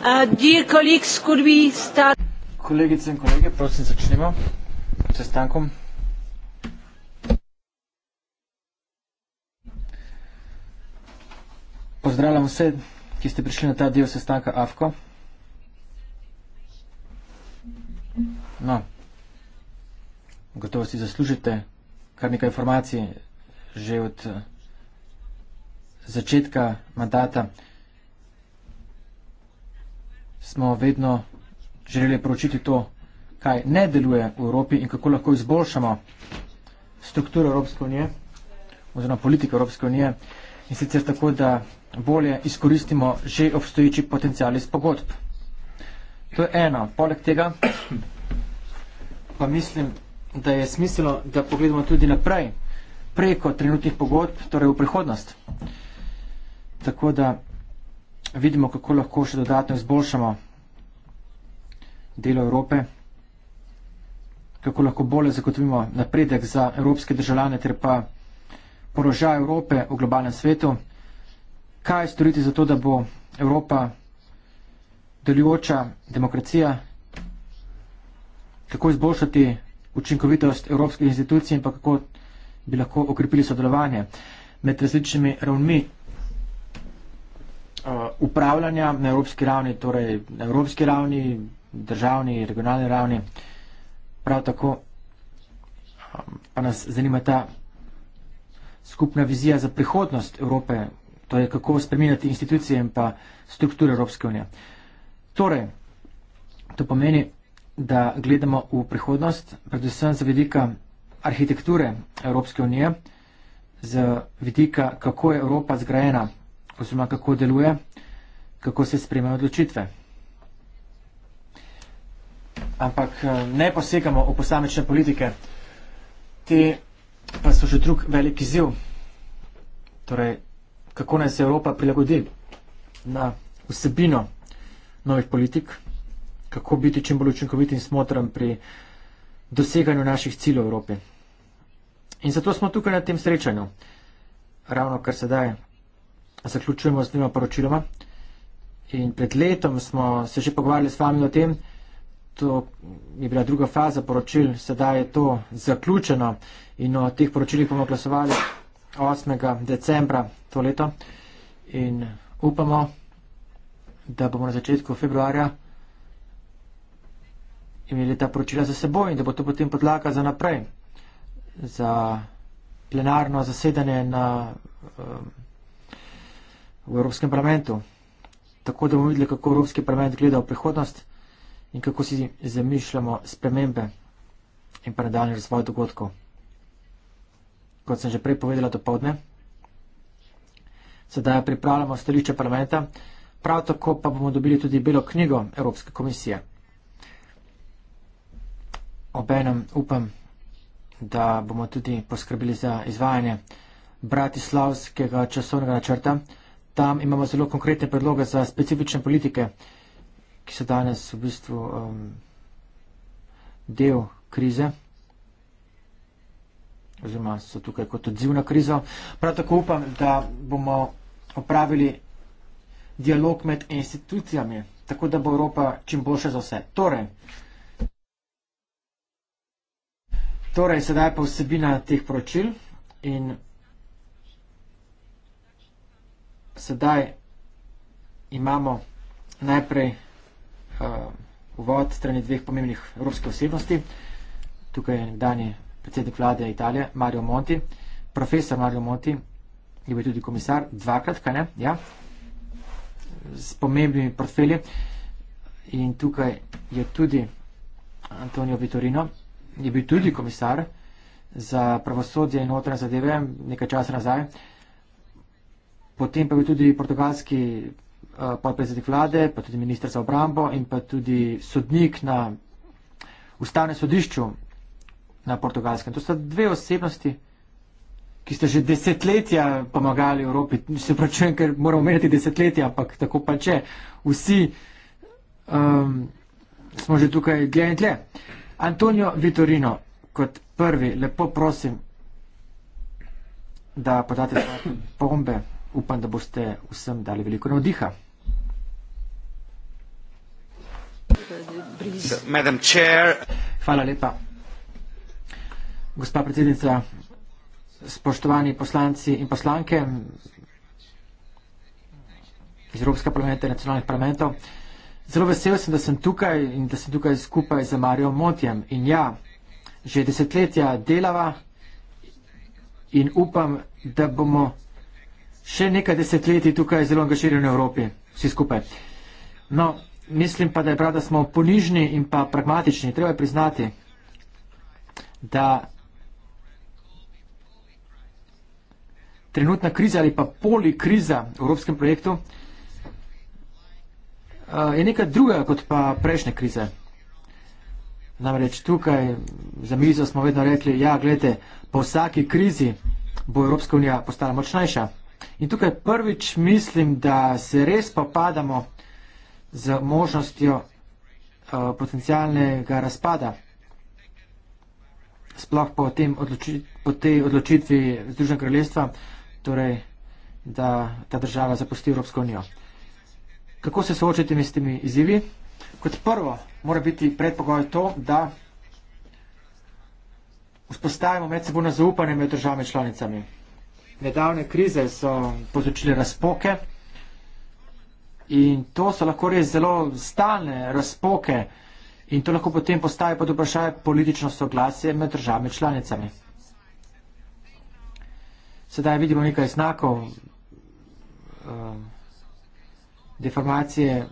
Uh, Kolegice in kolege, prosim, začnimo s sestankom. Pozdravljam vse, ki ste prišli na ta del sestanka AFKO. No, gotovo si zaslužite kar nekaj informacij že od eh, začetka mandata smo vedno želeli pročiti to, kaj ne deluje v Evropi in kako lahko izboljšamo strukturo Evropske unije oziroma politiko Evropske unije in sicer tako, da bolje izkoristimo že obstoječi potencijal iz pogodb. To je eno. Poleg tega pa mislim, da je smiselno, da pogledamo tudi naprej, preko trenutnih pogodb, torej v prihodnost. Tako da vidimo, kako lahko še dodatno izboljšamo delo Evrope, kako lahko bolje zagotovimo napredek za evropske državljane ter pa porožaj Evrope v globalnem svetu, kaj storiti za to, da bo Evropa delujoča demokracija, kako izboljšati učinkovitost evropskih institucij in pa kako bi lahko okrepili sodelovanje med različnimi ravnmi upravljanja na evropski ravni, torej na evropski ravni, državni, regionalni ravni. Prav tako um, pa nas zanima ta skupna vizija za prihodnost Evrope, to je kako spreminjati institucije in pa strukture Evropske unije. Torej, to pomeni, da gledamo v prihodnost, predvsem za vidika arhitekture Evropske unije, za vidika, kako je Evropa zgrajena oziroma kako deluje kako se sprejmejo odločitve. Ampak eh, ne posegamo v posamečne politike, te pa so že drug velik izziv. Torej, kako naj se Evropa prilagodi na vsebino novih politik, kako biti čim bolj učinkovit in smotren pri doseganju naših ciljev v Evropi. In zato smo tukaj na tem srečanju. Ravno kar sedaj zaključujemo z dvema poročiloma. In pred letom smo se že pogovarjali s vami o tem, to je bila druga faza poročil, sedaj je to zaključeno in o teh poročilih bomo glasovali 8. decembra to leto. In upamo, da bomo na začetku februarja imeli ta poročila za seboj in da bo to potem podlaga za naprej, za plenarno zasedanje na, um, v Evropskem parlamentu tako da bomo videli, kako Evropski parlament gleda v prihodnost in kako si zamišljamo spremembe in pa nadaljni razvoj dogodkov. Kot sem že prej povedala do povdne, sedaj pripravljamo stališče parlamenta, prav tako pa bomo dobili tudi belo knjigo Evropske komisije. Obenem upam, da bomo tudi poskrbili za izvajanje bratislavskega časovnega načrta, tam imamo zelo konkretne predloge za specifične politike, ki so danes v bistvu um, del krize oziroma so tukaj kot odziv na krizo. Prav tako upam, da bomo opravili dialog med institucijami, tako da bo Evropa čim boljša za vse. Torej, torej sedaj pa vsebina teh poročil in sedaj imamo najprej uh, uvod strani dveh pomembnih evropskih osebnosti. Tukaj je nekdanje predsednik vlade Italije, Mario Monti, profesor Mario Monti, je bil tudi komisar, dvakrat, kaj ne, ja, s pomembnimi portfelji. In tukaj je tudi Antonio Vitorino, je bil tudi komisar za pravosodje in notranje zadeve nekaj časa nazaj. Uh, potem pa je bil tudi portugalski eh, podpredsednik vlade, pa tudi ministr za obrambo in pa tudi sodnik na ustavnem sodišču na portugalskem. To so dve osebnosti, ki ste že desetletja pomagali Evropi. Se pravčujem, ker moramo meniti desetletja, ampak tako pa če. Vsi um, smo že tukaj dlje in dlje. Antonio Vitorino, kot prvi, lepo prosim, da podate svoje pombe upam, da boste vsem dali veliko navdiha. Hvala lepa. Gospa predsednica, spoštovani poslanci in poslanke iz Evropskega parlamenta in nacionalnih parlamentov, zelo vesel sem, da sem tukaj in da sem tukaj skupaj z Marijo Motjem. In ja, že desetletja delava in upam, da bomo še nekaj desetletij tukaj zelo angažirani v Evropi, vsi skupaj. No, mislim pa, da je prav, da smo ponižni in pa pragmatični. Treba je priznati, da trenutna kriza ali pa polikriza v evropskem projektu eh, je nekaj druga kot pa prejšnje krize. Namreč tukaj za mizo smo vedno rekli, ja, gledajte, po vsaki krizi bo Evropska unija postala močnejša. In tukaj prvič mislim, da se res popadamo z možnostjo uh, eh, potencijalnega razpada, sploh po, tem odloči, po tej odločitvi Združenega kraljestva, torej, da ta država zapusti Evropsko unijo. Kako se soočiti s temi izzivi? Kot prvo mora biti predpogoj to, da vzpostavimo medsebojno zaupanje med državami članicami nedavne krize so povzročile razpoke in to so lahko res zelo stalne razpoke in to lahko potem postaje pod vprašanje politično soglasje med državami članicami. Sedaj vidimo nekaj znakov uh, deformacije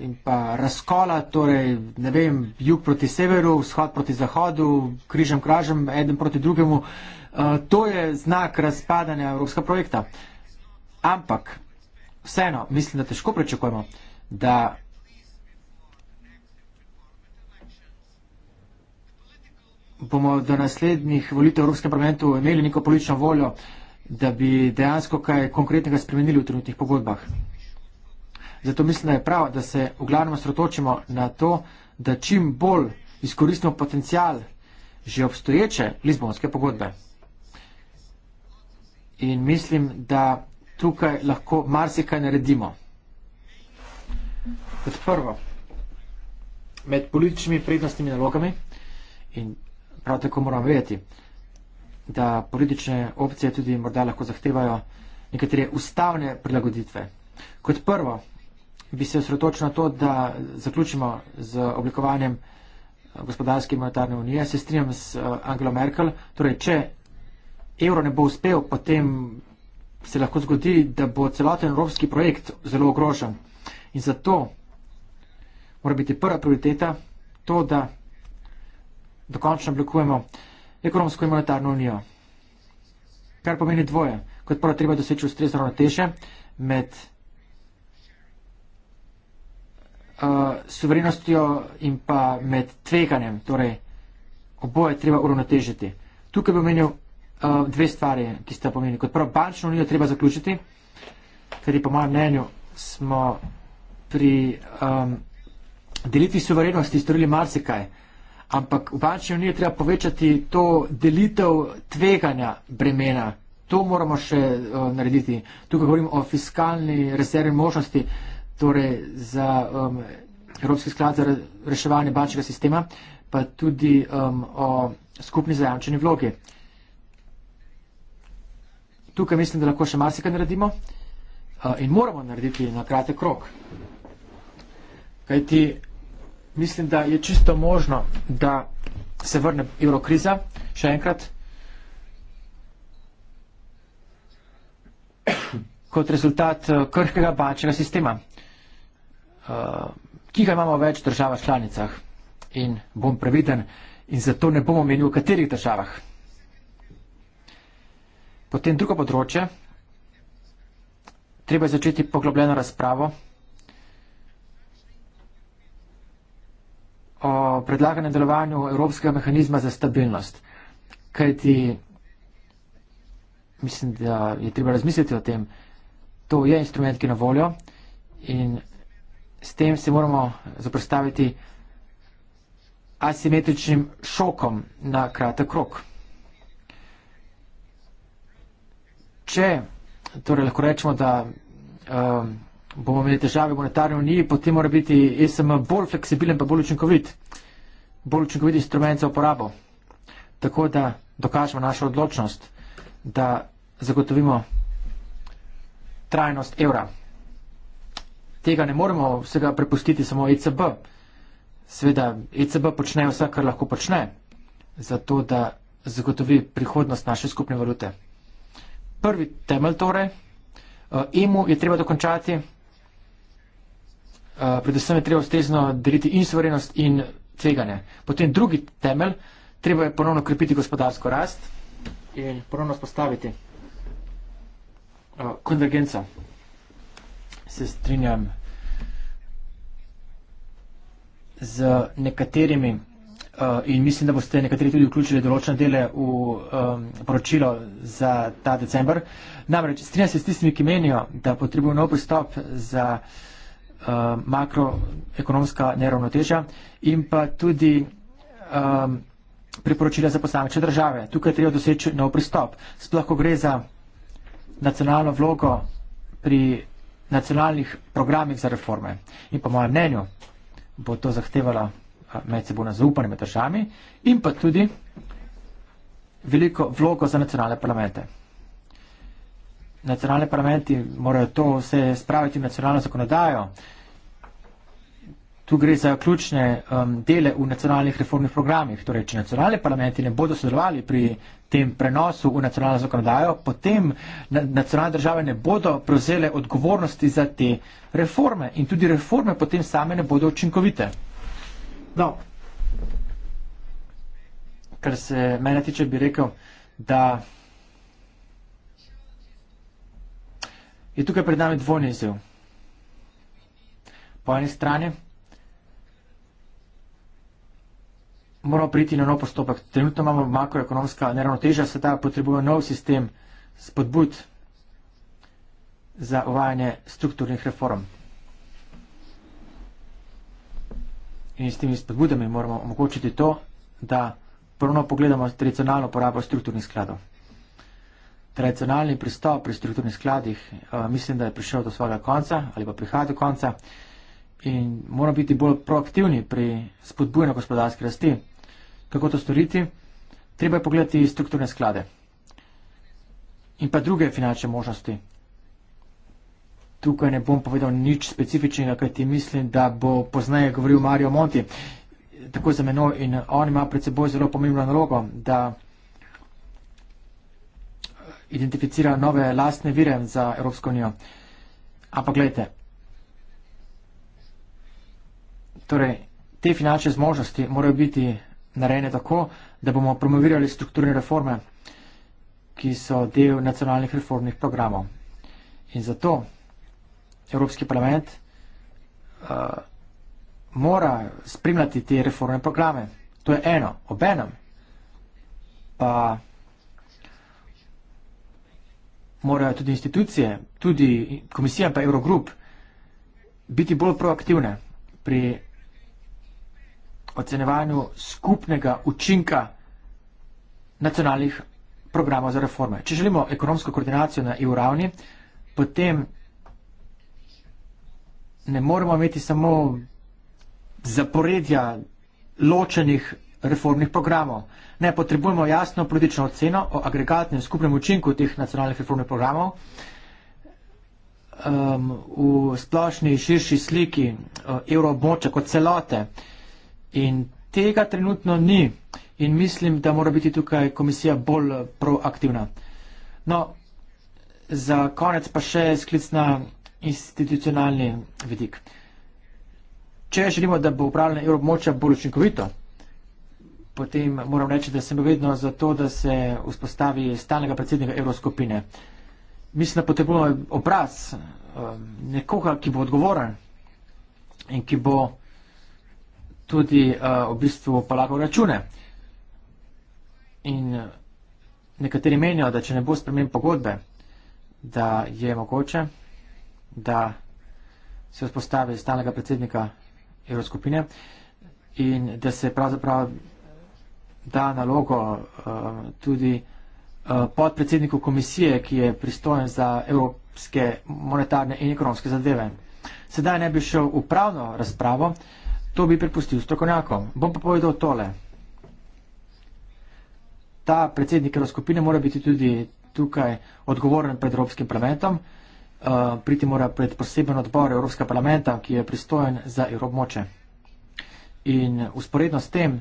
in pa razkola, torej ne vem, jug proti severu, vzhod proti zahodu, križem kražem, eden proti drugemu. Uh, Eh, to je znak razpadanja evropskega projekta. Ampak, vseeno, mislim, da težko pričakujemo, da bomo do naslednjih volitev v Evropskem parlamentu imeli neko politično voljo, da bi dejansko kaj konkretnega spremenili v trenutnih pogodbah. Zato mislim, da je prav, da se v glavnem osredotočimo na to, da čim bolj izkoristimo potencial že obstoječe Lizbonske pogodbe in mislim, da tukaj lahko marsikaj naredimo. Kot prvo, med političnimi prednostnimi nalogami in prav tako moram vedeti, da politične opcije tudi morda lahko zahtevajo nekatere ustavne prilagoditve. Kot prvo bi se osredotočil na to, da zaključimo z oblikovanjem gospodarske in monetarne unije. Se strinjam s eh, Angelo Merkel, torej če evro ne bo uspel, potem se lahko zgodi, da bo celoten evropski projekt zelo ogrožen. In zato mora biti prva prioriteta to, da dokončno oblikujemo ekonomsko in monetarno unijo. Kar pomeni dvoje. Kot prvo treba doseči ustrezno ravnoteže med uh, suverenostjo in pa med tveganjem. Torej, oboje treba uravnotežiti. Tukaj bi omenil uh, dve stvari, ki sta pomeni. Kot prvo, bančno unijo treba zaključiti, ker je po mojem mnenju smo pri um, delitvi suverenosti storili marsikaj, ampak v bančni uniji treba povečati to delitev tveganja bremena. To moramo še uh, narediti. Tukaj govorim o fiskalni rezervi možnosti, torej za um, Evropski sklad za reševanje bančnega sistema, pa tudi um, o skupni zajamčeni vlogi tukaj mislim, da lahko še marsikaj naredimo in moramo narediti na kratek rok. Kajti mislim, da je čisto možno, da se vrne evrokriza, še enkrat, kot rezultat eh, krhkega bančnega sistema, eh, ki ga imamo več v državah članicah. In bom previden in zato ne bom omenil v katerih državah. Potem drugo področje, treba je začeti poglobljeno razpravo o predlaganem delovanju Evropskega mehanizma za stabilnost, kajti mislim, da je treba razmisliti o tem, to je instrument, ki je na voljo in s tem se moramo zaprostaviti asimetričnim šokom na kratek krok. če torej lahko rečemo, da um, bomo imeli težave v monetarni uniji, potem mora biti ESM bolj fleksibilen pa bolj učinkovit. Bolj učinkovit instrument za uporabo. Tako da dokažemo našo odločnost, da zagotovimo trajnost evra. Tega ne moremo vsega prepustiti samo ECB. Sveda ECB počne vse, kar lahko počne, zato da zagotovi prihodnost naše skupne valute prvi temelj torej, uh, eh, imu je treba dokončati, uh, predvsem je treba ustrezno deliti in suverenost in tveganje. Potem drugi temelj, treba je ponovno krepiti gospodarsko rast in ponovno spostaviti uh, eh, konvergenco. Se strinjam z nekaterimi Eh, in mislim, da boste nekateri tudi vključili določene dele v um, poročilo za ta decembr. Namreč strinjam se s tistimi, ki menijo, da potrebujo nov pristop za um, makroekonomska neravnoteža in pa tudi um, priporočila za posamečne države. Tukaj treba doseči nov pristop. Sploh, ko gre za nacionalno vlogo pri nacionalnih programih za reforme. In po mojem mnenju bo to zahtevalo medsebojno zaupanje med državami in pa tudi veliko vlogo za nacionalne parlamente. Nacionalne parlamenti morajo to vse spraviti v nacionalno zakonodajo. Tu gre za ključne um, dele v nacionalnih reformnih programih. Torej, če nacionalni parlamenti ne bodo sodelovali pri tem prenosu v nacionalno zakonodajo, potem na nacionalne države ne bodo prevzele odgovornosti za te reforme in tudi reforme potem same ne bodo učinkovite. No, kar se mene tiče, bi rekel, da je tukaj pred nami dvojni izziv. Po eni strani moramo priti na nov postopek. Trenutno imamo makroekonomska neravnotežja, se ta potrebuje nov sistem spodbud za uvajanje strukturnih reform. in s temi spodbudami moramo omogočiti to, da ponovno pogledamo tradicionalno porabo strukturnih skladov. Tradicionalni pristop pri strukturnih skladih eh, mislim, da je prišel do svojega konca ali pa prihaja do konca in moramo biti bolj proaktivni pri spodbujanju gospodarske rasti. Kako to storiti? Treba je pogledati strukturne sklade in pa druge finančne možnosti, tukaj ne bom povedal nič specifičnega, kaj ti mislim, da bo poznaje govoril Mario Monti. Tako za menoj in on ima pred seboj zelo pomembno nalogo, da eh, identificira nove lastne vire za Evropsko unijo. Ampak gledajte, torej, te finančne zmožnosti morajo biti narejene tako, da bomo promovirali strukturne reforme, ki so del nacionalnih reformnih programov. In zato Evropski parlament uh, mora spremljati te reformne programe. To je eno, obenem. Pa morajo tudi institucije, tudi komisija, pa Eurogrup biti bolj proaktivne pri ocenevanju skupnega učinka nacionalnih programov za reforme. Če želimo ekonomsko koordinacijo na EU ravni, potem ne moremo imeti samo zaporedja ločenih reformnih programov. Ne potrebujemo jasno politično oceno o agregatnem skupnem učinku teh nacionalnih reformnih programov um, v splošni širši sliki e, evroobmoča kot celote. In tega trenutno ni in mislim, da mora biti tukaj komisija bolj proaktivna. No, za konec pa še sklic na institucionalni vidik. Če želimo, da bo upravljanje evroobmočja bolj učinkovito, potem moram reči, da sem vedno za to, da se vzpostavi stalnega predsednika evroskupine. Mislim, da potrebujemo obraz um, nekoga, ki bo odgovoren in ki bo tudi uh, v bistvu polagal račune. In uh, nekateri menijo, da če ne bo spremen pogodbe, da je mogoče da se vzpostavi stalnega predsednika Evroskupine in da se pravzaprav da nalogo uh, tudi uh, podpredsedniku komisije, ki je pristojen za evropske monetarne in ekonomske zadeve. Sedaj ne bi šel v pravno razpravo, to bi prepustil strokovnjakom. Bom pa povedal tole. Ta predsednik Evroskupine mora biti tudi tukaj odgovoren pred Evropskim parlamentom. Eh, priti mora pred poseben odbor Evropskega parlamenta, ki je pristojen za evromoče. In usporedno s tem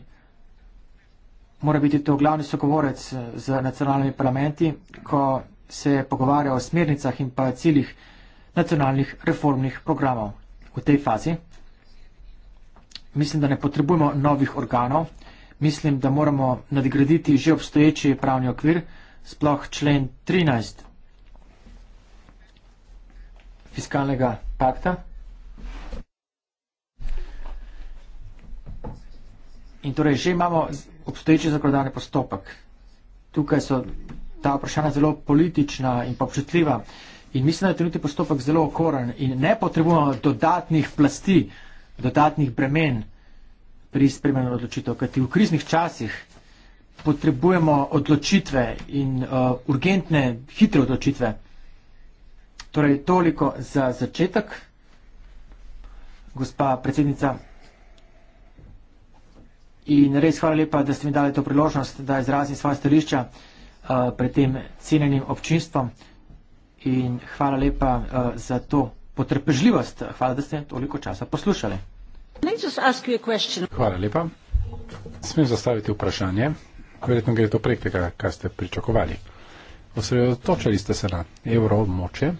mora biti to glavni sogovorec eh, z nacionalnimi parlamenti, ko se pogovarja o smernicah in pa ciljih nacionalnih reformnih programov. V tej fazi mislim, da ne potrebujemo novih organov, mislim, da moramo nadgraditi že obstoječi pravni okvir, sploh člen 13 fiskalnega pakta. In torej že imamo obstoječi zakonodajni postopek. Tukaj so ta vprašanja zelo politična in občutljiva. In mislim, da je trenutni postopek zelo okoren in ne potrebujemo dodatnih plasti, dodatnih bremen pri spremenu odločitev, kajti v kriznih časih potrebujemo odločitve in uh, urgentne, hitre odločitve. Torej, toliko za začetek. Gospa predsednica, in res hvala lepa, da ste mi dali to priložnost, da izrazim svoje stališča uh, pred tem cenjenim občinstvom. In hvala lepa uh, za to potrpežljivost. Hvala, da ste toliko časa poslušali. Hvala lepa. Smem zastaviti vprašanje. Verjetno gre to prek tega, kar ste pričakovali. Osredotočali ste se na evroobmoče,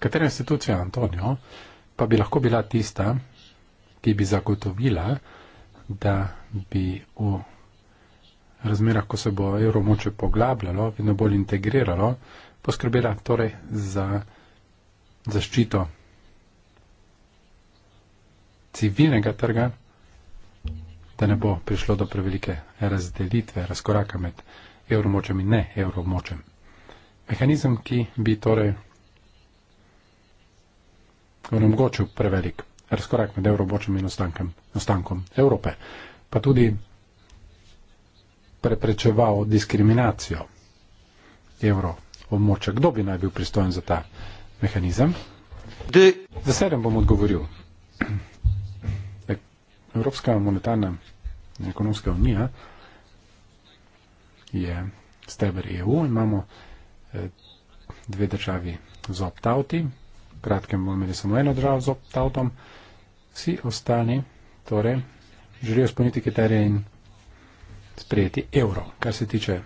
Katera institucija, Antonijo, pa bi lahko bila tista, ki bi zagotovila, da bi v razmerah, ko se bo evro moče poglabljalo, vedno bolj integriralo, poskrbela torej za zaščito civilnega trga, da ne bo prišlo do prevelike razdelitve, razkoraka med evromočem in ne evromočem. Mehanizem, ki bi torej torej mogoče prevelik razkorak med evroobočjem in ostankem, ostankom Evrope, pa tudi preprečeval diskriminacijo evroobmočja. Kdo bi naj bil pristojen za ta mehanizem? De. Za sedem bom odgovoril. Evropska monetarna in ekonomska unija je steber EU in imamo eh, dve državi z opt-outi, kratkem bomo imeli samo eno državo z opt-outom, vsi ostali torej želijo spolniti kriterije in sprejeti evro. Kar se tiče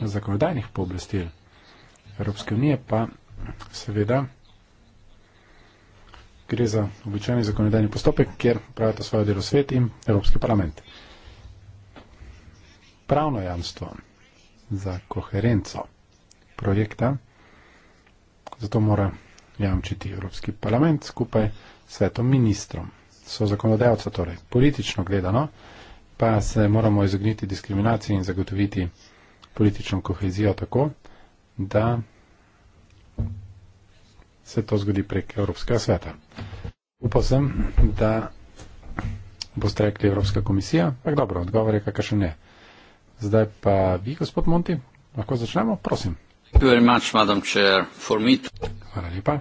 zakonodajnih pooblastil Evropske unije, pa seveda gre za običajni zakonodajni postopek, kjer pravita svojo delo svet in Evropski parlament. Pravno jamstvo za koherenco projekta, zato mora jamčiti Evropski parlament skupaj s svetom ministrom. So zakonodajalca torej. Politično gledano pa se moramo izogniti diskriminaciji in zagotoviti politično kohezijo tako, da se to zgodi prek Evropskega sveta. Upal sem, da boste rekli Evropska komisija, pa dobro, odgovor je kakšen ne. Zdaj pa vi, gospod Monti, lahko začnemo, prosim. Thank you very much, Madam Chair. For me, Hvala lepa.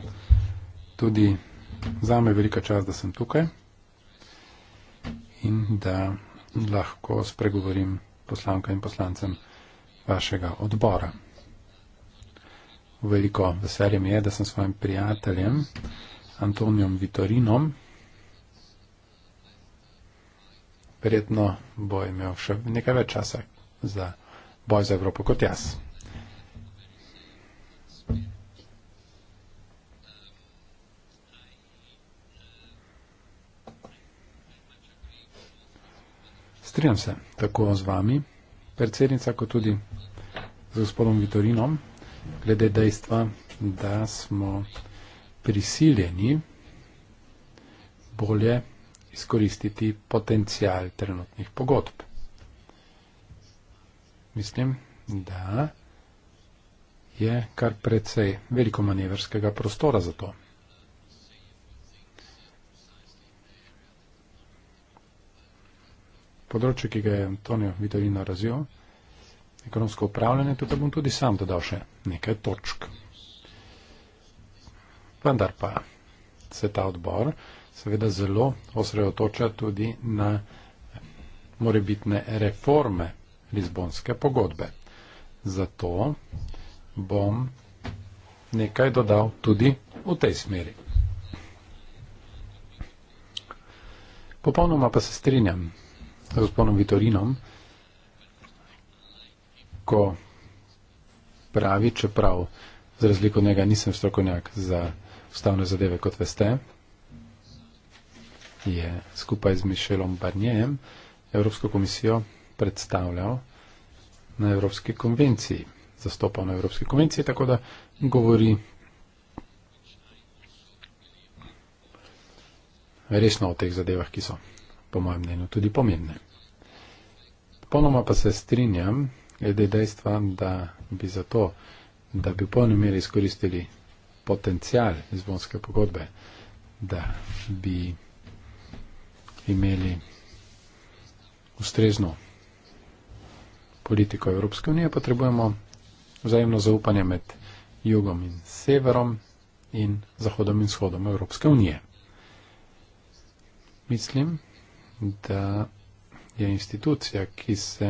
Tudi za me je velika čast, da sem tukaj in da lahko spregovorim poslanka in poslancem vašega odbora. Veliko veselje mi je, da sem s svojim prijateljem Antonijom Vitorinom. Verjetno bo imel še nekaj več časa za boj za Evropo kot jaz. Strinjam se tako z vami, predsednica, kot tudi z gospodom Vitorinom, glede dejstva, da smo prisiljeni bolje izkoristiti potencial trenutnih pogodb. Mislim, da je kar precej veliko manevrskega prostora za to. področje, ki ga je Antonijo Vitalino razvil, ekonomsko upravljanje, tukaj bom tudi sam dodal še nekaj točk. Vendar pa se ta odbor seveda zelo osredotoča tudi na morebitne reforme Lizbonske pogodbe. Zato bom nekaj dodal tudi v tej smeri. Popolnoma pa se strinjam z gospodom Vitorinom, ko pravi, čeprav za razliko od njega nisem strokovnjak za ustavne zadeve, kot veste, je skupaj z Mišelom Barnjem Evropsko komisijo predstavljal na Evropski konvenciji, zastopal na Evropski konvenciji, tako da govori resno o teh zadevah, ki so po mojem mnenju, tudi pomembne. Ponoma pa se strinjam, glede dejstva, da bi zato, da bi v polni meri izkoristili potencial izbonske pogodbe, da bi imeli ustrezno politiko Evropske unije, potrebujemo vzajemno zaupanje med jugom in severom in zahodom in shodom Evropske unije. Mislim, da je institucija, ki se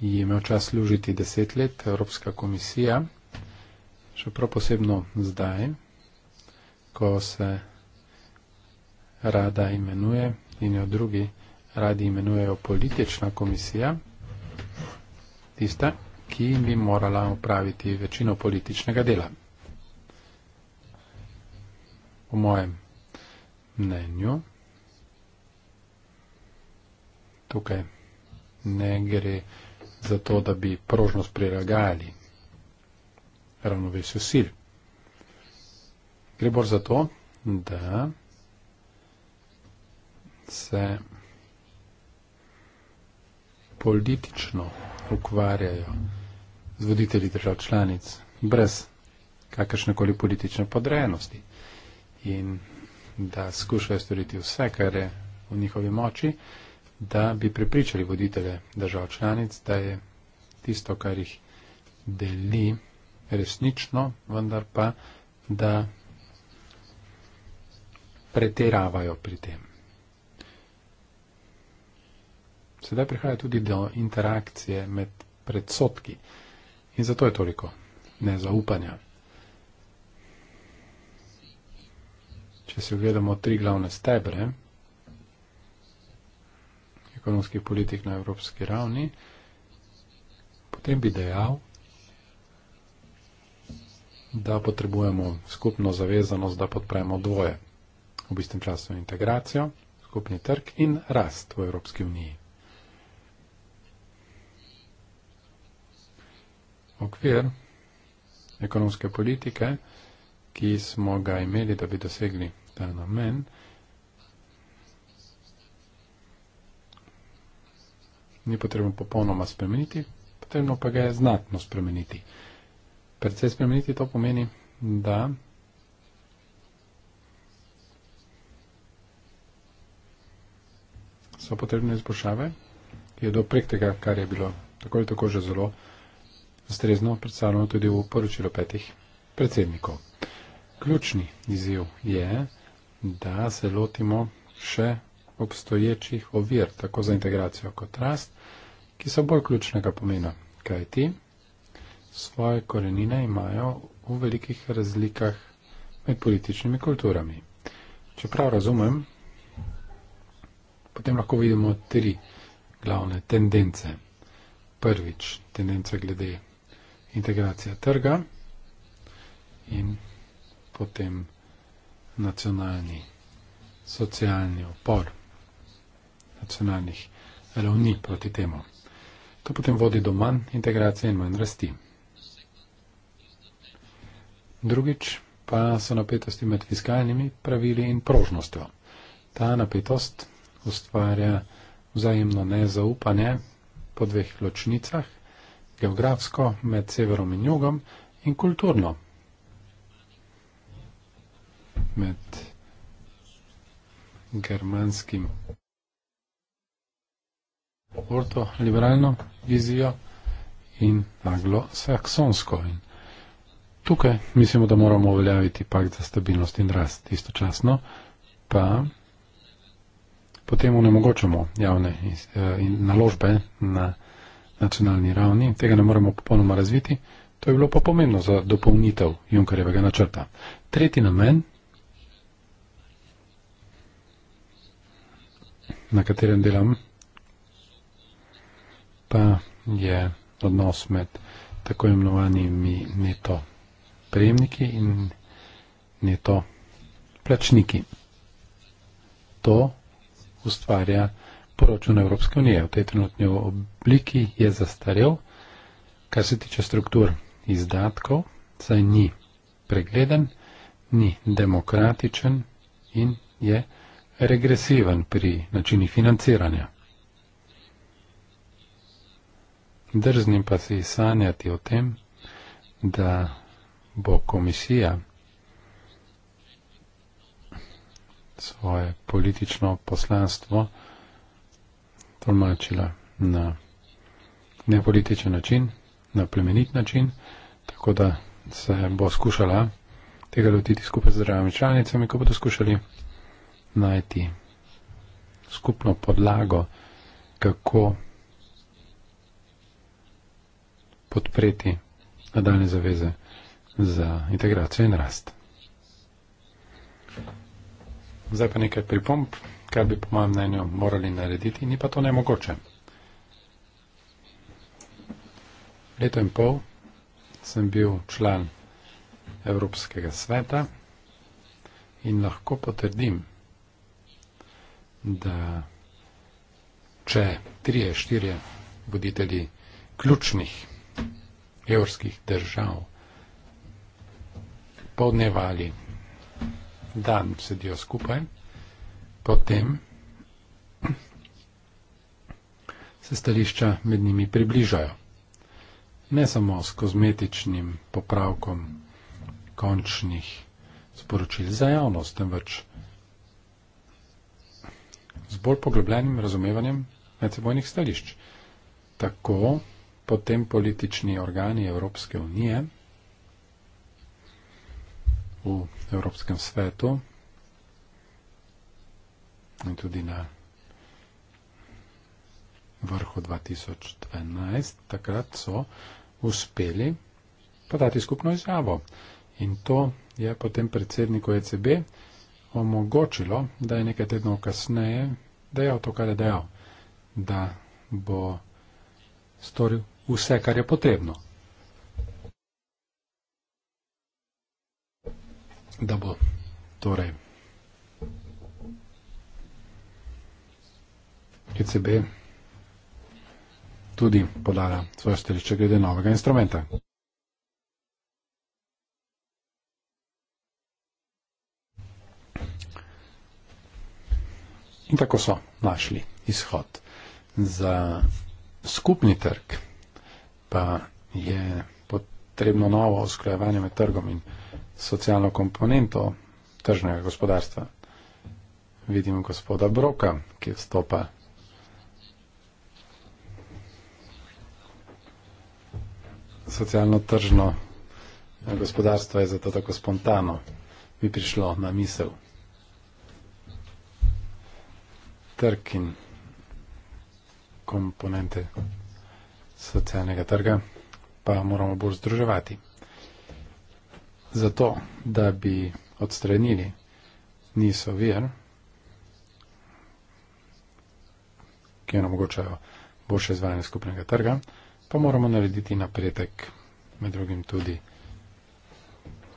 je imel čas služiti deset let, Evropska komisija, še prav posebno zdaj, ko se rada imenuje in jo drugi radi imenujejo politična komisija, tista, ki bi morala upraviti večino političnega dela. Po mojem mnenju, tukaj ne gre za to, da bi prožnost prilagajali ravnovesju sil. Gre bolj za to, da se politično ukvarjajo z voditelji držav članic brez kakršnekoli politične podrejenosti in da skušajo storiti vse, kar je v njihovi moči, da bi prepričali voditele držav članic, da je tisto, kar jih deli, resnično, vendar pa, da preteravajo pri tem. Sedaj prihaja tudi do interakcije med predsotki in zato je toliko nezaupanja. Če se ogledamo tri glavne stebre, ekonomskih politik na evropski ravni, potem bi dejal, da potrebujemo skupno zavezanost, da podpremo dvoje. V istem času integracijo, skupni trg in rast v Evropski uniji. Okvir ekonomske politike, ki smo ga imeli, da bi dosegli ta namen, ni potrebno popolnoma spremeniti, potrebno pa ga je znatno spremeniti. Predvsej spremeniti to pomeni, da so potrebne izboljšave, ki je doprek tega, kar je bilo tako ali tako že zelo ustrezno predstavljeno tudi v poročilu petih predsednikov. Ključni izziv je, da se lotimo še obstoječih ovir, tako za integracijo kot rast, ki so bolj ključnega pomena, kaj ti svoje korenine imajo v velikih razlikah med političnimi kulturami. Če prav razumem, potem lahko vidimo tri glavne tendence. Prvič, tendence glede integracije trga in potem nacionalni socialni opor nacionalnih ravni proti temu. To potem vodi do manj integracije in manj rasti. Drugič pa so napetosti med fiskalnimi pravili in prožnostjo. Ta napetost ustvarja vzajemno nezaupanje po dveh ločnicah, geografsko med severom in jugom in kulturno med germanskim ortoliberalno vizijo in anglosaksonsko. In tukaj mislimo, da moramo uveljaviti pakt za stabilnost in rast. Istočasno pa potem onemogočamo javne eh, naložbe na nacionalni ravni. Tega ne moremo popolnoma razviti. To je bilo pa pomembno za dopolnitev Junkerjevega načrta. Tretji namen, na katerem delam pa je odnos med tako imenovanimi neto prejemniki in neto plačniki. To ustvarja poročun Evropske unije. V tej trenutni obliki je zastarel, kar se tiče struktur izdatkov, saj ni pregleden, ni demokratičen in je regresiven pri načini financiranja. drznim pa si sanjati o tem, da bo komisija svoje politično poslanstvo tolmačila na nepolitičen način, na plemenit način, tako da se bo skušala tega lotiti skupaj z državami članicami, ko bodo skušali najti skupno podlago, kako podpreti nadaljne zaveze za integracijo in rast. Zdaj pa nekaj pripomp, kar bi po mojem mnenju morali narediti, ni pa to nemogoče. Leto in pol sem bil član Evropskega sveta in lahko potrdim, da če trije, štirje voditelji ključnih evropskih držav. Podnevali dan sedijo skupaj, potem se stališča med njimi približajo. Ne samo s kozmetičnim popravkom končnih sporočil za javnost, temveč z bolj poglobljenim razumevanjem medsebojnih stališč. Tako potem politični organi Evropske unije v Evropskem svetu in tudi na vrhu 2012, takrat so uspeli podati skupno izjavo. In to je potem predsedniku ECB omogočilo, da je nekaj tednov kasneje dejal to, kar je dejal, da bo storil vse, kar je potrebno. Da bo torej ECB tudi podala svoje stališče glede novega instrumenta. In tako so našli izhod za skupni trg pa je potrebno novo usklajevanje med trgom in socialno komponento tržnega gospodarstva. Vidimo gospoda Broka, ki vstopa. Socialno tržno gospodarstvo je zato tako spontano bi prišlo na misel. Trg in komponente socialnega trga, pa moramo bolj združevati. Zato, da bi odstranili niso vir, ki je namogočajo boljše izvajanje skupnega trga, pa moramo narediti napredek med drugim tudi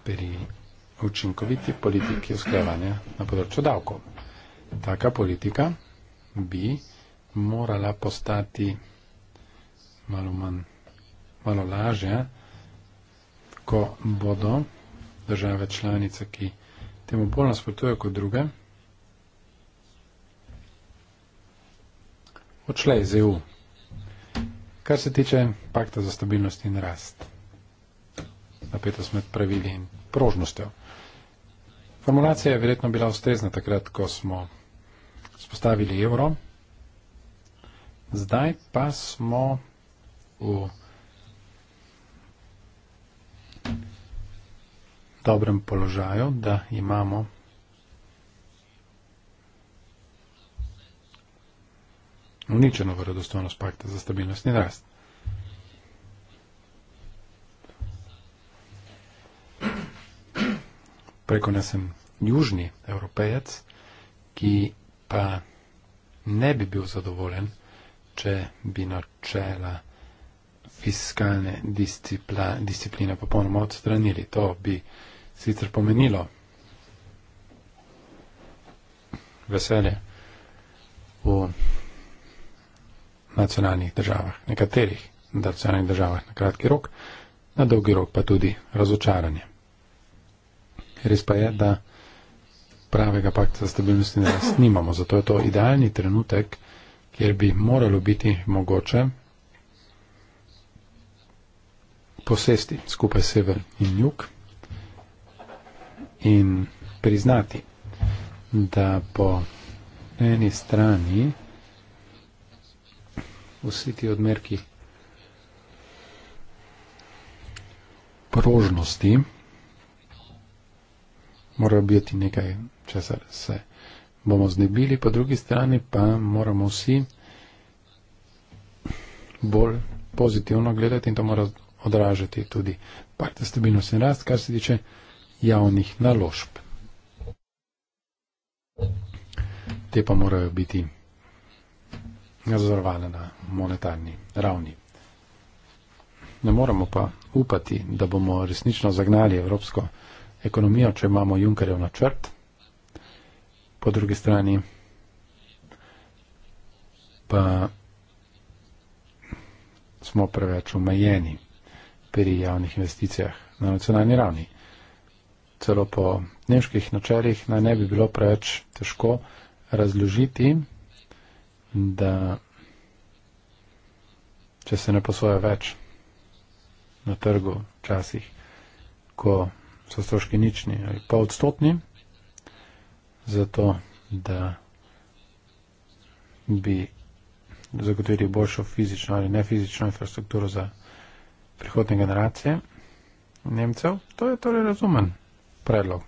pri učinkoviti politiki usklajevanja na področju davkov. Taka politika bi morala postati malo manj, malo lažje, ko bodo države članice, ki temu bolj nasprotujejo kot druge, odšle iz EU. Kar se tiče pakta za stabilnost in rast, napetost med pravili in prožnostjo. Formulacija je verjetno bila ustrezna takrat, ko smo spostavili evro. Zdaj pa smo v dobrem položaju, da imamo uničeno verodostojnost pakta za stabilnost in rast. Preko nas sem južni evropejec, ki pa ne bi bil zadovoljen, če bi načela čela fiskalne discipla, discipline popolnoma odstranili. To bi sicer pomenilo veselje v nacionalnih državah, nekaterih nacionalnih državah na kratki rok, na dolgi rok pa tudi razočaranje. Res pa je, da pravega pakta za stabilnost in rast nimamo, zato je to idealni trenutek, kjer bi moralo biti mogoče posesti skupaj sever in jug in priznati, da po eni strani vsi ti odmerki prožnosti morajo biti nekaj, česar se bomo znebili, po drugi strani pa moramo vsi bolj pozitivno gledati in to mora odražati tudi pakt za stabilnost in rast, kar se tiče javnih naložb. Te pa morajo biti nadzorovane na monetarni ravni. Ne moramo pa upati, da bomo resnično zagnali evropsko ekonomijo, če imamo Junkerjev načrt. Po drugi strani pa smo preveč omejeni pri javnih investicijah na nacionalni ravni. Celo po nemških načelih naj ne bi bilo preveč težko razložiti, da če se ne posoja več na trgu časih, ko so stroški nični ali pa odstotni, zato da bi zagotovili boljšo fizično ali nefizično infrastrukturo za prihodne generacije Nemcev. To je torej razumen predlog.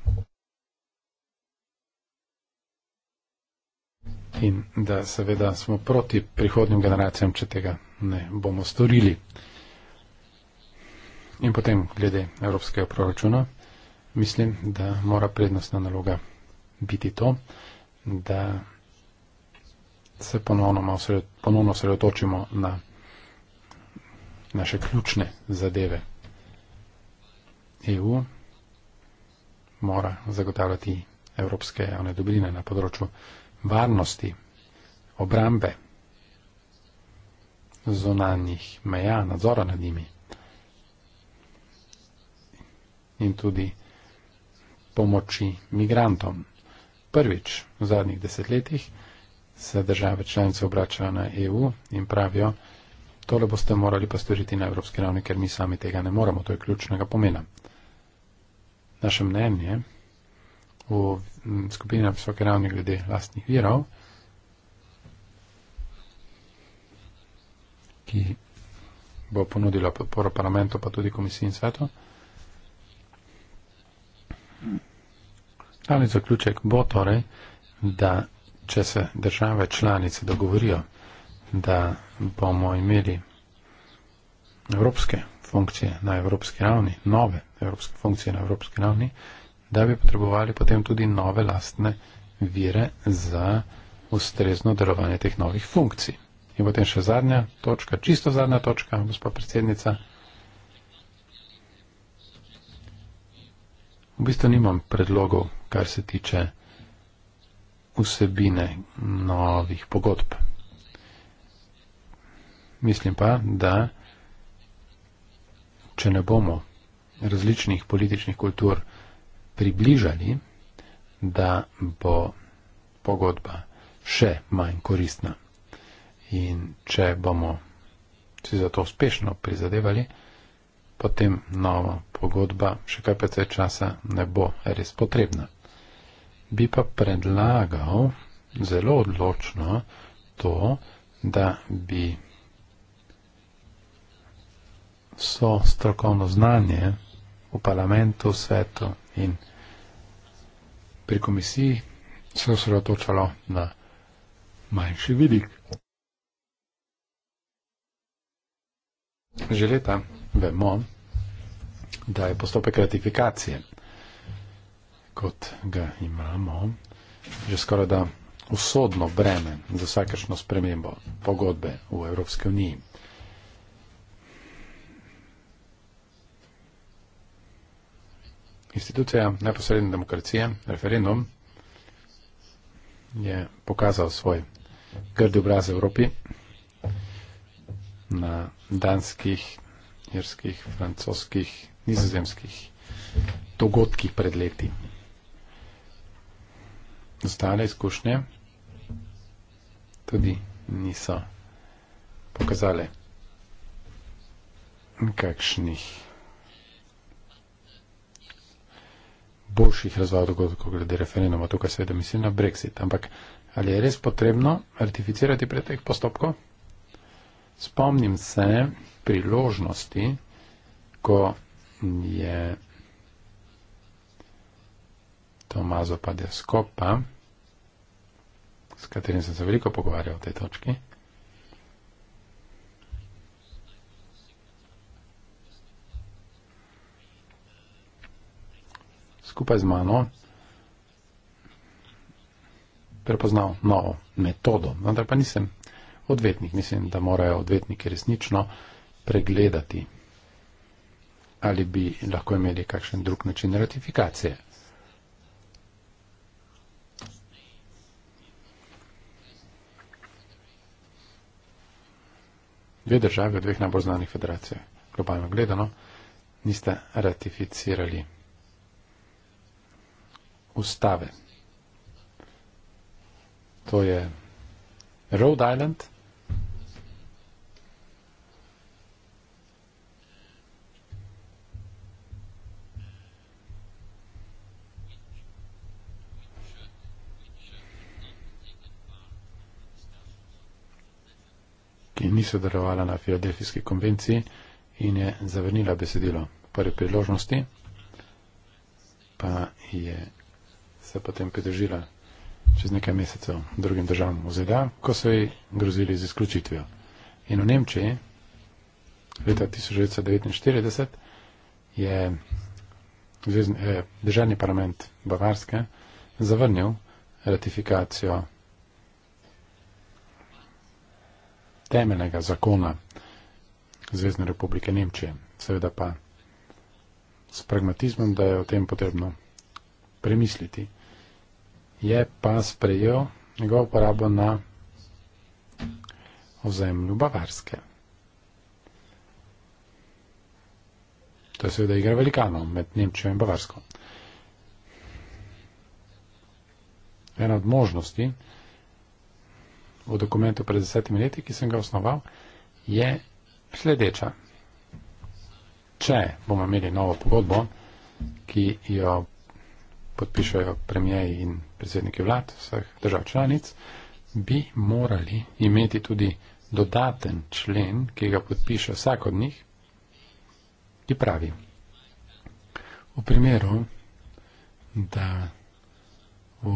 In da seveda smo proti prihodnim generacijam, če tega ne bomo storili. In potem glede evropskega proračuna, mislim, da mora prednostna naloga biti to, da se ponovno osredotočimo na naše ključne zadeve. EU mora zagotavljati evropske one dobrine na področju varnosti, obrambe, zonalnih meja, nadzora nad njimi in tudi pomoči migrantom. Prvič v zadnjih desetletjih se države članice obračajo na EU in pravijo, da tole boste morali pa storiti na evropski ravni, ker mi sami tega ne moremo, to je ključnega pomena. Naše mnenje v skupini na visoke ravni glede lastnih virov, ki bo ponudila podporo parlamentu, pa tudi komisiji in svetu. Glavni zaključek bo torej, da če se države članice dogovorijo, da bomo imeli evropske funkcije na evropski ravni, nove evropske funkcije na evropski ravni, da bi potrebovali potem tudi nove lastne vire za ustrezno delovanje teh novih funkcij. In potem še zadnja točka, čisto zadnja točka, gospa predsednica. V bistvu nimam predlogov, kar se tiče vsebine novih pogodb. Mislim pa, da če ne bomo različnih političnih kultur približali, da bo pogodba še manj koristna. In če bomo si za to uspešno prizadevali, potem nova pogodba še kaj precej časa ne bo res potrebna. Bi pa predlagal zelo odločno to, da bi vso strokovno znanje v parlamentu, v svetu in pri komisiji se osredotočalo na manjši vidik. Že leta vemo, da je postopek ratifikacije, kot ga imamo, že skoraj da usodno breme za vsakešno spremembo pogodbe v Evropski uniji. institucija neposredne demokracije, referendum, je pokazal svoj grdi obraz Evropi na danskih, irskih, francoskih, nizozemskih dogodkih pred leti. Ostale izkušnje tudi niso pokazale kakšnih boljših razlogov, kot glede referenduma, tukaj seveda mislim na Brexit. Ampak ali je res potrebno ratificirati pretek postopkov? Spomnim se priložnosti, ko je Tomazo Padeskopa, s katerim sem se veliko pogovarjal v tej točki, skupaj z mano prepoznal novo metodo. Vendar pa nisem odvetnik. Mislim, da morajo odvetniki resnično pregledati, ali bi lahko imeli kakšen drug način ratifikacije. Dve države, dveh najbolj znanih federacij, globalno gledano, niste ratificirali ustave. To je Rhode Island, ki ni sodelovala na Filadelfijski konvenciji in je zavrnila besedilo prve priložnosti, pa je se je potem pridružila čez nekaj mesecev drugim državam v ZDA, ko so ji grozili z izključitvijo. In v Nemčiji leta 1949 je zvezni, eh, državni parlament Bavarske zavrnil ratifikacijo temeljnega zakona Zvezdne republike Nemčije. Seveda pa s pragmatizmom, da je o tem potrebno premisliti. Je pa sprejel njegovo uporabo na ozemlju Bavarske. To je seveda igra velikanov med Nemčijo in Bavarsko. Ena od možnosti v dokumentu pred desetimi leti, ki sem ga osnoval, je sledeča. Če bomo imeli novo pogodbo, ki jo podpišajo premijeji in predsedniki vlad vseh držav članic, bi morali imeti tudi dodaten člen, ki ga podpiše vsak od njih, ki pravi, v primeru, da v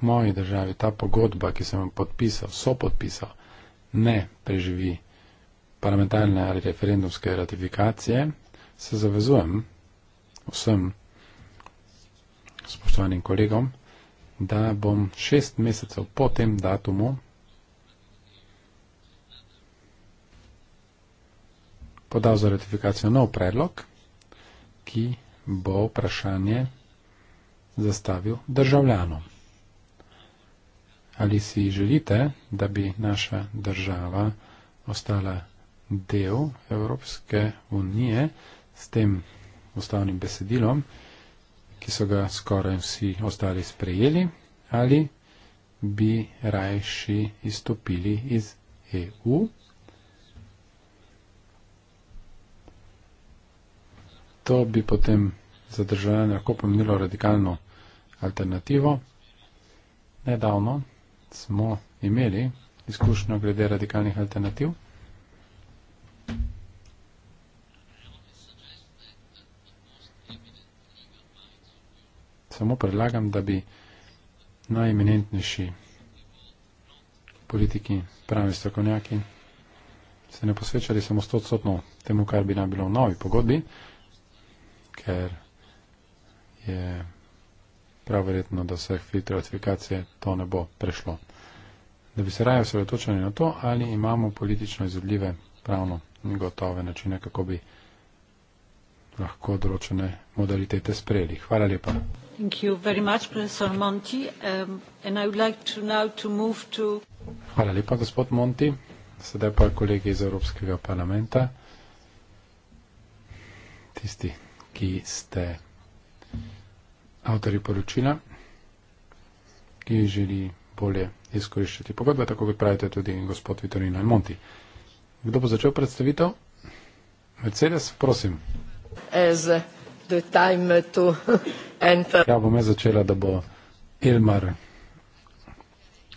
moji državi ta pogodba, ki sem jo podpisal, so podpisal, ne preživi parlamentarne ali referendumske ratifikacije, se zavezujem vsem spoštovanim kolegom, da bom šest mesecev po tem datumu podal za ratifikacijo nov predlog, ki bo vprašanje zastavil državljanom. Ali si želite, da bi naša država ostala del Evropske unije s tem ustavnim besedilom? ki so ga skoraj vsi ostali sprejeli, ali bi rajši izstopili iz EU. To bi potem za državljane lahko pomenilo radikalno alternativo. Nedavno smo imeli izkušnjo glede radikalnih alternativ. samo predlagam, da bi najeminentnejši politiki, pravi strokovnjaki, se ne posvečali samo stotsotno temu, kar bi nam bilo v novi pogodbi, ker je prav verjetno, da vseh filtracifikacije to ne bo prešlo. Da bi se raje osredotočali na to, ali imamo politično izvedljive, pravno gotove načine, kako bi lahko določene modalitete sprejeli. Hvala lepa. Hvala. Um, Hvala lepa, gospod Monti. Sedaj pa kolegi iz Evropskega parlamenta, tisti, ki ste avtori poročila, ki želi bolje izkoriščati pogodbe, tako kot pravite tudi gospod Vitorino Monti. Kdo bo začel predstavitev? Mercedes, prosim. As, uh... Ja, bom jaz začela, da bo Ilmar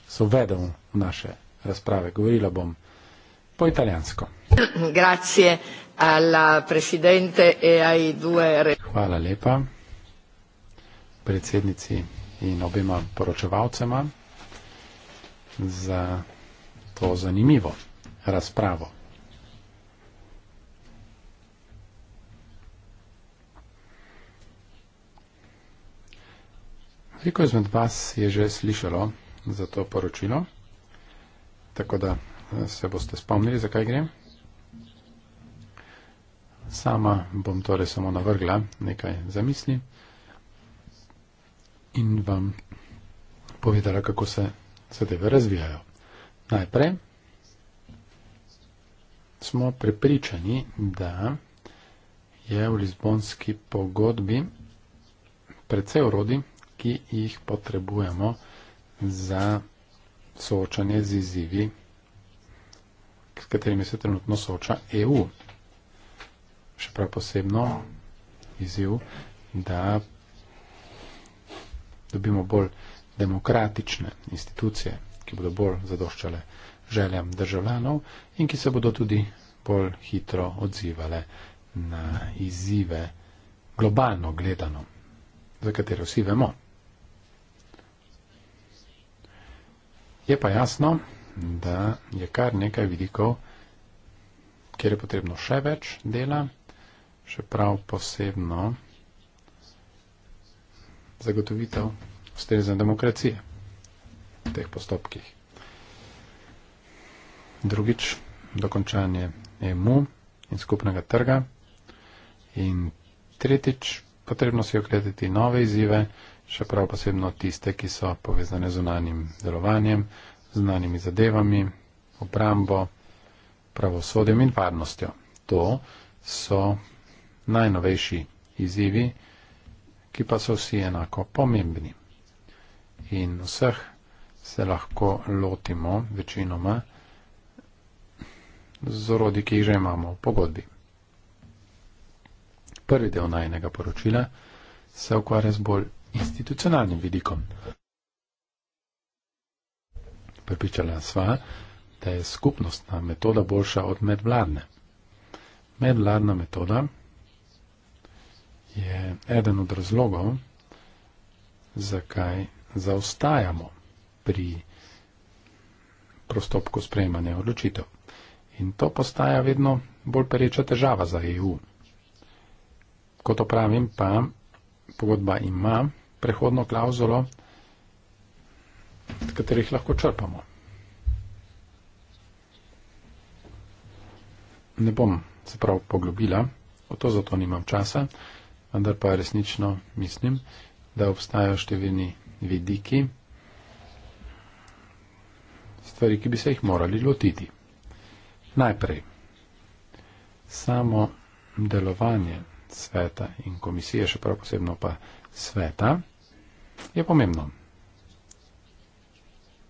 sovedel v naše razprave. Govorila bom po italijansko. E Hvala lepa predsednici in obima poročevalcema za to zanimivo razpravo. Veliko izmed vas je že slišalo za to poročilo, tako da eh, se boste spomnili, zakaj gre. Sama bom torej samo navrgla nekaj zamisli in vam povedala, kako se zadeve razvijajo. Najprej smo prepričani, da je v Lizbonski pogodbi precej urodi ki jih potrebujemo za soočanje z izzivi, s katerimi se trenutno sooča EU. Še prav posebno izziv, da dobimo bolj demokratične institucije, ki bodo bolj zadoščale željam državljanov in ki se bodo tudi bolj hitro odzivale na izzive globalno gledano, za katero vsi vemo. Je pa jasno, da je kar nekaj vidikov, kjer je potrebno še več dela, še prav posebno zagotovitev ustrezne demokracije v teh postopkih. Drugič, dokončanje EMU in skupnega trga. In tretjič, potrebno si okrediti nove izzive, še prav posebno tiste, ki so povezane z unanim delovanjem, z unanimi zadevami, obrambo, pravosodjem in varnostjo. To so najnovejši izzivi, ki pa so vsi enako pomembni. In vseh se lahko lotimo večinoma z orodji, ki jih že imamo v pogodbi. Prvi del najnega poročila se ukvarja z bolj institucionalnim vidikom. Pripričala sva, da je skupnostna metoda boljša od medvladne. Medvladna metoda je eden od razlogov, zakaj zaostajamo pri prostopku sprejmanja odločitev. In to postaja vedno bolj pereča težava za EU. Kot opravim, pa pogodba ima prehodno klauzulo, od katerih lahko črpamo. Ne bom se prav poglobila, o to zato nimam časa, vendar pa resnično mislim, da obstajajo številni vidiki, stvari, ki bi se jih morali lotiti. Najprej, samo delovanje sveta in komisije, še prav posebno pa sveta, je pomembno.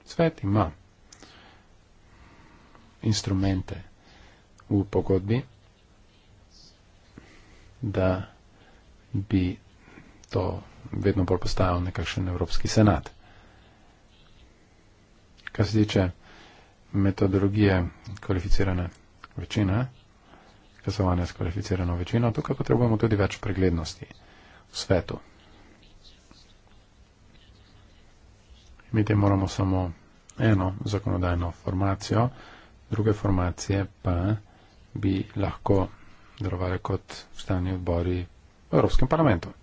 Svet ima instrumente v pogodbi, da bi to vedno bolj postajal nekakšen Evropski senat. Kar se tiče metodologije kvalificirane večine, kasovanja s kvalificirano večino, tukaj potrebujemo tudi več preglednosti v svetu. Imeti moramo samo eno zakonodajno formacijo, druge formacije pa bi lahko delovali kot stani odbori v Evropskem parlamentu.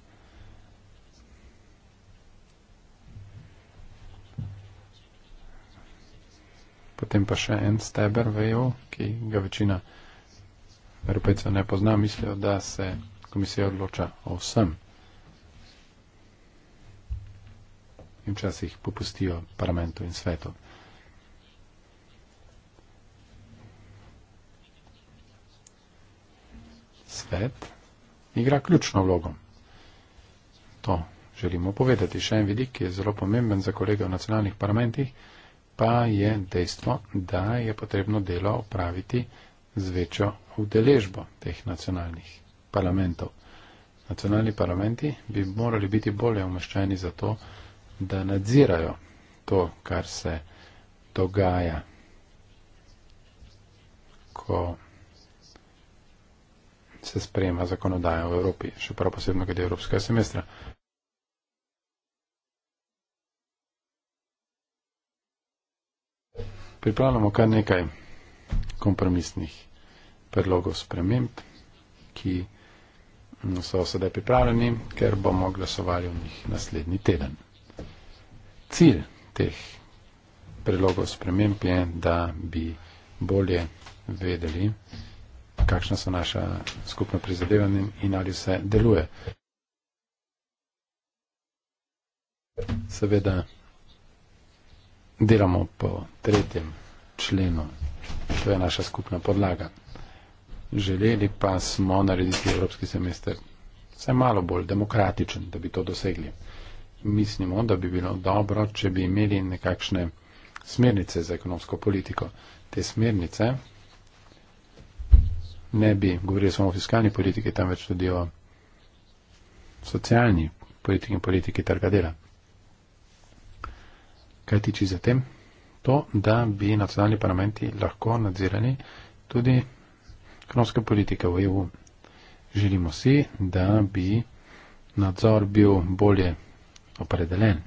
Potem pa še en steber v EU, ki ga večina Evropejcev ne pozna, mislijo, da se komisija odloča o vsem. in včasih popustijo parlamentu in svetu. Svet igra ključno vlogo. To želimo povedati. Še en vidik, ki je zelo pomemben za kolege v nacionalnih parlamentih, pa je dejstvo, da je potrebno delo opraviti z večjo udeležbo teh nacionalnih parlamentov. Nacionalni parlamenti bi morali biti bolje umeščeni za to, da nadzirajo to, kar se dogaja, ko se sprejema zakonodaja v Evropi, še prav posebno glede Evropskega semestra. Pripravljamo kar nekaj kompromisnih predlogov sprememb, ki so sedaj pripravljeni, ker bomo glasovali o njih naslednji teden cilj teh predlogov sprememb je, da bi bolje vedeli, kakšna so naša skupna prizadevanja in ali vse deluje. Seveda delamo po tretjem členu, to je naša skupna podlaga. Želeli pa smo narediti evropski semester vse malo bolj demokratičen, da bi to dosegli mislimo, da bi bilo dobro, če bi imeli nekakšne smernice za ekonomsko politiko. Te smernice ne bi govorili samo o fiskalni politiki, temveč tudi o socialni politiki in politiki trga dela. Kaj tiči za tem? To, da bi nacionalni parlamenti lahko nadzirali tudi ekonomske politike v EU. Želimo si, da bi nadzor bil bolje opredeljen.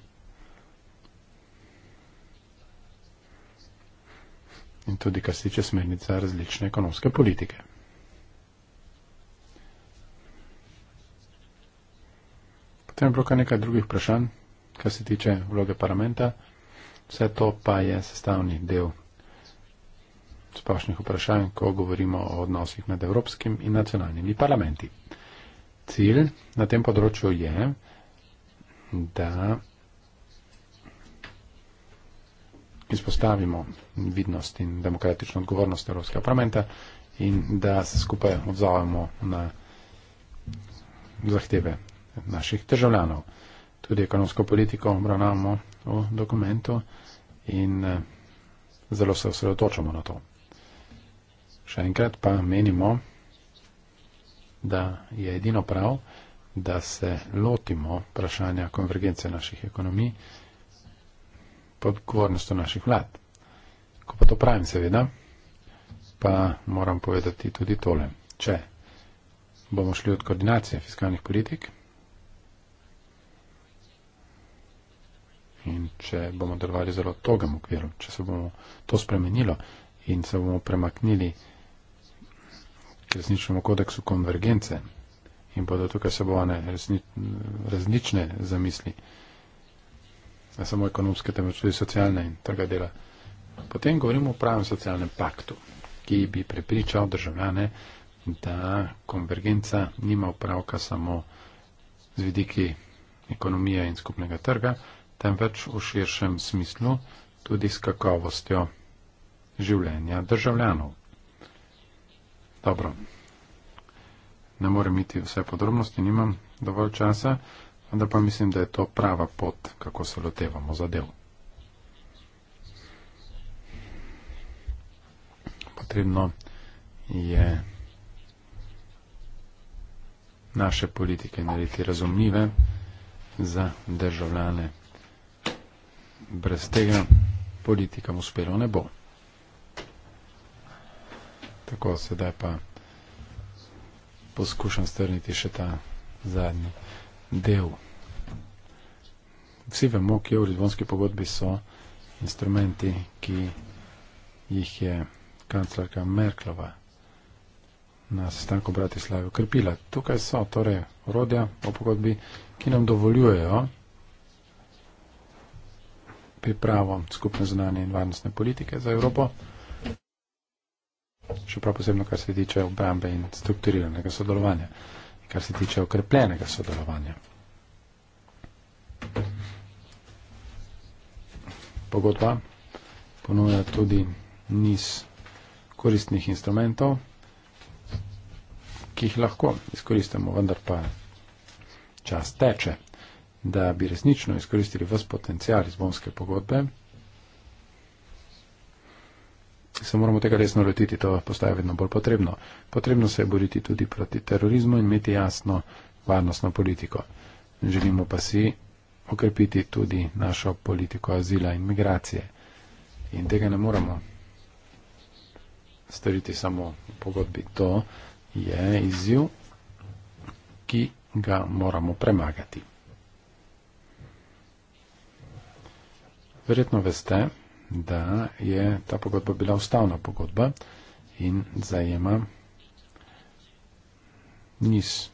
In tudi, kar se tiče smernica različne ekonomske politike. Potem je bilo kar nekaj drugih vprašanj, kar se tiče vloge parlamenta. Vse to pa je sestavni del splošnih vprašanj, ko govorimo o odnosih med evropskim in nacionalnimi parlamenti. Cilj na tem področju je, da izpostavimo vidnost in demokratično odgovornost Evropskega parlamenta in da se skupaj odzovemo na zahteve naših državljanov. Tudi ekonomsko politiko obravnavamo v dokumentu in eh, zelo se osredotočamo na to. Še enkrat pa menimo, da je edino prav, da se lotimo vprašanja konvergence naših ekonomij pod odgovornostjo naših vlad. Ko pa to pravim, seveda, pa moram povedati tudi tole. Če bomo šli od koordinacije fiskalnih politik in če bomo delovali zelo togem okviru, če se bomo to spremenilo in se bomo premaknili k resničnemu kodeksu konvergence in bodo tukaj sebovane različne zamisli, ne samo ekonomske, temveč tudi socialne in trga dela. Potem govorimo o pravem socialnem paktu, ki bi prepričal državljane, da konvergenca nima upravka samo z vidiki ekonomije in skupnega trga, temveč v širšem smislu tudi s kakovostjo življenja državljanov. Dobro ne morem iti vse podrobnosti, nimam dovolj časa, vendar pa mislim, da je to prava pot, kako se lotevamo zadev. Potrebno je naše politike narediti razumljive za državljane. Brez tega politikam uspelo ne bo. Tako sedaj pa poskušam strniti še ta zadnji del. Vsi vemo, kje v Lizbonski pogodbi so instrumenti, ki jih je kanclerka Merklova na sestanku Bratislave ukrepila. Tukaj so torej orodja o pogodbi, ki nam dovoljujejo pripravo skupne zunanje in varnostne politike za Evropo še prav posebno, kar se tiče obrambe in strukturiranega sodelovanja, kar se tiče okrepljenega sodelovanja. Pogodba ponuja tudi niz koristnih instrumentov, ki jih lahko izkoristimo, vendar pa čas teče, da bi resnično izkoristili vse potencijal izbonske pogodbe se moramo tega resno lotiti, to postaje vedno bolj potrebno. Potrebno se je boriti tudi proti terorizmu in imeti jasno varnostno politiko. Želimo pa si okrepiti tudi našo politiko azila in migracije. In tega ne moramo storiti samo v pogodbi. To je izziv, ki ga moramo premagati. Verjetno veste, da je ta pogodba bila ustavna pogodba in zajema niz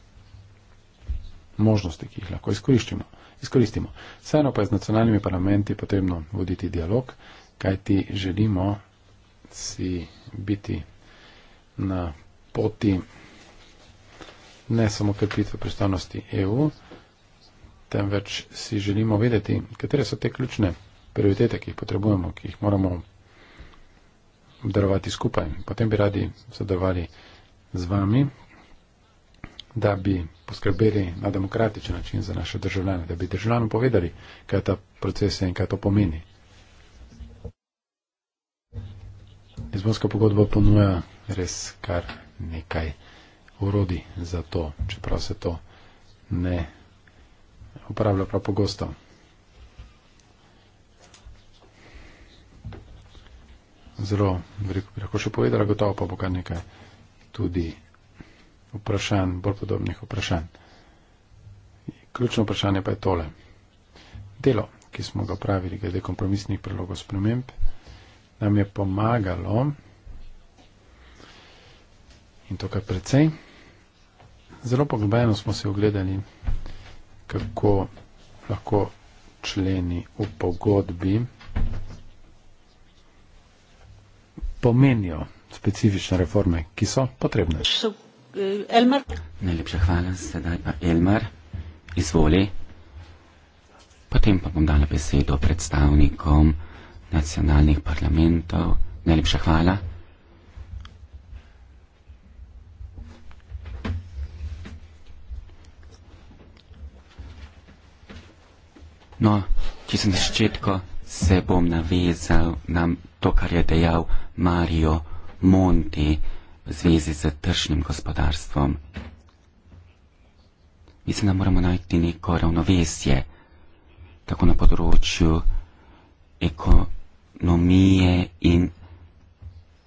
možnosti, ki jih lahko izkoristimo. izkoristimo. Vseeno pa je z nacionalnimi parlamenti potrebno voditi dialog, kajti želimo si biti na poti ne samo krepitve predstavnosti EU, temveč si želimo vedeti, katere so te ključne prioritete, ki jih potrebujemo, ki jih moramo obdarovati skupaj. Potem bi radi sodelovali z vami, da bi poskrbeli na demokratičen način za naše državljane, da bi državljanom povedali, kaj ta proces je in kaj to pomeni. Lizbonska pogodba ponuja res kar nekaj urodi za to, čeprav se to ne uporablja prav pogosto. zelo, bi lahko še povedala, gotovo pa bo kar nekaj tudi vprašanj, bolj podobnih vprašanj. Ključno vprašanje pa je tole. Delo, ki smo ga pravili glede kompromisnih prelogov sprememb, nam je pomagalo in to kar precej. Zelo poglobljeno smo se ogledali, kako lahko členi v pogodbi pomenijo specifične reforme, ki so potrebne. Eh, Elmar. Najlepša hvala, sedaj pa Elmar, izvoli. Potem pa bom dala besedo predstavnikom nacionalnih parlamentov. Najlepša hvala. No, ki sem na začetku se bom navezal na to, kar je dejal Mario Monti v zvezi z tržnim gospodarstvom. Mislim, da moramo najti neko ravnovesje, tako na področju ekonomije in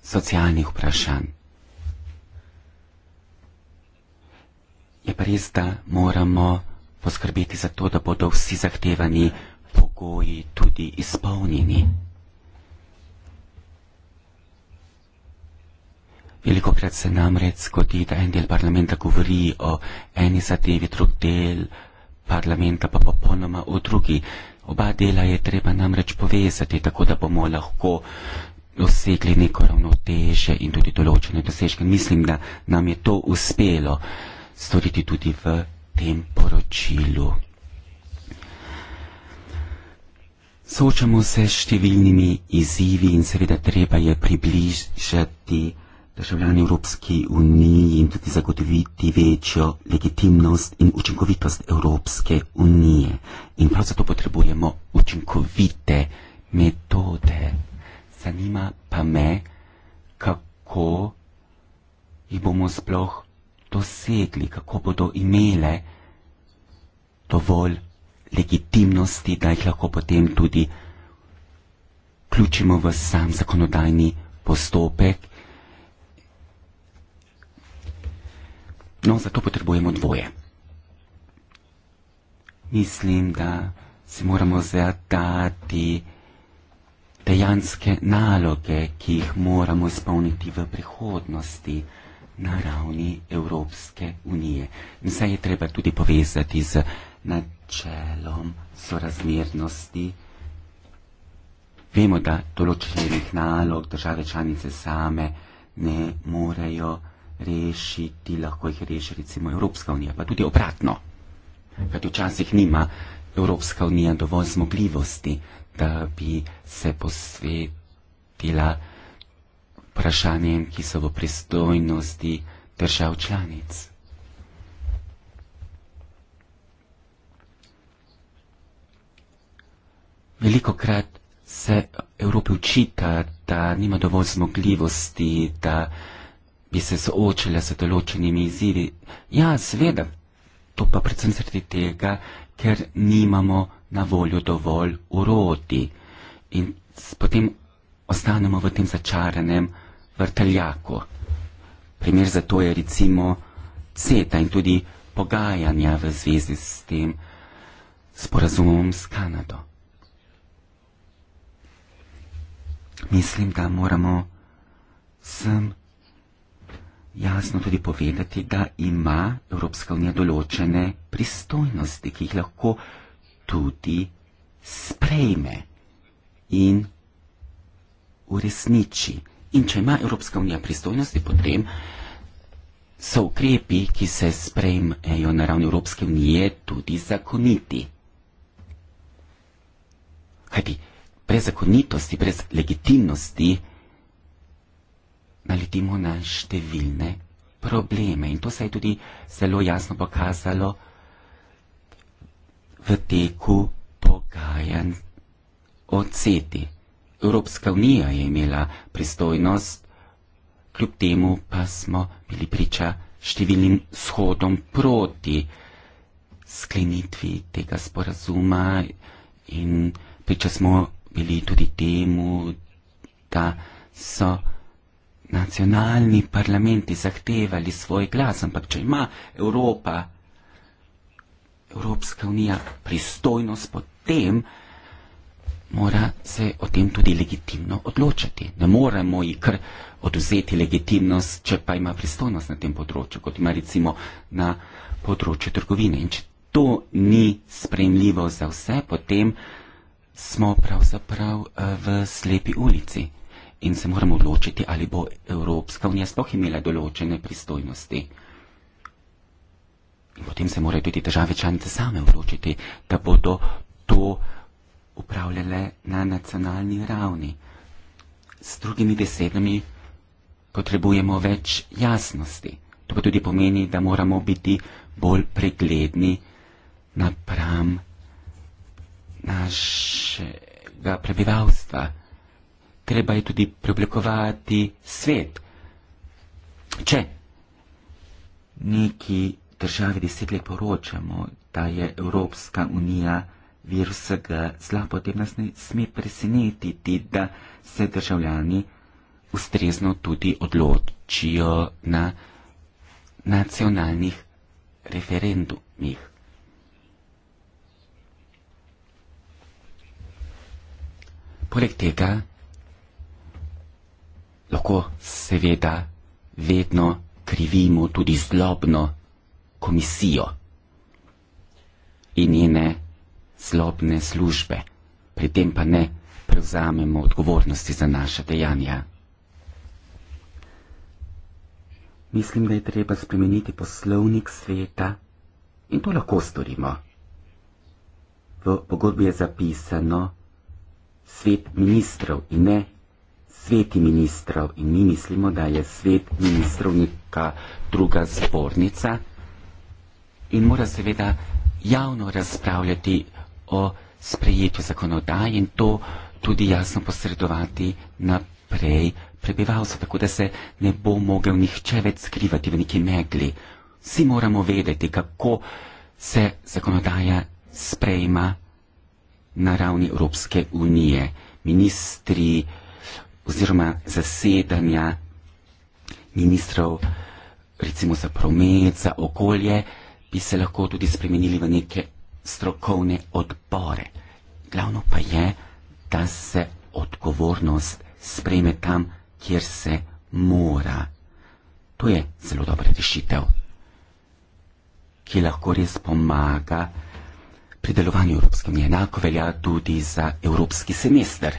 socialnih vprašanj. Je pa res, da moramo poskrbeti za to, da bodo vsi zahtevani pogoji tudi izpolnjeni. Velikokrat se namreč zgodi, da en del parlamenta govori o eni zadevi, drug del parlamenta pa popolnoma o drugi. Oba dela je treba namreč povezati, tako da bomo lahko dosegli neko ravnoteže in tudi določene dosežke. Mislim, da nam je to uspelo storiti tudi v tem poročilu. Soočamo se s številnimi izzivi in seveda treba je približati državljani Evropski uniji in tudi zagotoviti večjo legitimnost in učinkovitost Evropske unije. In prav zato potrebujemo učinkovite metode. Zanima pa me, kako jih bomo sploh dosegli, kako bodo imele dovolj legitimnosti, da jih lahko potem tudi vključimo v sam zakonodajni postopek. No, zato potrebujemo dvoje. Mislim, da se moramo zadati dejanske naloge, ki jih moramo izpolniti v prihodnosti na ravni Evropske unije. In vse je treba tudi povezati z nadaljnjim načelom sorazmernosti. Vemo, da določenih nalog države članice same ne morejo rešiti, lahko jih reši recimo Evropska unija, pa tudi obratno. Kajti včasih nima Evropska unija dovolj zmogljivosti, da bi se posvetila vprašanjem, ki so v pristojnosti držav članic. Veliko krat se Evropi učita, da nima dovolj zmogljivosti, da bi se soočila s določenimi izzivi. Ja, seveda, to pa predvsem zaradi tega, ker nimamo na voljo dovolj urodi in potem ostanemo v tem začaranem vrteljaku. Primer za to je recimo CETA in tudi pogajanja v zvezi s tem sporazumom s Kanado. Mislim, da moramo vsem jasno tudi povedati, da ima Evropska unija določene pristojnosti, ki jih lahko tudi sprejme in uresniči. In če ima Evropska unija pristojnosti, potem so ukrepi, ki se sprejmejo na ravni Evropske unije, tudi zakoniti. Kajti, brez zakonitosti, brez legitimnosti, naletimo na številne probleme. In to se je tudi zelo jasno pokazalo v teku pogajanj o CETI. Evropska unija je imela pristojnost, kljub temu pa smo bili priča številnim shodom proti sklenitvi tega sporazuma in priča smo bili tudi temu, da so nacionalni parlamenti zahtevali svoj glas, ampak če ima Evropa, Evropska unija pristojnost pod tem, mora se o tem tudi legitimno odločati. Ne moremo ji kar oduzeti legitimnost, če pa ima pristojnost na tem področju, kot ima recimo na področju trgovine. In če to ni spremljivo za vse, potem smo pravzaprav eh, v slepi ulici in se moramo odločiti, ali bo Evropska unija sploh imela določene pristojnosti. In potem se morajo tudi države članice same odločiti, da bodo to upravljale na nacionalni ravni. S drugimi besedami potrebujemo več jasnosti. To pa tudi pomeni, da moramo biti bolj pregledni napram našega prebivalstva. Treba je tudi preoblikovati svet. Če neki državi deset let poročamo, da je Evropska unija vir vsega zla, potem nas ne sme presenetiti, da se državljani ustrezno tudi odločijo na nacionalnih referendumih. Poleg tega lahko seveda vedno krivimo tudi zlobno komisijo in njene zlobne službe, pri tem pa ne prevzamemo odgovornosti za naše dejanja. Mislim, da je treba spremeniti poslovnik sveta in to lahko storimo. V pogodbi je zapisano, da je treba spremeniti poslovnik sveta svet ministrov in ne sveti ministrov. In mi mislimo, da je svet ministrov neka druga zbornica in mora seveda javno razpravljati o sprejetju zakonodaje in to tudi jasno posredovati naprej prebivalstvo, tako da se ne bo mogel nihče več skrivati v neki megli. Vsi moramo vedeti, kako se zakonodaja sprejma na ravni Evropske unije, ministri oziroma zasedanja ministrov, recimo za promet, za okolje, bi se lahko tudi spremenili v neke strokovne odpore. Glavno pa je, da se odgovornost spreme tam, kjer se mora. To je zelo dobra rešitev, ki lahko res pomaga pri delovanju Evropske unije. Enako velja tudi za Evropski semester.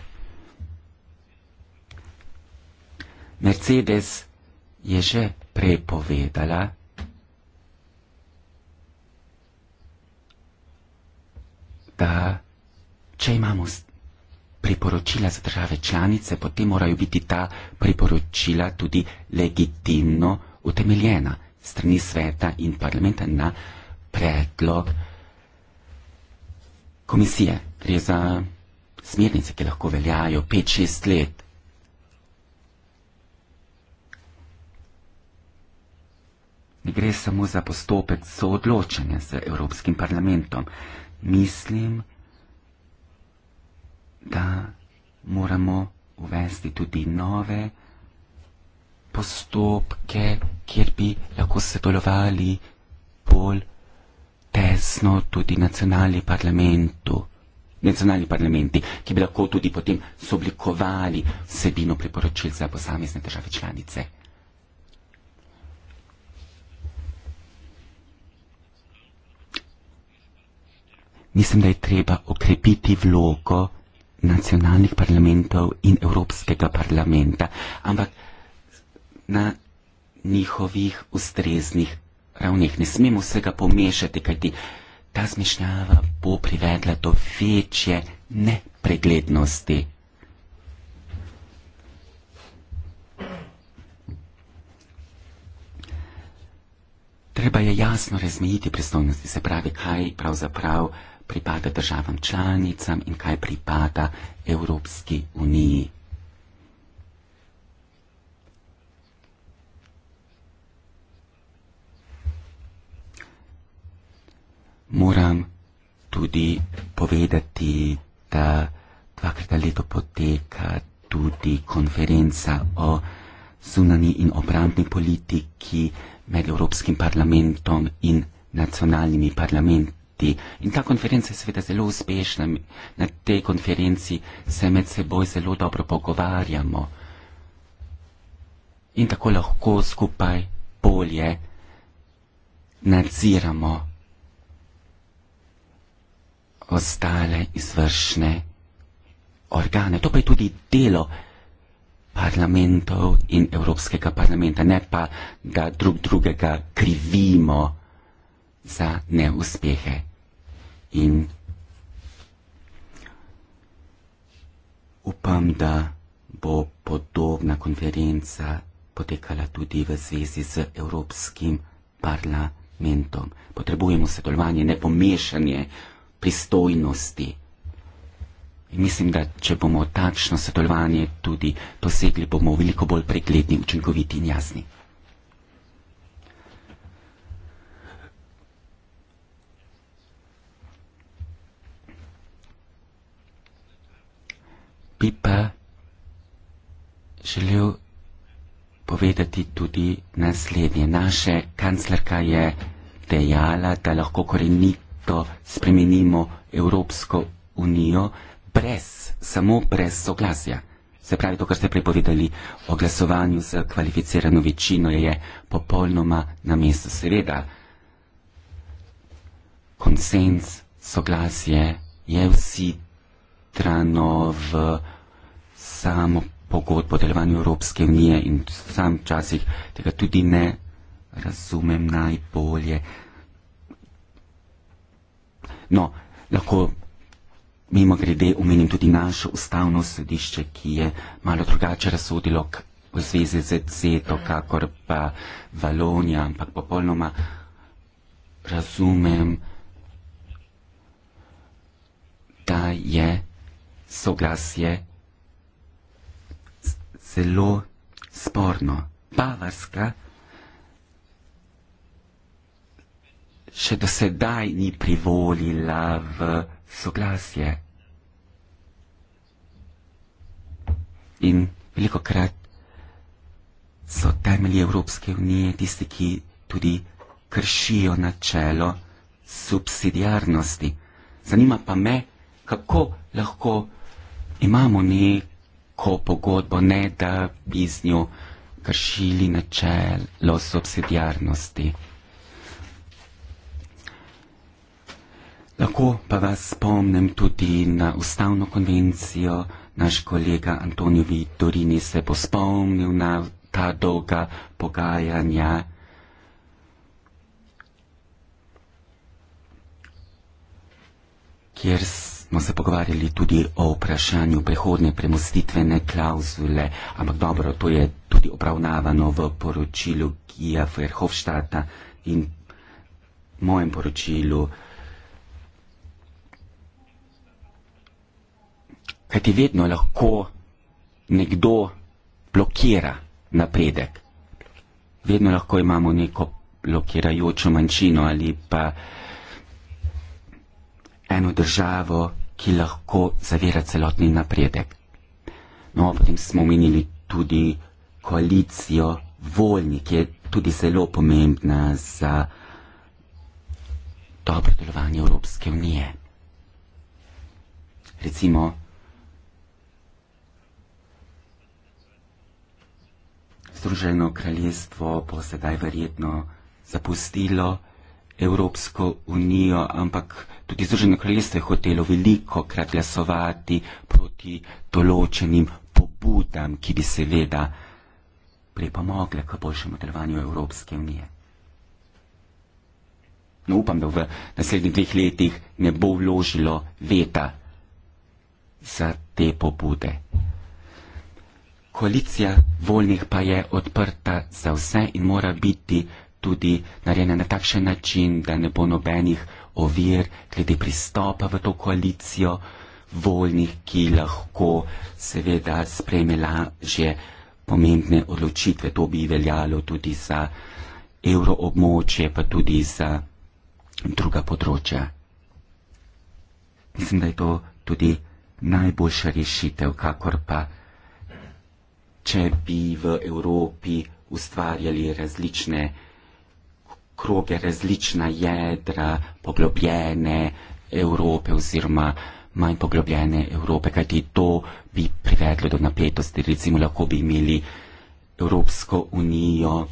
Mercedes je že prepovedala da če imamo priporočila za države članice, potem morajo biti ta priporočila tudi legitimno utemeljena strani sveta in parlamenta na predlog uh, komisije. Gre za smernice, ki lahko veljajo 5-6 let. Ne gre samo za postopek soodločanja z Evropskim parlamentom. Mislim, da moramo uvesti tudi nove postopke, kjer bi lahko sodelovali bolj tesno tudi nacionalni parlamentu, nacionalni parlamenti, ki bi lahko tudi potem soblikovali sebino priporočil za posamezne države članice. Mislim, da je treba okrepiti vlogo nacionalnih parlamentov in Evropskega parlamenta, ampak na njihovih ustreznih ravneh. Ne smemo vsega pomešati, kajti ta zmišljava bo privedla do večje nepreglednosti. Treba je jasno razmejiti pristojnosti, se pravi, kaj pravzaprav pripada državam članicam in kaj pripada Evropski uniji. moram tudi povedati, da dvakrat na leto poteka tudi konferenca o zunani in obrambni politiki med Evropskim parlamentom in nacionalnimi parlamenti. In ta konferenca je seveda zelo uspešna. Na tej konferenci se med seboj zelo dobro pogovarjamo in tako lahko skupaj bolje nadziramo ostale izvršne organe. To pa je tudi delo parlamentov in Evropskega parlamenta, ne pa, da drug drugega krivimo za neuspehe. In upam, da bo podobna konferenca potekala tudi v zvezi z Evropskim parlamentom. Potrebujemo sodelovanje, ne pomešanje pristojnosti. In mislim, da če bomo takšno sodelovanje tudi dosegli, bomo veliko bolj pregledni, učinkoviti in jasni. Bi pa želel povedati tudi naslednje. Naša kanclerka je dejala, da lahko korenito to spremenimo Evropsko unijo brez, samo brez soglasja. Se pravi, to, kar ste prepovedali o glasovanju z kvalificirano večino, je popolnoma na mestu. Seveda, konsens, soglasje je vsi trano v samo pogodbo o delovanju Evropske unije in sam časih tega tudi ne razumem najbolje. No, lahko mimo grede omenim tudi naše ustavno sodišče, ki je malo drugače razsodilo v zvezi z ZETO, kakor pa Valonija, ampak popolnoma razumem, da je soglasje zelo sporno. Bavarska še do sedaj ni privolila v soglasje. In veliko krat so temelji Evropske unije tisti, ki tudi kršijo načelo subsidijarnosti. Zanima pa me, kako lahko imamo neko pogodbo, ne da bi z njo kršili načelo subsidijarnosti. Lahko pa vas spomnim tudi na ustavno konvencijo, naš kolega Antonijo Vitorini se je pospomnil na ta dolga pogajanja. kjer smo se pogovarjali tudi o vprašanju prehodne premustitvene klauzule, ampak dobro, to je tudi obravnavano v poročilu Gija Verhofstata in mojem poročilu. Kajti vedno lahko nekdo blokira napredek. Vedno lahko imamo neko blokirajočo manjšino ali pa eno državo, ki lahko zavira celotni napredek. No, potem smo omenili tudi koalicijo voljni, ki je tudi zelo pomembna za dobro delovanje Evropske unije. Recimo, Združeno kraljestvo bo sedaj verjetno zapustilo Evropsko unijo, ampak tudi Združeno kraljestvo je hotelo veliko krat glasovati proti določenim pobudam, ki bi seveda pripomogle k boljšemu delovanju Evropske unije. No, upam, da v naslednjih dveh letih ne bo vložilo veta za te pobude koalicija volnih pa je odprta za vse in mora biti tudi narejena na takšen način, da ne bo nobenih ovir glede pristopa v to koalicijo volnih, ki lahko seveda spremela že pomembne odločitve. To bi veljalo tudi za evroobmočje, pa tudi za druga področja. Mislim, da je to tudi najboljša rešitev, kakor pa če bi v Evropi ustvarjali različne kroge, različna jedra poglobljene Evrope oziroma manj poglobljene Evrope, kajti to bi privedlo do napetosti. Recimo lahko bi imeli Evropsko unijo,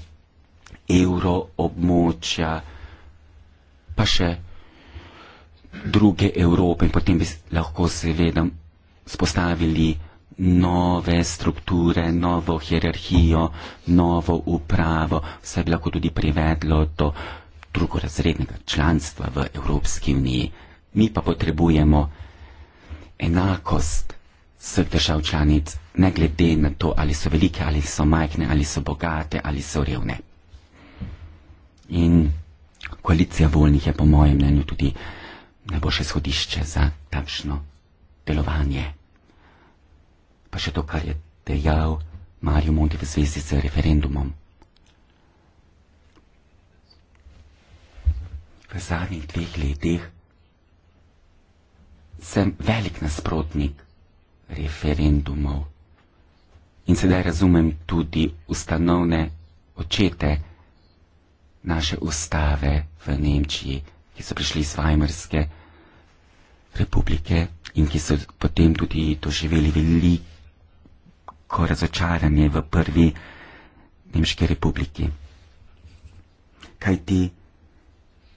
evro območja, pa še druge Evrope in potem bi lahko seveda spostavili nove strukture, novo hierarhijo, novo upravo, vse bi lahko tudi privedlo do drugorazrednega članstva v Evropski uniji. Mi pa potrebujemo enakost vseh držav članic, ne glede na to, ali so velike, ali so majhne, ali so bogate, ali so revne. In koalicija volnih je po mojem mnenju tudi najboljše shodišče za takšno delovanje pa še to, kar je dejal Marijo Monti v zvezi z referendumom. V zadnjih dveh letih sem velik nasprotnik referendumov in sedaj razumem tudi ustanovne očete naše ustave v Nemčiji, ki so prišli iz Weimarske republike in ki so potem tudi doživeli veliko veliko razočaranje v prvi Nemški republiki. Kaj ti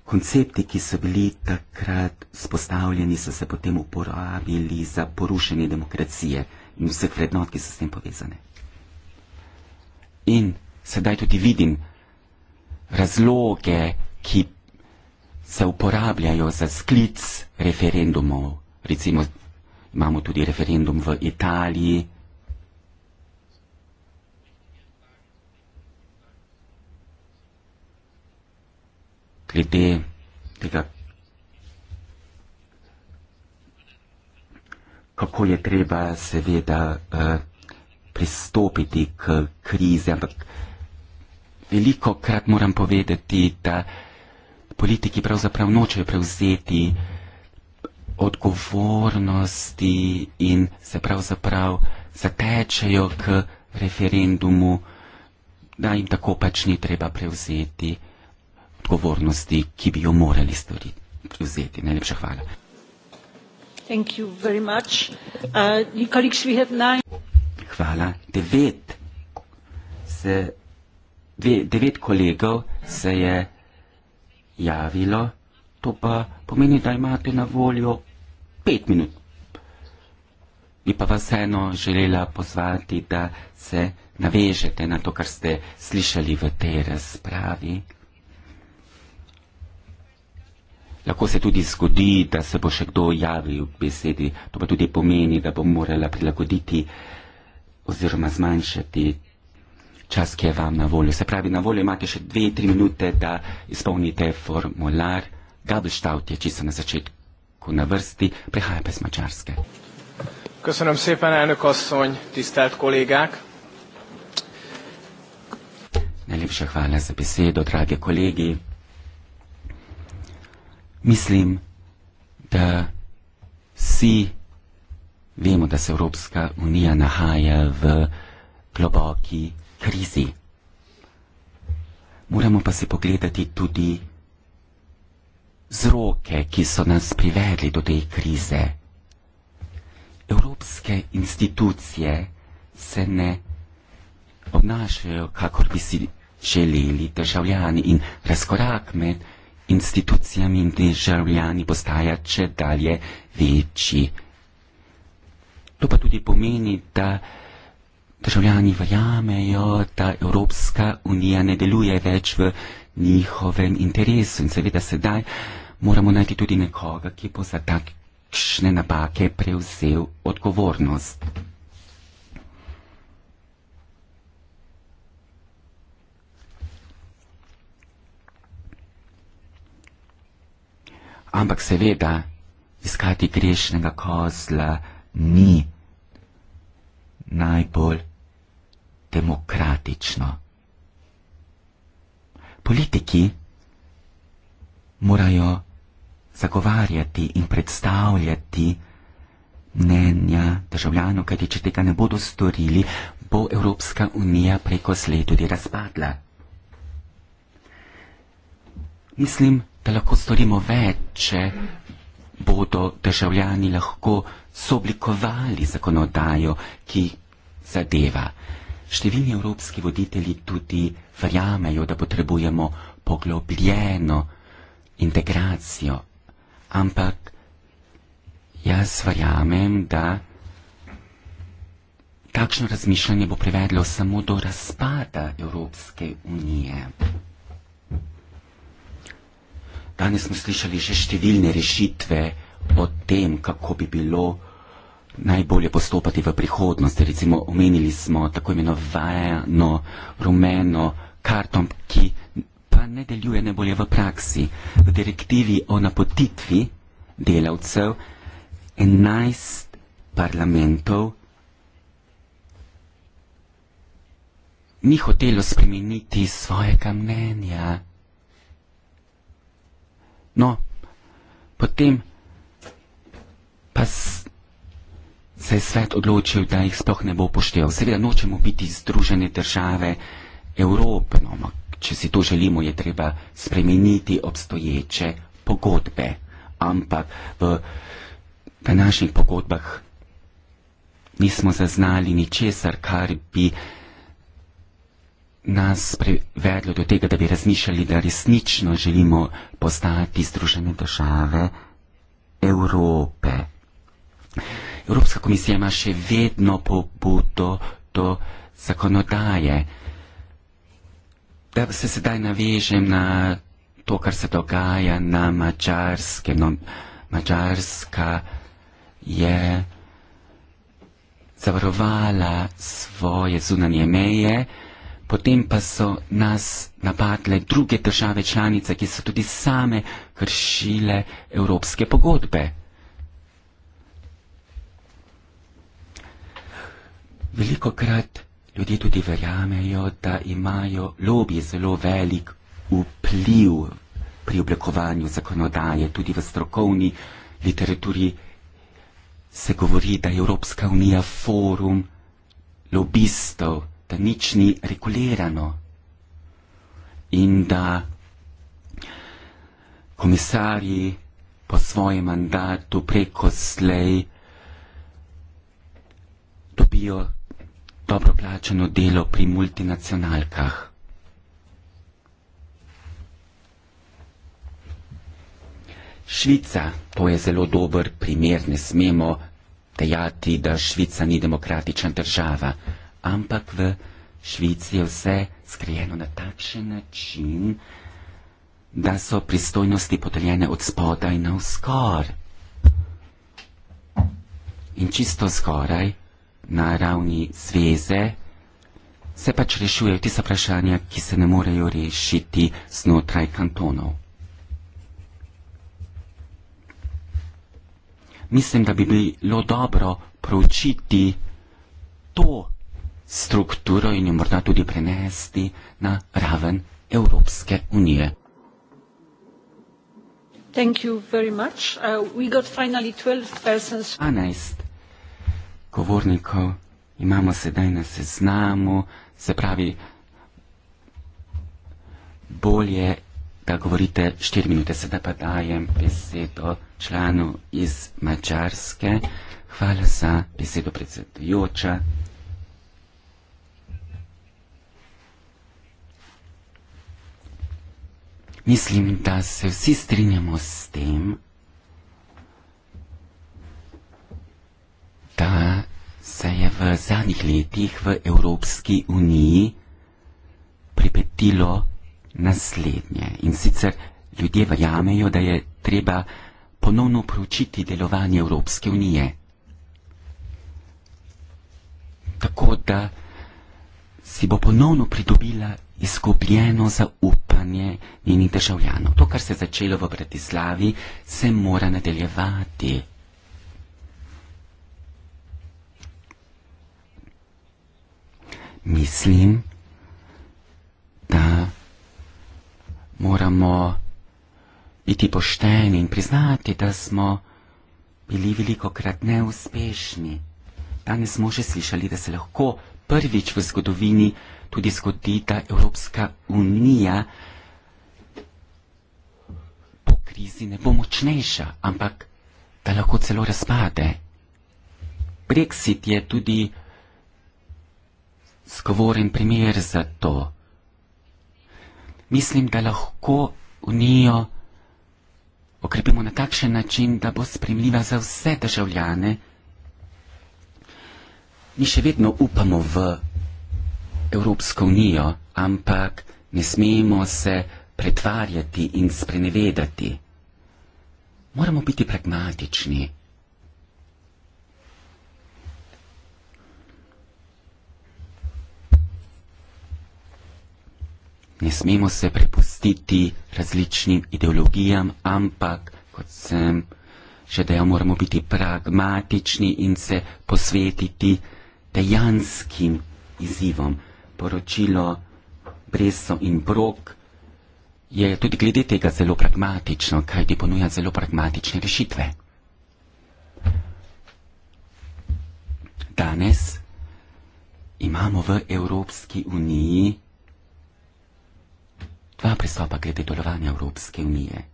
koncepti, ki so bili takrat spostavljeni, so se potem uporabili za porušenje demokracije in vseh vrednot, ki so s tem povezane. In sedaj tudi vidim razloge, ki se uporabljajo za sklic referendumov. Recimo imamo tudi referendum v Italiji Glede tega, kako je treba seveda eh, pristopiti k krizi, ampak veliko krat moram povedati, da politiki pravzaprav nočejo prevzeti odgovornosti in se pravzaprav zatečejo k referendumu, da jim tako pač ni treba prevzeti odgovornosti odgovornosti, ki bi jo morali storiti. Vzeti. Najlepša hvala. Uh, hvala. Devet, se, dve, devet kolegov se je javilo, to pa pomeni, da imate na voljo pet minut. Bi pa vas eno želela pozvati, da se navežete na to, kar ste slišali v tej razpravi. Lahko se tudi zgodi, da se bo še kdo javil v besedi, to pa tudi pomeni, da bom morala prilagoditi oziroma zmanjšati čas, ki je vam na voljo. Se pravi, na voljo imate še dve, tri minute, da izpolnite formular. Gabelštaut je čisto na začetku na vrsti, prehaja pa iz Mačarske. Köszönöm szépen, elnök asszony, tisztelt kollégák! Najlepša hvala za besedo, drage kolegi mislim, da vsi vemo, da se Evropska unija nahaja v globoki krizi. Moramo pa si pogledati tudi vzroke, ki so nas privedli do te krize. Evropske institucije se ne obnašajo, kakor bi si želeli državljani in razkorak med institucijami in državljani postaja če dalje večji. To pa tudi pomeni, da državljani verjamejo, da Evropska unija ne deluje več v njihovem interesu in seveda sedaj moramo najti tudi nekoga, ki bo za takšne napake prevzel odgovornost. Ampak seveda, iskati grešnega kozla ni najbolj demokratično. Politiki morajo zagovarjati in predstavljati mnenja državljanov, kajti če tega ne bodo storili, bo Evropska unija preko sled tudi razpadla. Mislim, da lahko storimo več, če bodo državljani lahko sooblikovali zakonodajo, ki zadeva. Številni evropski voditelji tudi verjamejo, da potrebujemo poglobljeno integracijo, ampak jaz verjamem, da takšno razmišljanje bo privedlo samo do razpada Evropske unije. Danes smo slišali že številne rešitve o tem, kako bi bilo najbolje postopati v prihodnosti. Recimo, omenili smo tako imenovano rumeno karto, ki pa ne deluje najbolje v praksi. V direktivi o napotitvi delavcev 11 parlamentov ni hotelo spremeniti svojega mnenja. No, potem pa se je svet odločil, da jih sploh ne bo upošteval. Seveda nočemo biti združene države Evrope, no, če si to želimo, je treba spremeniti obstoječe pogodbe, ampak v, v naših pogodbah nismo zaznali ničesar, kar bi nas privedlo do tega, da bi razmišljali, da resnično želimo postati združene države Evrope. Evropska komisija ima še vedno pobudo do zakonodaje. Da se sedaj navežem na to, kar se dogaja na Mačarske. No, Mačarska je zavarovala svoje zunanje meje, potem pa so nas napadle druge države članice, ki so tudi same kršile evropske pogodbe. Veliko krat ljudje tudi verjamejo, da imajo lobi zelo velik vpliv pri oblikovanju zakonodaje, tudi v strokovni literaturi se govori, da je Evropska unija forum lobistov da nič ni regulirano in da komisarji po svojem mandatu preko slej dobijo dobro plačano delo pri multinacionalkah. Švica, to je zelo dober primer, ne smemo dejati, da Švica ni demokratična država ampak v Švici je vse skrijeno na takšen način, da so pristojnosti podeljene od spodaj na vzgor. In čisto zgoraj, na ravni zveze, se pač rešujejo tiste vprašanja, ki se ne morejo rešiti znotraj kantonov. Mislim, da bi bilo dobro proučiti to, strukturo in jo morda tudi prenesti na raven Evropske unije. Uh, 12 govornikov imamo sedaj na seznamu, se pravi, bolje, da govorite 4 minute, sedaj pa dajem besedo članu iz Mačarske. Hvala za besedo predsedujoča. Mislim, da se vsi strinjamo s tem, da se je v zadnjih letih v Evropski uniji pripetilo naslednje. In sicer ljudje verjamejo, da je treba ponovno proučiti delovanje Evropske unije. Tako da si bo ponovno pridobila izgubljeno zaupanje njenih državljanov. To, kar se je začelo v Bratislavi, se mora nadaljevati. Mislim, da moramo biti pošteni in priznati, da smo bili veliko krat neuspešni. Danes smo že slišali, da se lahko prvič v zgodovini tudi zgodita Evropska unija po krizi ne bo močnejša, ampak da lahko celo razpade. Brexit je tudi skovoren primer za to. Mislim, da lahko unijo okrepimo na takšen način, da bo sprejemljiva za vse državljane. Mi še vedno upamo v Evropsko unijo, ampak ne smemo se pretvarjati in sprenevedati. Moramo biti pragmatični. Ne smemo se prepustiti različnim ideologijam, ampak, kot sem že dejal, moramo biti pragmatični in se posvetiti dejanskim izzivom poročilo Bresso in Brok je tudi glede tega zelo pragmatično, kaj ti ponuja zelo pragmatične rešitve. Danes imamo v Evropski uniji dva pristopa glede delovanja Evropske unije.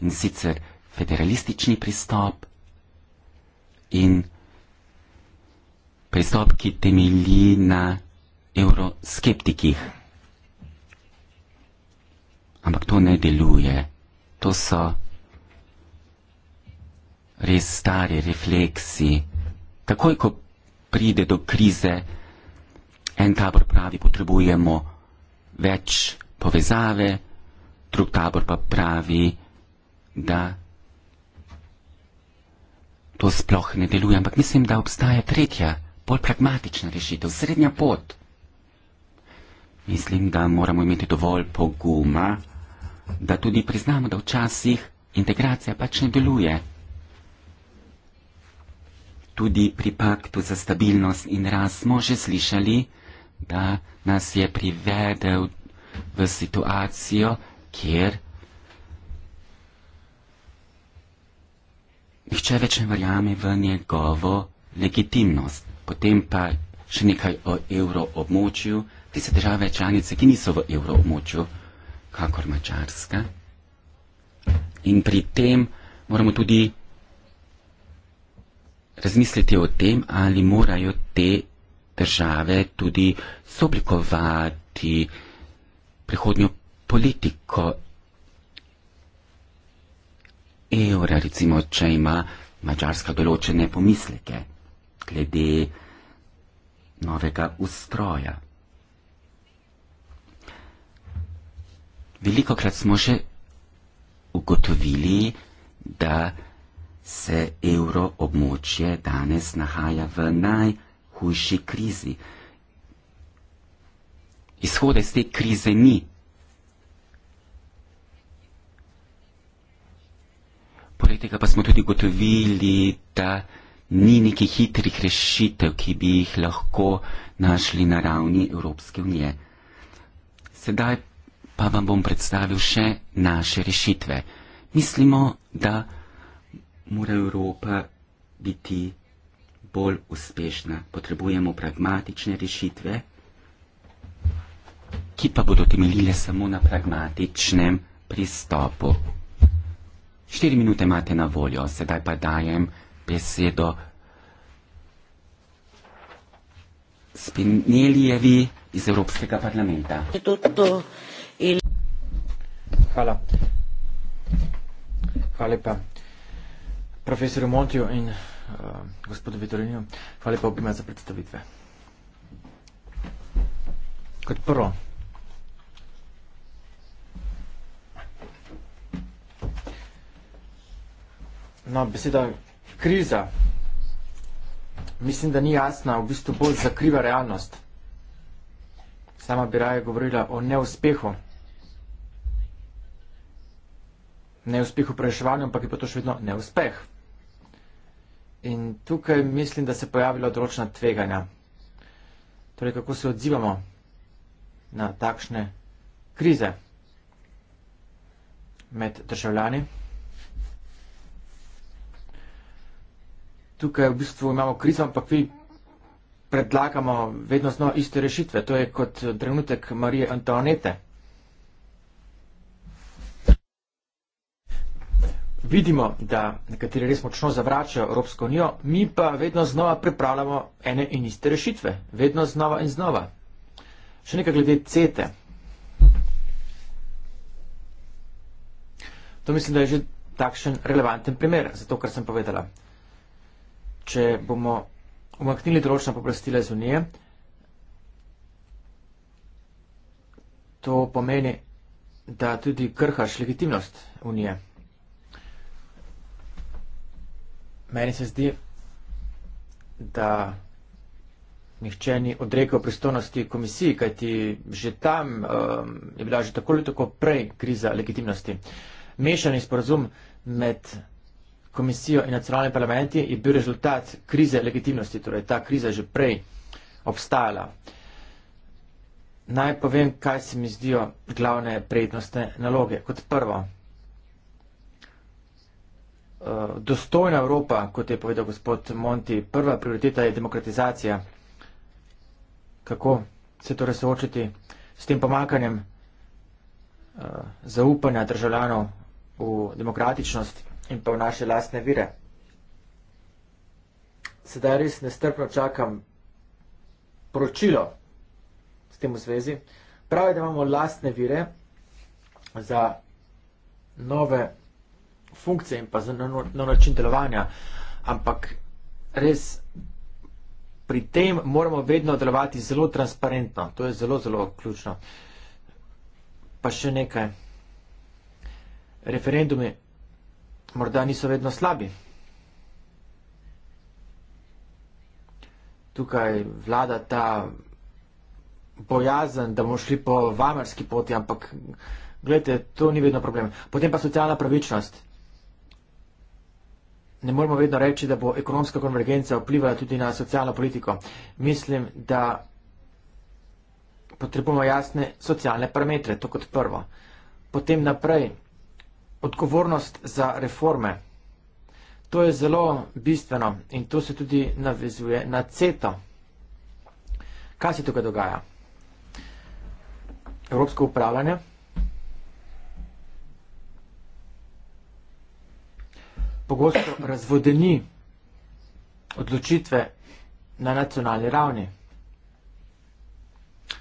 In sicer federalistični pristop in pristop, ki temelji na evroskeptikih. Ampak to ne deluje. To so res stari refleksi. Takoj, ko pride do krize, en tabor pravi, potrebujemo več povezave, drug tabor pa pravi, da to sploh ne deluje. Ampak mislim, da obstaja tretja, bolj pragmatična rešitev, srednja pot. Mislim, da moramo imeti dovolj poguma, da tudi priznamo, da včasih integracija pač ne deluje. Tudi pri paktu za stabilnost in raz smo že slišali, da nas je privedel v situacijo, kjer nihče več ne verjame v njegovo legitimnost. Potem pa še nekaj o evroobmočju tiste države članice, ki niso v evroobmočju, kakor Mačarska. In pri tem moramo tudi razmisliti o tem, ali morajo te države tudi soblikovati prihodnjo politiko evra, recimo, če ima Mačarska določene pomisleke glede novega ustroja. veliko krat smo že ugotovili, da se evroobmočje danes nahaja v najhujši krizi. Izhoda iz te krize ni. Poleg tega pa smo tudi ugotovili, da ni nekih hitrih rešitev, ki bi jih lahko našli na ravni Evropske unije. Sedaj pa vam bom predstavil še naše rešitve. Mislimo, da mora Evropa biti bolj uspešna. Potrebujemo pragmatične rešitve, ki pa bodo temeljile samo na pragmatičnem pristopu. Štiri minute imate na voljo, sedaj pa dajem besedo Spinelijevi iz Evropskega parlamenta. Je to to? Hvala. Hvala lepa profesorju Montiju in uh, gospodu Vitorinju. Hvala lepa obima za predstavitve. Kot prvo. No, beseda kriza. Mislim, da ni jasna, v bistvu bolj zakriva realnost. Sama bi raje govorila o neuspehu. neuspeh v preševanju, ampak je pa to še vedno neuspeh. In tukaj mislim, da se pojavila odročna tveganja. Torej, kako se odzivamo na takšne krize med državljani. Tukaj v bistvu imamo krizo, ampak vi predlagamo vedno znova iste rešitve. To je kot trenutek Marije Antoanete. vidimo, da nekateri res močno zavračajo Evropsko unijo, mi pa vedno znova pripravljamo ene in iste rešitve. Vedno znova in znova. Še nekaj glede CETE. To mislim, da je že takšen relevanten primer za to, kar sem povedala. Če bomo umaknili določena poprostila iz Unije, to pomeni, da tudi krhaš legitimnost Unije. meni se zdi, da nihče ni odrekel pristojnosti komisiji, kajti že tam um, je bila že tako ali tako prej kriza legitimnosti. Mešani sporazum med komisijo in nacionalnimi parlamenti je bil rezultat krize legitimnosti, torej ta kriza že prej obstajala. Naj povem, kaj se mi zdijo glavne prednostne naloge. Kot prvo, uh, dostojna Evropa, kot je povedal gospod Monti, prva prioriteta je demokratizacija. Kako se torej soočiti s tem pomakanjem uh, eh, zaupanja državljanov v demokratičnost in pa v naše lastne vire? Sedaj res nestrpno čakam poročilo s tem v zvezi. Pravi, da imamo lastne vire za nove funkcije in pa za nov način delovanja. Ampak res pri tem moramo vedno delovati zelo transparentno. To je zelo, zelo ključno. Pa še nekaj. Referendumi morda niso vedno slabi. Tukaj vlada ta bojazen, da bomo šli po vamerski poti, ampak gledajte, to ni vedno problem. Potem pa socialna pravičnost ne moramo vedno reči, da bo ekonomska konvergenca vplivala tudi na socialno politiko. Mislim, da potrebujemo jasne socialne parametre, to kot prvo. Potem naprej, odgovornost za reforme. To je zelo bistveno in to se tudi navezuje na CETO. Kaj se tukaj dogaja? Evropsko upravljanje. pogosto razvodeni odločitve na nacionalni ravni.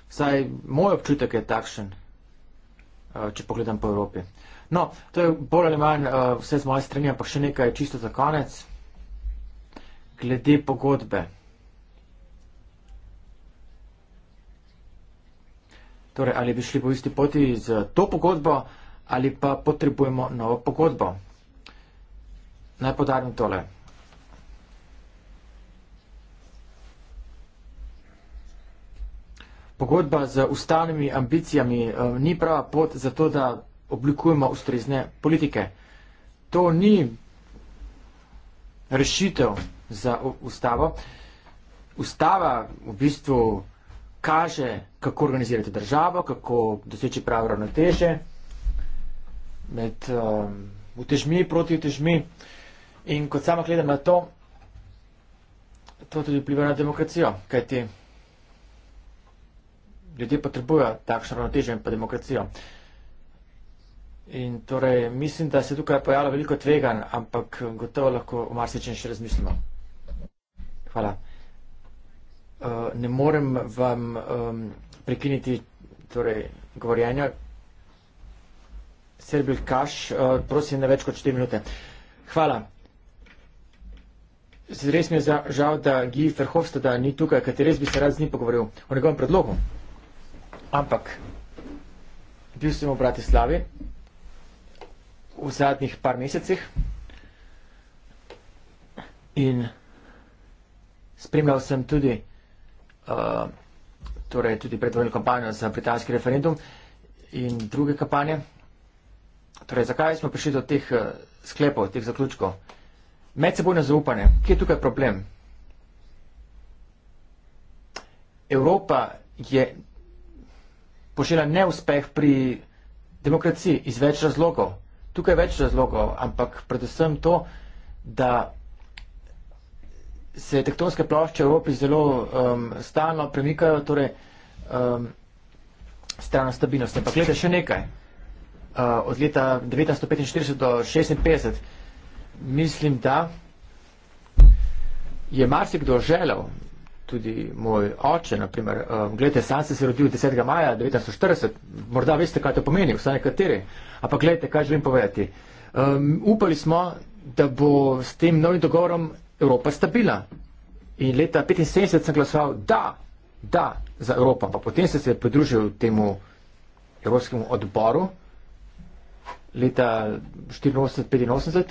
Vsaj moj občutek je takšen, eh, če pogledam po Evropi. No, to je bolj ali manj eh, vse z moje strani, ampak še nekaj čisto za konec. Glede pogodbe. Torej, ali bi šli po isti poti z to pogodbo ali pa potrebujemo novo pogodbo. Naj podarim tole. Pogodba z ustavnimi ambicijami eh, ni prava pot za to, da oblikujemo ustrezne politike. To ni rešitev za ustavo. Ustava v bistvu kaže, kako organizirati državo, kako doseči pravo ravnoteže med um, utežmi in protiutežmi. In kot sama gledam na to, to tudi vpliva na demokracijo, kajti ljudje potrebujejo takšno ravnotežje in pa demokracijo. In torej mislim, da se tukaj pojavlja veliko tvegan, ampak gotovo lahko v marsičem še razmislimo. Hvala. Uh, ne morem vam um, prekiniti torej, govorjenja. Serbil Kaš, uh, prosim, ne več kot 4 minute. Hvala. Res mi je žal, da Guy Verhofstada ni tukaj, ker res bi se rad z njim pogovoril o njegovem predlogu. Ampak bil sem v Bratislavi v zadnjih par mesecih in spremljal sem tudi, uh, torej tudi predvoljno kampanjo za britanski referendum in druge kampanje. Torej, zakaj smo prišli do teh eh, sklepov, teh zaključkov? medsebojno zaupanje. Kje je tukaj problem? Evropa je pošela neuspeh pri demokraciji iz več razlogov. Tukaj je več razlogov, ampak predvsem to, da se tektonske plošče v Evropi zelo um, stalno premikajo, torej um, strano stabilnost. Ampak gledajte še nekaj. Uh, od leta 1945 do 1956 mislim, da je marsikdo želel, tudi moj oče, naprimer, um, gledajte, sam se je rodil 10. maja 1940, morda veste, kaj to pomeni, vsaj nekateri, ampak gledajte, kaj želim povedati. Um, upali smo, da bo s tem novim dogovorom Evropa stabilna. In leta 1975 sem glasoval, da, da, za Evropo, pa potem sem se pridružil temu Evropskemu odboru leta 1984-1985.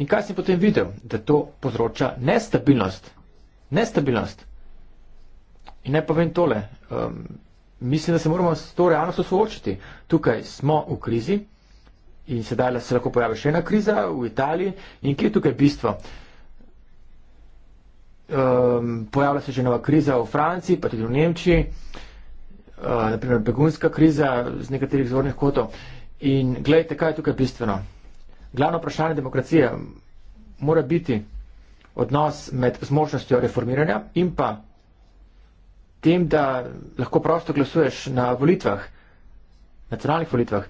In kaj sem potem videl? Da to povzroča nestabilnost. Nestabilnost. In naj ne povem tole. Um, mislim, da se moramo s to realnostjo soočiti. Tukaj smo v krizi in sedaj se lahko pojavi še ena kriza v Italiji. In kje je tukaj bistvo? Um, pojavlja se že nova kriza v Franciji, pa tudi v Nemčiji, uh, naprimer begunska kriza z nekaterih zvornih kotov. In gledajte, kaj je tukaj bistveno glavno vprašanje demokracije mora biti odnos med zmožnostjo reformiranja in pa tem, da lahko prosto glasuješ na volitvah, nacionalnih volitvah.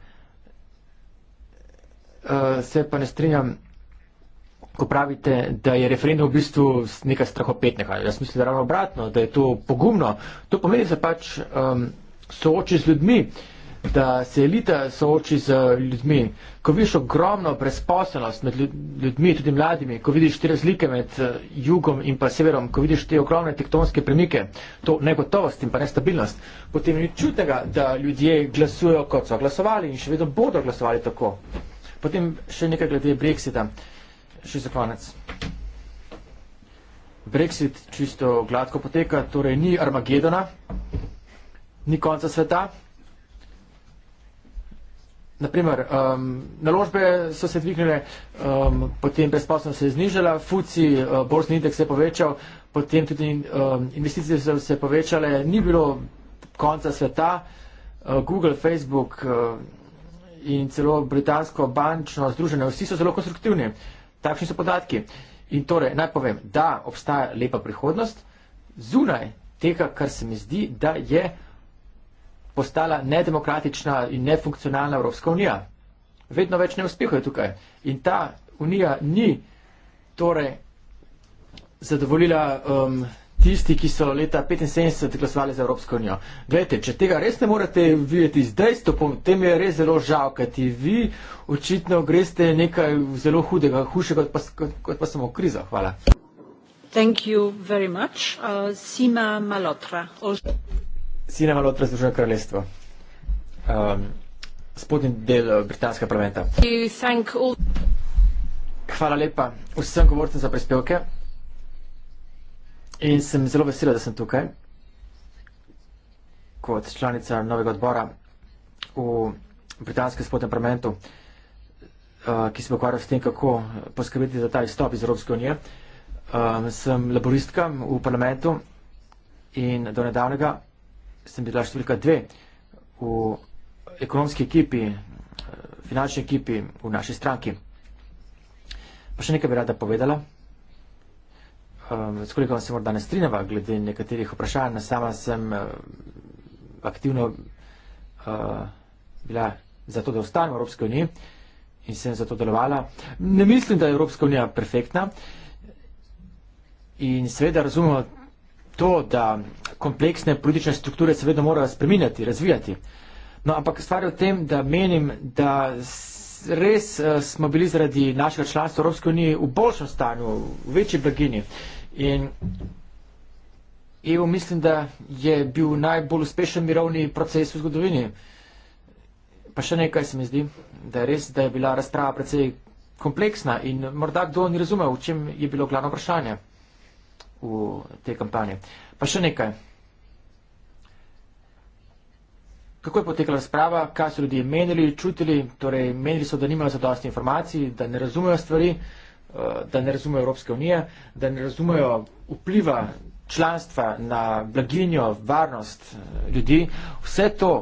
Uh, se pa ne strinjam, ko pravite, da je referendum v bistvu neka strahopetnega. Jaz mislim, da ravno obratno, da je to pogumno. To pomeni, da se pač um, sooči z ljudmi uh, da se elita sooči z ljudmi. Ko vidiš ogromno brezposelnost med ljudmi, tudi mladimi, ko vidiš te razlike med eh, jugom in pa severom, ko vidiš te ogromne tektonske premike, to negotovost in pa nestabilnost, potem ni čutega, da ljudje glasujejo, kot so glasovali in še vedno bodo glasovali tako. Potem še nekaj glede Brexita. Še za konec. Brexit čisto gladko poteka, torej ni Armagedona, ni konca sveta, Naprimer, um, naložbe so se dvignile, um, potem brezposobnost se je znižala, FUCI, uh, borzni indeks se je povečal, potem tudi um, investicije so se povečale, ni bilo konca sveta, uh, Google, Facebook uh, in celo britansko bančno združenje, vsi so zelo konstruktivni. Takšni so podatki. In torej, naj povem, da obstaja lepa prihodnost zunaj tega, kar se mi zdi, da je postala nedemokratična in nefunkcionalna Evropska unija. Vedno več neuspehov je tukaj. In ta unija ni torej zadovoljila um, tisti, ki so leta 1975 glasovali za Evropsko unijo. Glejte, če tega res ne morete videti z dejstvom, potem je res zelo žal, kajti vi očitno greste nekaj zelo hudega, hujšega kot, kot, kot pa samo kriza. Hvala. Thank you very much. Uh, Sima Malotra. Also sina malo razdružila kraljestvo. Um, spodnji del eh, britanskega parlamenta. Hvala lepa vsem govorcem za prispevke in sem zelo vesela, da sem tukaj kot članica novega odbora v britanskem spodnjem parlamentu, eh, ki se ukvarja s tem, kako poskrbeti za ta izstop iz Evropske unije. Eh, sem laboristka v parlamentu in do nedavnega sem bila številka dve v ekonomski ekipi, eh, finančni ekipi v naši stranki. Pa še nekaj bi rada povedala, ehm, s koliko vam se morda ne strinjava glede nekaterih vprašanj. Sama sem eh, aktivno eh, bila za to, da ostanem v Evropski uniji in sem za to delovala. Ne mislim, da je Evropska unija perfektna in seveda razumemo to, da kompleksne politične strukture se vedno morajo spreminjati, razvijati. No, ampak stvar je v tem, da menim, da res eh, smo bili zaradi našega članstva Evropske unije v boljšem stanju, v večji blagini. In EU mislim, da je bil najbolj uspešen mirovni proces v zgodovini. Pa še nekaj se mi zdi, da je res, da je bila razprava precej kompleksna in morda kdo ni razumel, v čem je bilo glavno vprašanje v tej kampanji. Pa še nekaj. Kako je potekala razprava, kaj so ljudje menili, čutili, torej menili so, da nimajo zadosti informacij, da ne razumejo stvari, eh, da ne razumejo Evropske unije, da ne razumejo vpliva članstva na blaginjo, varnost eh, ljudi. Vse to,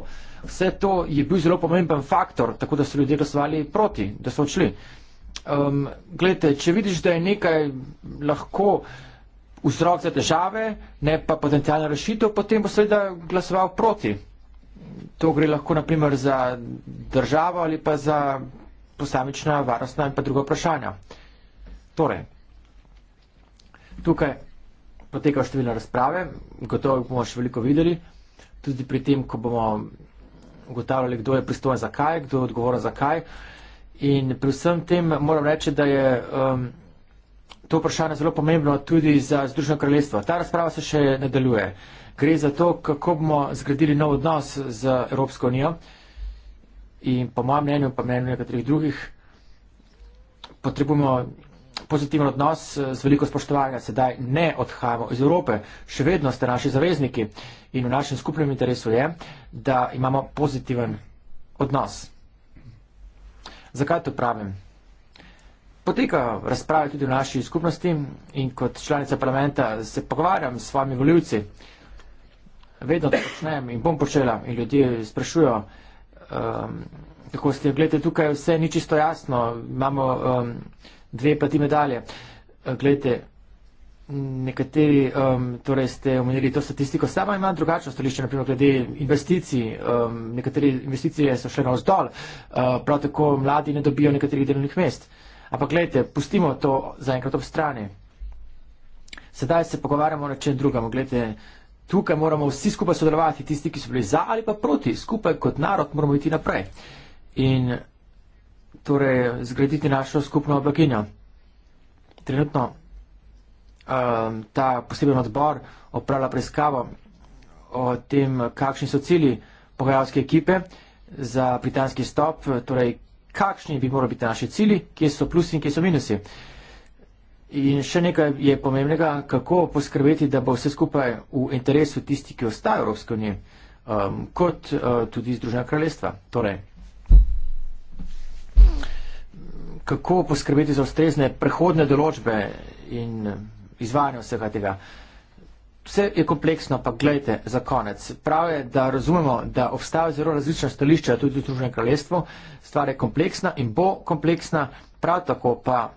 vse to je bil zelo pomemben faktor, tako da so ljudje glasovali proti, da so odšli. Um, Glejte, če vidiš, da je nekaj lahko vzrok za težave, ne pa potencijalna rešitev, potem bo seveda glasoval proti to gre lahko naprimer za državo ali pa za posamična varnostna in pa druga vprašanja. Torej, tukaj potekajo številne razprave, gotovo bomo še veliko videli, tudi pri tem, ko bomo ugotavljali, kdo je pristojen za kaj, kdo je odgovoren za kaj. In pri vsem tem moram reči, da je um, to vprašanje zelo pomembno tudi za Združeno kraljestvo. Ta razprava se še nadaljuje. Uh, Gre za to, kako bomo zgradili nov odnos z Evropsko unijo in po mojem mnenju, pa mnenju nekaterih drugih, potrebujemo pozitiven odnos eh, z veliko spoštovanja. Sedaj ne odhajamo iz Evrope, še vedno ste naši zavezniki in v našem skupnem interesu je, da imamo pozitiven odnos. Zakaj to pravim? Poteka razprave tudi v naši skupnosti in kot članica parlamenta se pogovarjam s svojimi voljivci vedno to počnem in bom počela. In ljudje sprašujejo, um, kako ste, gledajte, tukaj vse ni čisto jasno, imamo um, dve plati medalje. Uh, gledajte, nekateri, um, torej ste omenili to statistiko, sama ima drugačno stališče, naprimer glede investicij, um, nekateri investicije so še na vzdolj, uh, prav tako mladi ne dobijo nekaterih delovnih mest. Ampak gledajte, pustimo to zaenkrat ob strani. Sedaj se pogovarjamo o čem drugem. Gledajte, Tukaj moramo vsi skupaj sodelovati, tisti, ki so bili za ali pa proti, skupaj kot narod moramo iti naprej in torej zgraditi našo skupno blaginjo. Trenutno um, ta poseben odbor opravlja preiskavo o tem, kakšni so cili pogajalske ekipe za britanski stop, torej kakšni bi morali biti naši cili, kje so plusi in kje so minusi. Uh, In še nekaj je pomembnega, kako poskrbeti, da bo vse skupaj v interesu tisti, ki ostaje v Evropski uniji, um, kot uh, tudi Združena kraljestva. Torej, kako poskrbeti za ustrezne prehodne določbe in izvajanje vsega tega. Vse je kompleksno, pa gledajte za konec. Prav je, da razumemo, da obstajajo zelo različna stališča tudi v Združenem kraljestvu. Stvar je kompleksna in bo kompleksna, prav tako pa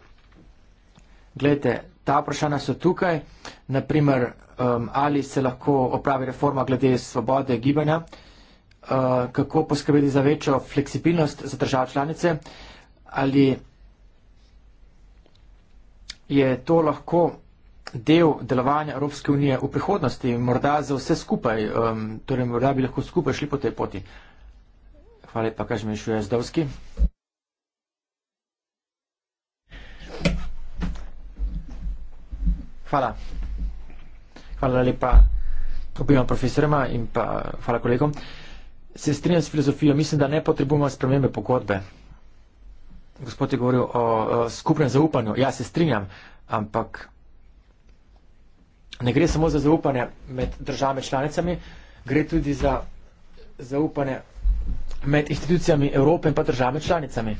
Glede, ta vprašanja so tukaj, naprimer, um, ali se lahko opravi reforma glede svobode gibanja, uh, kako poskrbeti za večjo fleksibilnost za države članice, ali je to lahko del delovanja Evropske unije v prihodnosti, morda za vse skupaj, um, torej morda bi lahko skupaj šli po tej poti. Hvala lepa, kažem, Šuje Zdovski. Hvala. Hvala lepa obima profesorima in pa hvala kolegom. Se strinjam s filozofijo, mislim, da ne potrebujemo spremembe pogodbe. Gospod je govoril o, o skupnem zaupanju. Ja, se strinjam, ampak ne gre samo za zaupanje med državami članicami, gre tudi za zaupanje med institucijami Evrope in pa državami članicami.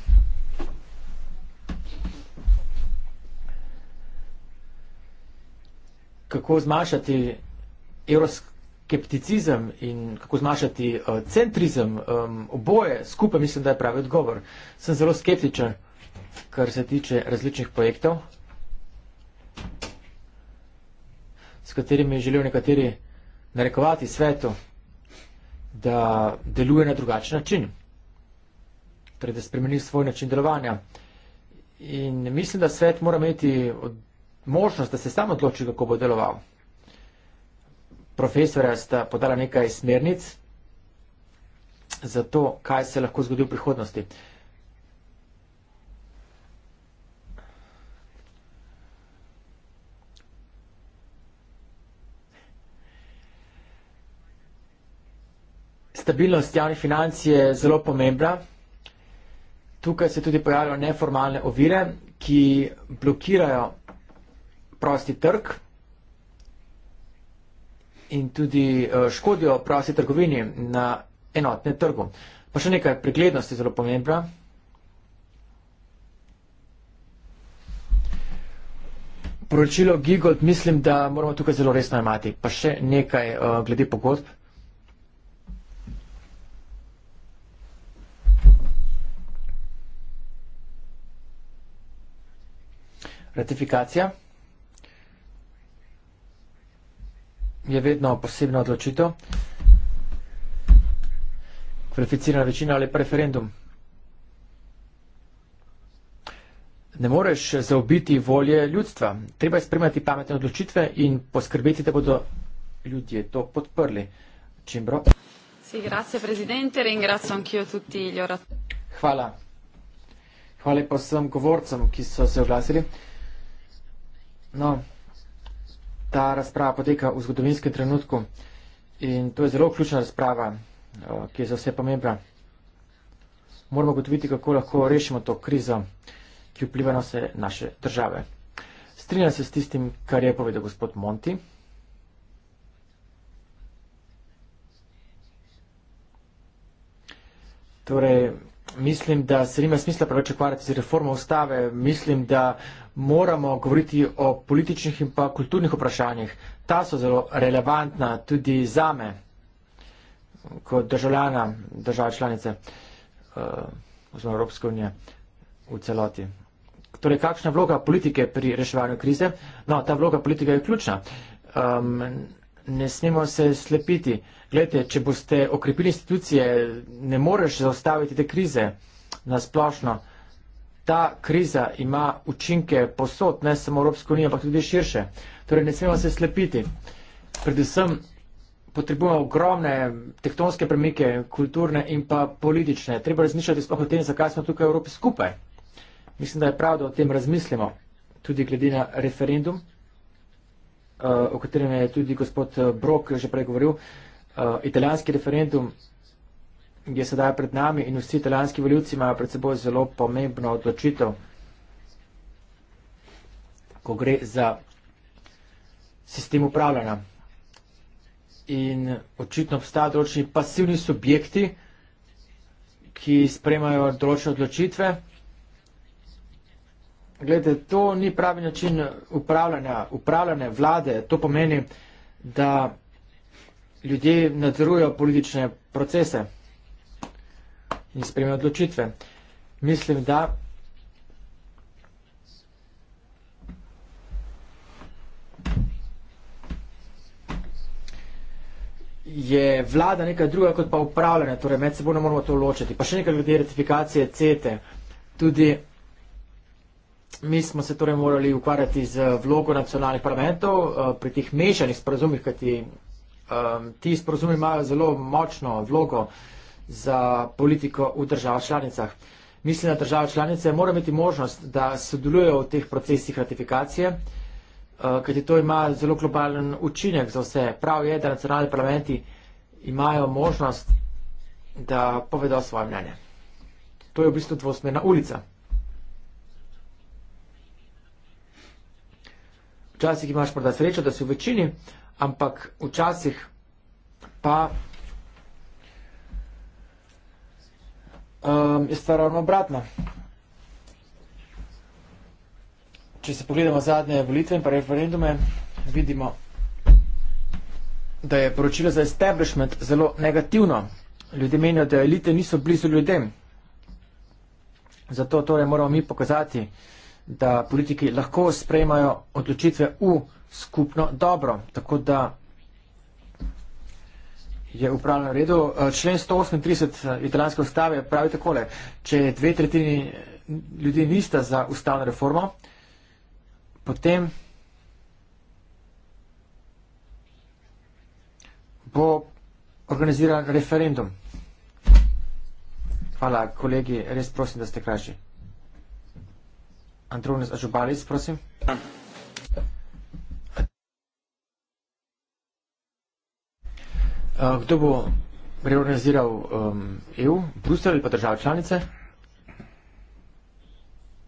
kako zmanjšati euroskepticizem in kako zmanjšati uh, centrizem, um, oboje skupaj mislim, da je pravi odgovor. Sem zelo skeptičen, kar se tiče različnih projektov, s katerimi želijo nekateri narekovati svetu, da deluje na drugačen način, torej da spremeni svoj način delovanja. In mislim, da svet mora imeti od možnost, da se sam odloči, kako bo deloval. Profesorja sta podala nekaj smernic za to, kaj se lahko zgodi v prihodnosti. Stabilnost javnih financ je zelo pomembna. Tukaj se tudi pojavljajo neformalne ovire, ki blokirajo prosti trg in tudi eh, škodijo prosti trgovini na enotnem trgu. Pa še nekaj preglednosti zelo pomembna. Poročilo Gigold mislim, da moramo tukaj zelo resno imati. Pa še nekaj uh, glede pogodb. Ratifikacija. je vedno posebna odločitev. Kvalificirana večina ali preferendum. Ne moreš zaobiti volje ljudstva. Treba je spremljati pametne odločitve in poskrbeti, da bodo ljudje to podprli. Čimbro. Hvala. Hvala pa vsem govorcem, ki so se oglasili. No, ta razprava poteka v zgodovinskem trenutku in to je zelo ključna razprava, eh, ki je za vse pomembna. Moramo gotoviti, kako lahko rešimo to krizo, ki vpliva na vse naše države. Strinjam se s tistim, kar je povedal gospod Monti. Torej, Mislim, da se nima smisla preveč ukvarjati z reformo ustave. Mislim, da moramo govoriti o političnih in pa kulturnih vprašanjih. Ta so zelo relevantna tudi za me, kot državljana države članice uh, Evropske unije v celoti. Torej, kakšna vloga politike pri reševanju krize? No, ta vloga politike je ključna. Um, Ne smemo se slepiti. Glede, če boste okrepili institucije, ne moreš zaustaviti te krize na splošno. Ta kriza ima učinke posod, ne samo Evropsko unijo, ampak tudi širše. Torej, ne smemo se slepiti. Predvsem potrebujemo ogromne tektonske premike, kulturne in pa politične. Treba razmišljati sploh o tem, zakaj smo tukaj v Evropi skupaj. Mislim, da je prav, da o tem razmislimo, tudi glede na referendum. Eh, o katerem je tudi gospod eh, Brok že prej govoril. Eh, italijanski referendum je sedaj pred nami in vsi italijanski voljivci imajo pred seboj zelo pomembno odločitev, ko gre za sistem upravljanja. In očitno obstajajo določeni pasivni subjekti, ki spremajo določene odločitve. Glede, to ni pravi način upravljanja. Upravljanje vlade, to pomeni, da ljudje nadzorujo politične procese in spremljajo odločitve. Mislim, da je vlada nekaj druga kot pa upravljanje, torej med seboj ne moramo to ločiti. Pa še nekaj glede ratifikacije CETE. Tudi Mi smo se torej morali ukvarjati z vlogo nacionalnih parlamentov eh, pri teh mešanih sporozumih, kajti ehm, ti sporozumi imajo zelo močno vlogo za politiko v državah članicah. Mislim, da država članice mora imeti možnost, da sodelujejo v teh procesih ratifikacije, eh, kajti to ima zelo globalen učinek za vse. Prav je, da nacionalni parlamenti imajo možnost, da povedo svoje mnenje. To je v bistvu dvosmerna ulica. včasih imaš morda srečo, da si v večini, ampak včasih pa um, je stvar ravno obratna. Če se pogledamo zadnje volitve in pa referendume, vidimo, da je poročilo za establishment zelo negativno. Ljudje menijo, da elite niso blizu ljudem. Zato torej moramo mi pokazati, da politiki lahko sprejmajo odločitve v skupno dobro. Tako da je upravljeno v redu. Eh, člen 138 eh, italijanske ustave pravi takole. Če dve tretjini ljudi nista za ustavno reformo, potem bo organiziran referendum. Hvala, kolegi, res prosim, da ste krajši. Antrunes Ažubalis, prosim. Kdo bo reorganiziral um, EU, Brusel ali pa države članice?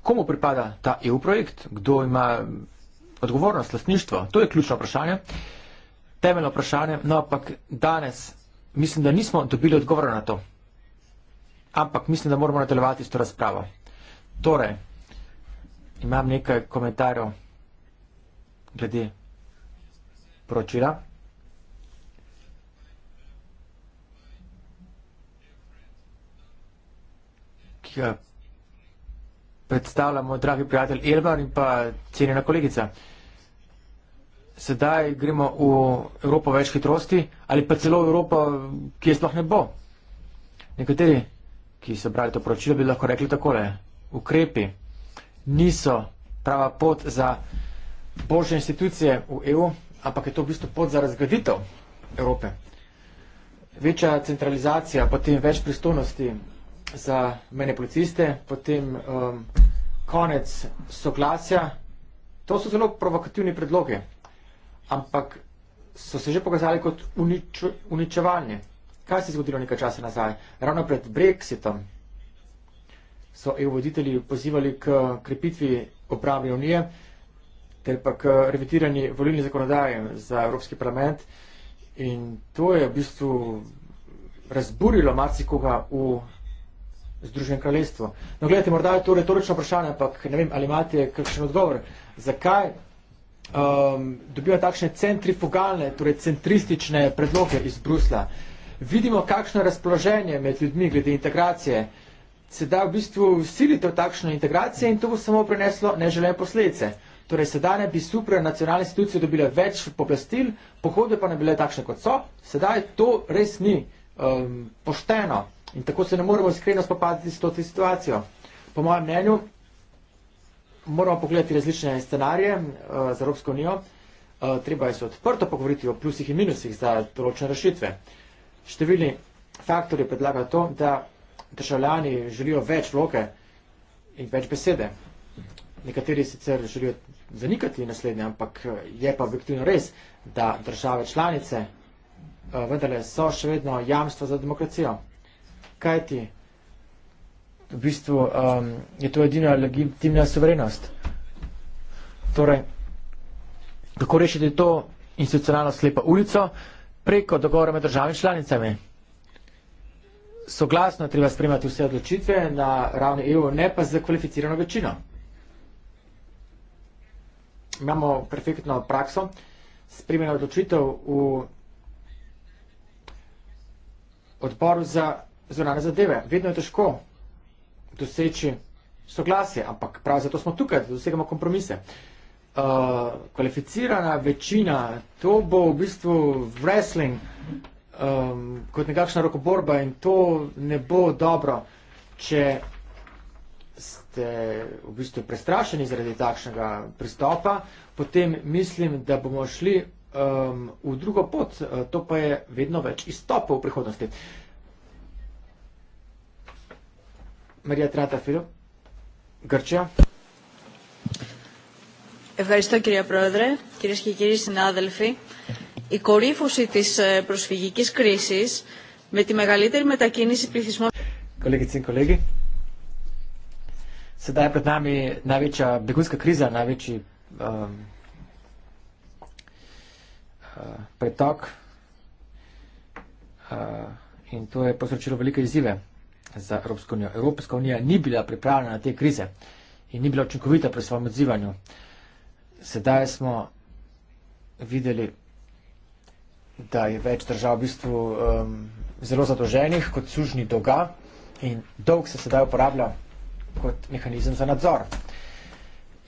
Komu pripada ta EU projekt? Kdo ima odgovornost, lastništvo? To je ključno vprašanje, temeljno vprašanje, no ampak danes mislim, da nismo dobili odgovora na to. Ampak mislim, da moramo nadaljevati s to razpravo. Torej, Imam nekaj komentarjev glede poročila. predstavlja moj dragi prijatelj Elmar in pa cenjena kolegica. Sedaj gremo v Evropo več hitrosti ali pa celo v Evropo, ki je sploh ne bo. Nekateri, ki so brali to poročilo, bi lahko rekli takole. Ukrepi niso prava pot za boljše institucije v EU, ampak je to v bistvu pot za razgraditev Evrope. Večja centralizacija, potem več pristojnosti za mene policiste, potem um, konec soglasja. To so zelo provokativni predloge, ampak so se že pokazali kot uničevalni. Kaj se je zgodilo nekaj časa nazaj? Ravno pred Brexitom so EU voditelji pozivali k krepitvi obrambne unije ter pa k revitiranju volilne zakonodaje za Evropski parlament. In to je v bistvu razburilo marsikoga v Združenem kraljestvu. No, gledajte, morda je to retorično vprašanje, ampak ne vem, ali imate kakšen odgovor. Zakaj um, dobiva takšne centrifugalne, torej centristične predloge iz Brusla? Vidimo, kakšno je razpoloženje med ljudmi glede integracije. Uh, sedaj v bistvu silite v takšno integracijo in to bo samo preneslo neželene posledice. Torej, sedaj ne bi supranacionalne institucije dobile več poplastil, pohode pa ne bile takšne, kot so. Sedaj to res ni um, pošteno in tako se ne moremo iskreno spopaditi s to situacijo. Po mojem mnenju moramo pogledati različne scenarije uh, za Evropsko unijo. Uh, treba je se odprto pogovoriti o plusih in minusih za določene rešitve. Številni faktori predlagajo to, da državljani želijo več vloke in več besede. Nekateri sicer želijo zanikati naslednje, ampak je pa objektivno res, da države članice eh, vendarle so še vedno jamstva za demokracijo. Kaj ti? V bistvu um, je to edina legitimna suverenost. Torej, kako rešiti to institucionalno slepo ulico preko dogovora med državami članicami? soglasno treba sprejemati vse odločitve na ravni EU, ne pa z kvalificirano večino. Imamo perfektno prakso sprejemanja odločitev v odboru za zunane zadeve. Vedno je težko doseči soglasje, ampak prav zato smo tukaj, da dosegamo kompromise. Uh, kvalificirana večina, to bo v bistvu wrestling um, kot nekakšna rokoborba in to ne bo dobro, če ste v bistvu prestrašeni zaradi takšnega pristopa, potem mislim, da bomo šli um, v drugo pot, uh, to pa je vedno več izstopov v prihodnosti. Marija Trata Filo, Grčija. Ευχαριστώ κύριε Πρόεδρε, κυρίες και κύριοι συνάδελφοι η κορύφωση της προσφυγικής κρίσης με τη μεγαλύτερη μετακίνηση πληθυσμών. Κολέγοι, τσιν, κολέγοι. Σε δάει πριν νάμι να βέτσι αμπηγούσκα κρίζα, να βέτσι πετόκ. In to je posrečilo velike izzive za Evropsko unijo. Evropska unija ni bila pripravljena na te krize in ni bila učinkovita pri svojem odzivanju. Sedaj smo videli da je več držav v bistvu um, zelo zadolženih kot sužni dolga in dolg se sedaj uporablja kot mehanizem za nadzor.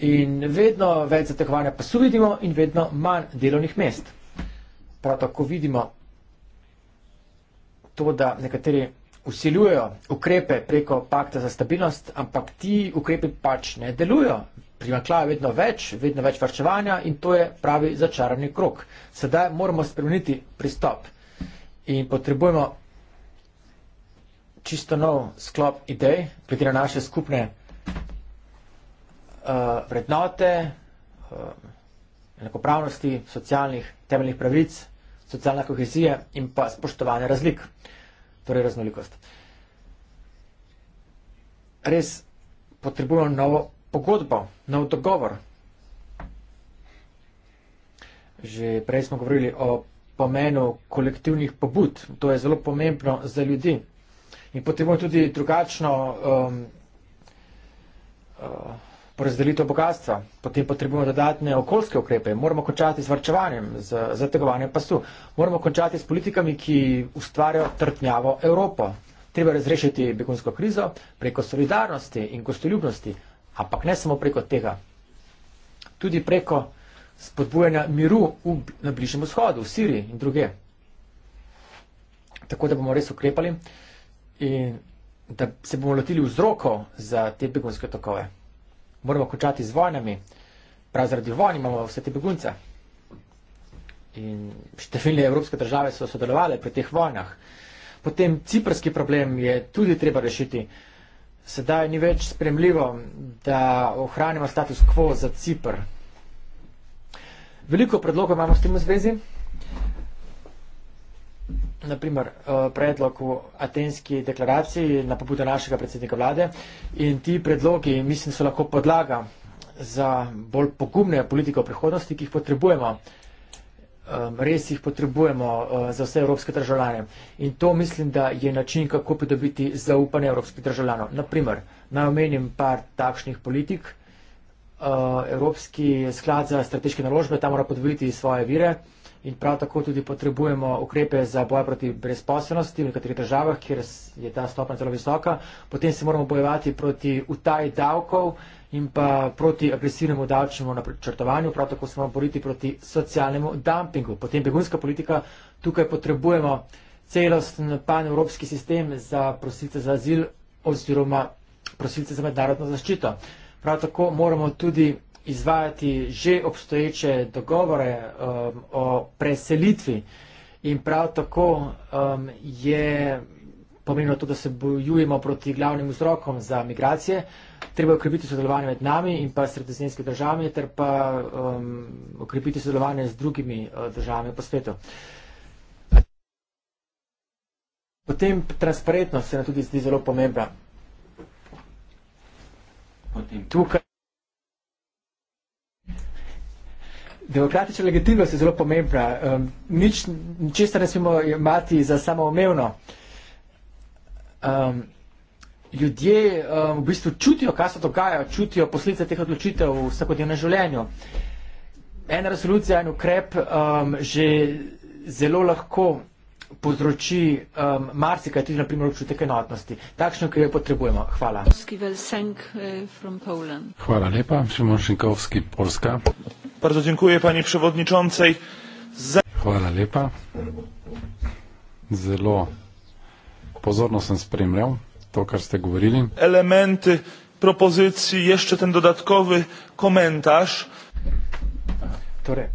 In vedno več zatekovanja pasu vidimo in vedno manj delovnih mest. Prav tako vidimo to, da nekateri usiljujejo ukrepe preko pakta za stabilnost, ampak ti ukrepe pač ne delujo primankljaja vedno več, vedno več varčevanja in to je pravi začarani krok. Sedaj moramo spremeniti pristop in potrebujemo čisto nov sklop idej, glede na naše skupne uh, vrednote, uh, enakopravnosti, socialnih temeljnih pravic, socialne kohezije in pa spoštovanje razlik, torej raznolikost. Res potrebujemo novo pogodbo, nov dogovor. Že prej smo govorili o pomenu kolektivnih pobud. To je zelo pomembno za ljudi. In potem je tudi drugačno um, uh, porazdelitev bogatstva. Potem potrebujemo dodatne okoljske ukrepe. Moramo končati z varčevanjem, z zategovanjem pasu. Moramo končati s politikami, ki ustvarjajo trtnjavo Evropo. Treba razrešiti begunsko krizo preko solidarnosti in gostoljubnosti ampak ne samo preko tega, tudi preko spodbujanja miru na bližnjem vzhodu, v Siriji in druge. Tako da bomo res ukrepali in da se bomo lotili vzrokov za te begunske tokove. Moramo končati z vojnami, prav zaradi vojni imamo vse te begunce. In številne evropske države so sodelovali pri teh vojnah. Potem ciprski problem je tudi treba rešiti sedaj ni več spremljivo, da ohranimo status quo za Cipr. Veliko predlogov imamo s tem v zvezi. Naprimer, eh, predlog v Atenski deklaraciji na pobudo našega predsednika vlade in ti predlogi, mislim, so lahko podlaga za bolj pogumne politike v prihodnosti, ki jih potrebujemo um, res jih potrebujemo uh, za vse evropske državljane. In to mislim, da je način, kako pridobiti zaupanje evropskih državljanov. Naprimer, naj omenim par takšnih politik. Uh, Evropski sklad za strateške naložbe, tam mora podvojiti svoje vire in prav tako tudi potrebujemo ukrepe za boj proti brezposobnosti v nekaterih državah, kjer je ta stopnja zelo visoka. Potem se moramo bojevati proti utaji davkov, uh, in pa proti agresivnemu davčnemu načrtovanju, prav tako se moramo boriti proti socialnemu dumpingu. Potem begunska politika, tukaj potrebujemo celosten panevropski sistem za prosilce za azil oziroma prosilce za mednarodno zaščito. Prav tako moramo tudi izvajati že obstoječe dogovore um, o preselitvi in prav tako um, je pomenilo to, da se bojujemo proti glavnim vzrokom za migracije. Uh, treba okrepiti sodelovanje med nami in pa sredozemske države, ter pa um, okrepiti sodelovanje z drugimi uh, državami po svetu. Potem transparentnost se nam tudi zdi zelo pomembna. Potem. Tukaj. Demokratična legitimnost je zelo pomembna. Um, nič, ničesta ne smemo imati za samoumevno. Um, ljudje um, v bistvu čutijo, kaj se dogaja, čutijo posledice teh odločitev v vsakodnevnem življenju. Ena resolucija, en ukrep um, že zelo lahko povzroči um, marsikaj, tudi naprimer občutek enotnosti. Takšno, ki jo potrebujemo. Hvala. Uh, Hvala lepa. Šimon Šinkovski, Polska. Prvo dziękuję, pani przewodniczącej. Za... Hvala lepa. Zelo pozorno sem spremljal to, kar ste govorili. Elementi propoziciji, jeszcze ten dodatkowy komentarz. Torej.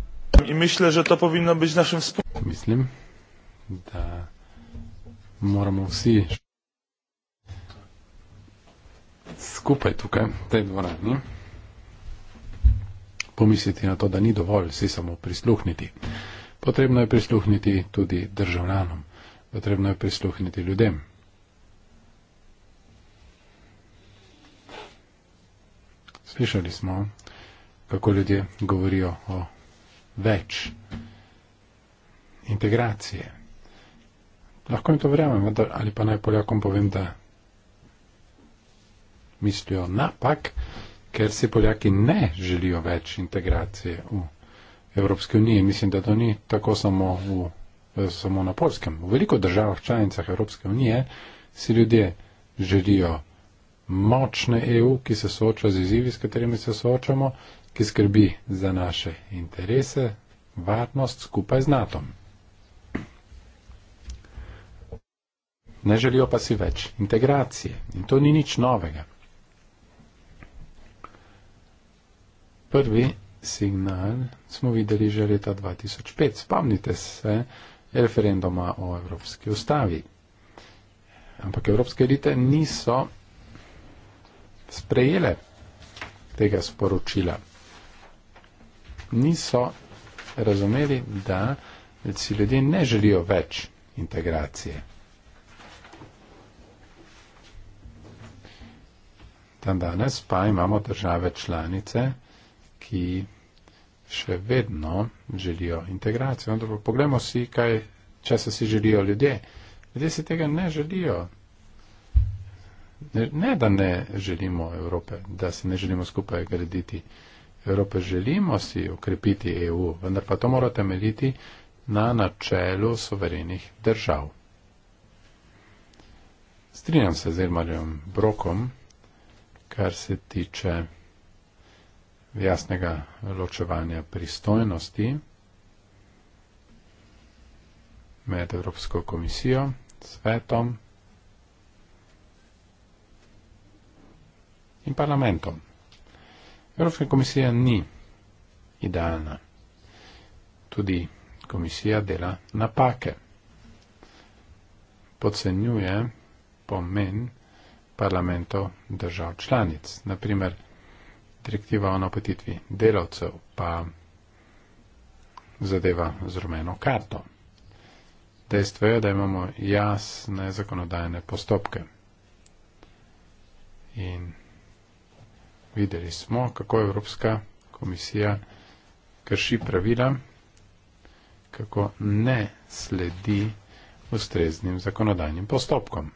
I myślę, że to powinno być naszym wspólnym. Myślę, że musimy wszyscy skupaj tutaj, w tej dworani, pomyśleć na to, że nie dowolj si samo prisluchnity. Potrzebno jest prisluchnity tudi državljanom. Potrzebno jest prisluchnity ludziom. Slišali smo, kako ljudje govorijo o več integracije. Lahko jim to verjamem, ali pa naj Poljakom povem, da mislijo napak, ker si Poljaki ne želijo več integracije v Evropske unije. Mislim, da to ni tako samo, v, eh, samo na polskem. V veliko državah članicah Evropske unije si ljudje želijo močne EU, ki se sooča z izzivi, s katerimi se soočamo, ki skrbi za naše interese, varnost skupaj z NATO. Ne želijo pa si več integracije in to ni nič novega. Prvi signal smo videli že leta 2005. Spomnite se referenduma o Evropski ustavi. Ampak evropske elite niso sprejele tega sporočila. Niso razumeli, da si ljudje ne želijo več integracije. Dan danes pa imamo države članice, ki še vedno želijo integracijo. Poglejmo si, kaj, če se si želijo ljudje. Ljudje si tega ne želijo, Ne, da ne želimo Evrope, da si ne želimo skupaj graditi Evrope, želimo si okrepiti EU, vendar pa to mora temeljiti na načelu soverenih držav. Strinjam se z Elmarjem Brokom, kar se tiče jasnega ločevanja pristojnosti med Evropsko komisijo, svetom, in parlamentom. Evropska komisija ni idealna. Tudi komisija dela napake. Podcenjuje pomen parlamentov držav članic. Naprimer, direktiva o napotitvi delavcev pa zadeva z rumeno karto. Dejstvo je, da imamo jasne zakonodajne postopke. In videli smo, kako Evropska komisija krši pravila, kako ne sledi ustreznim zakonodajnim postopkom.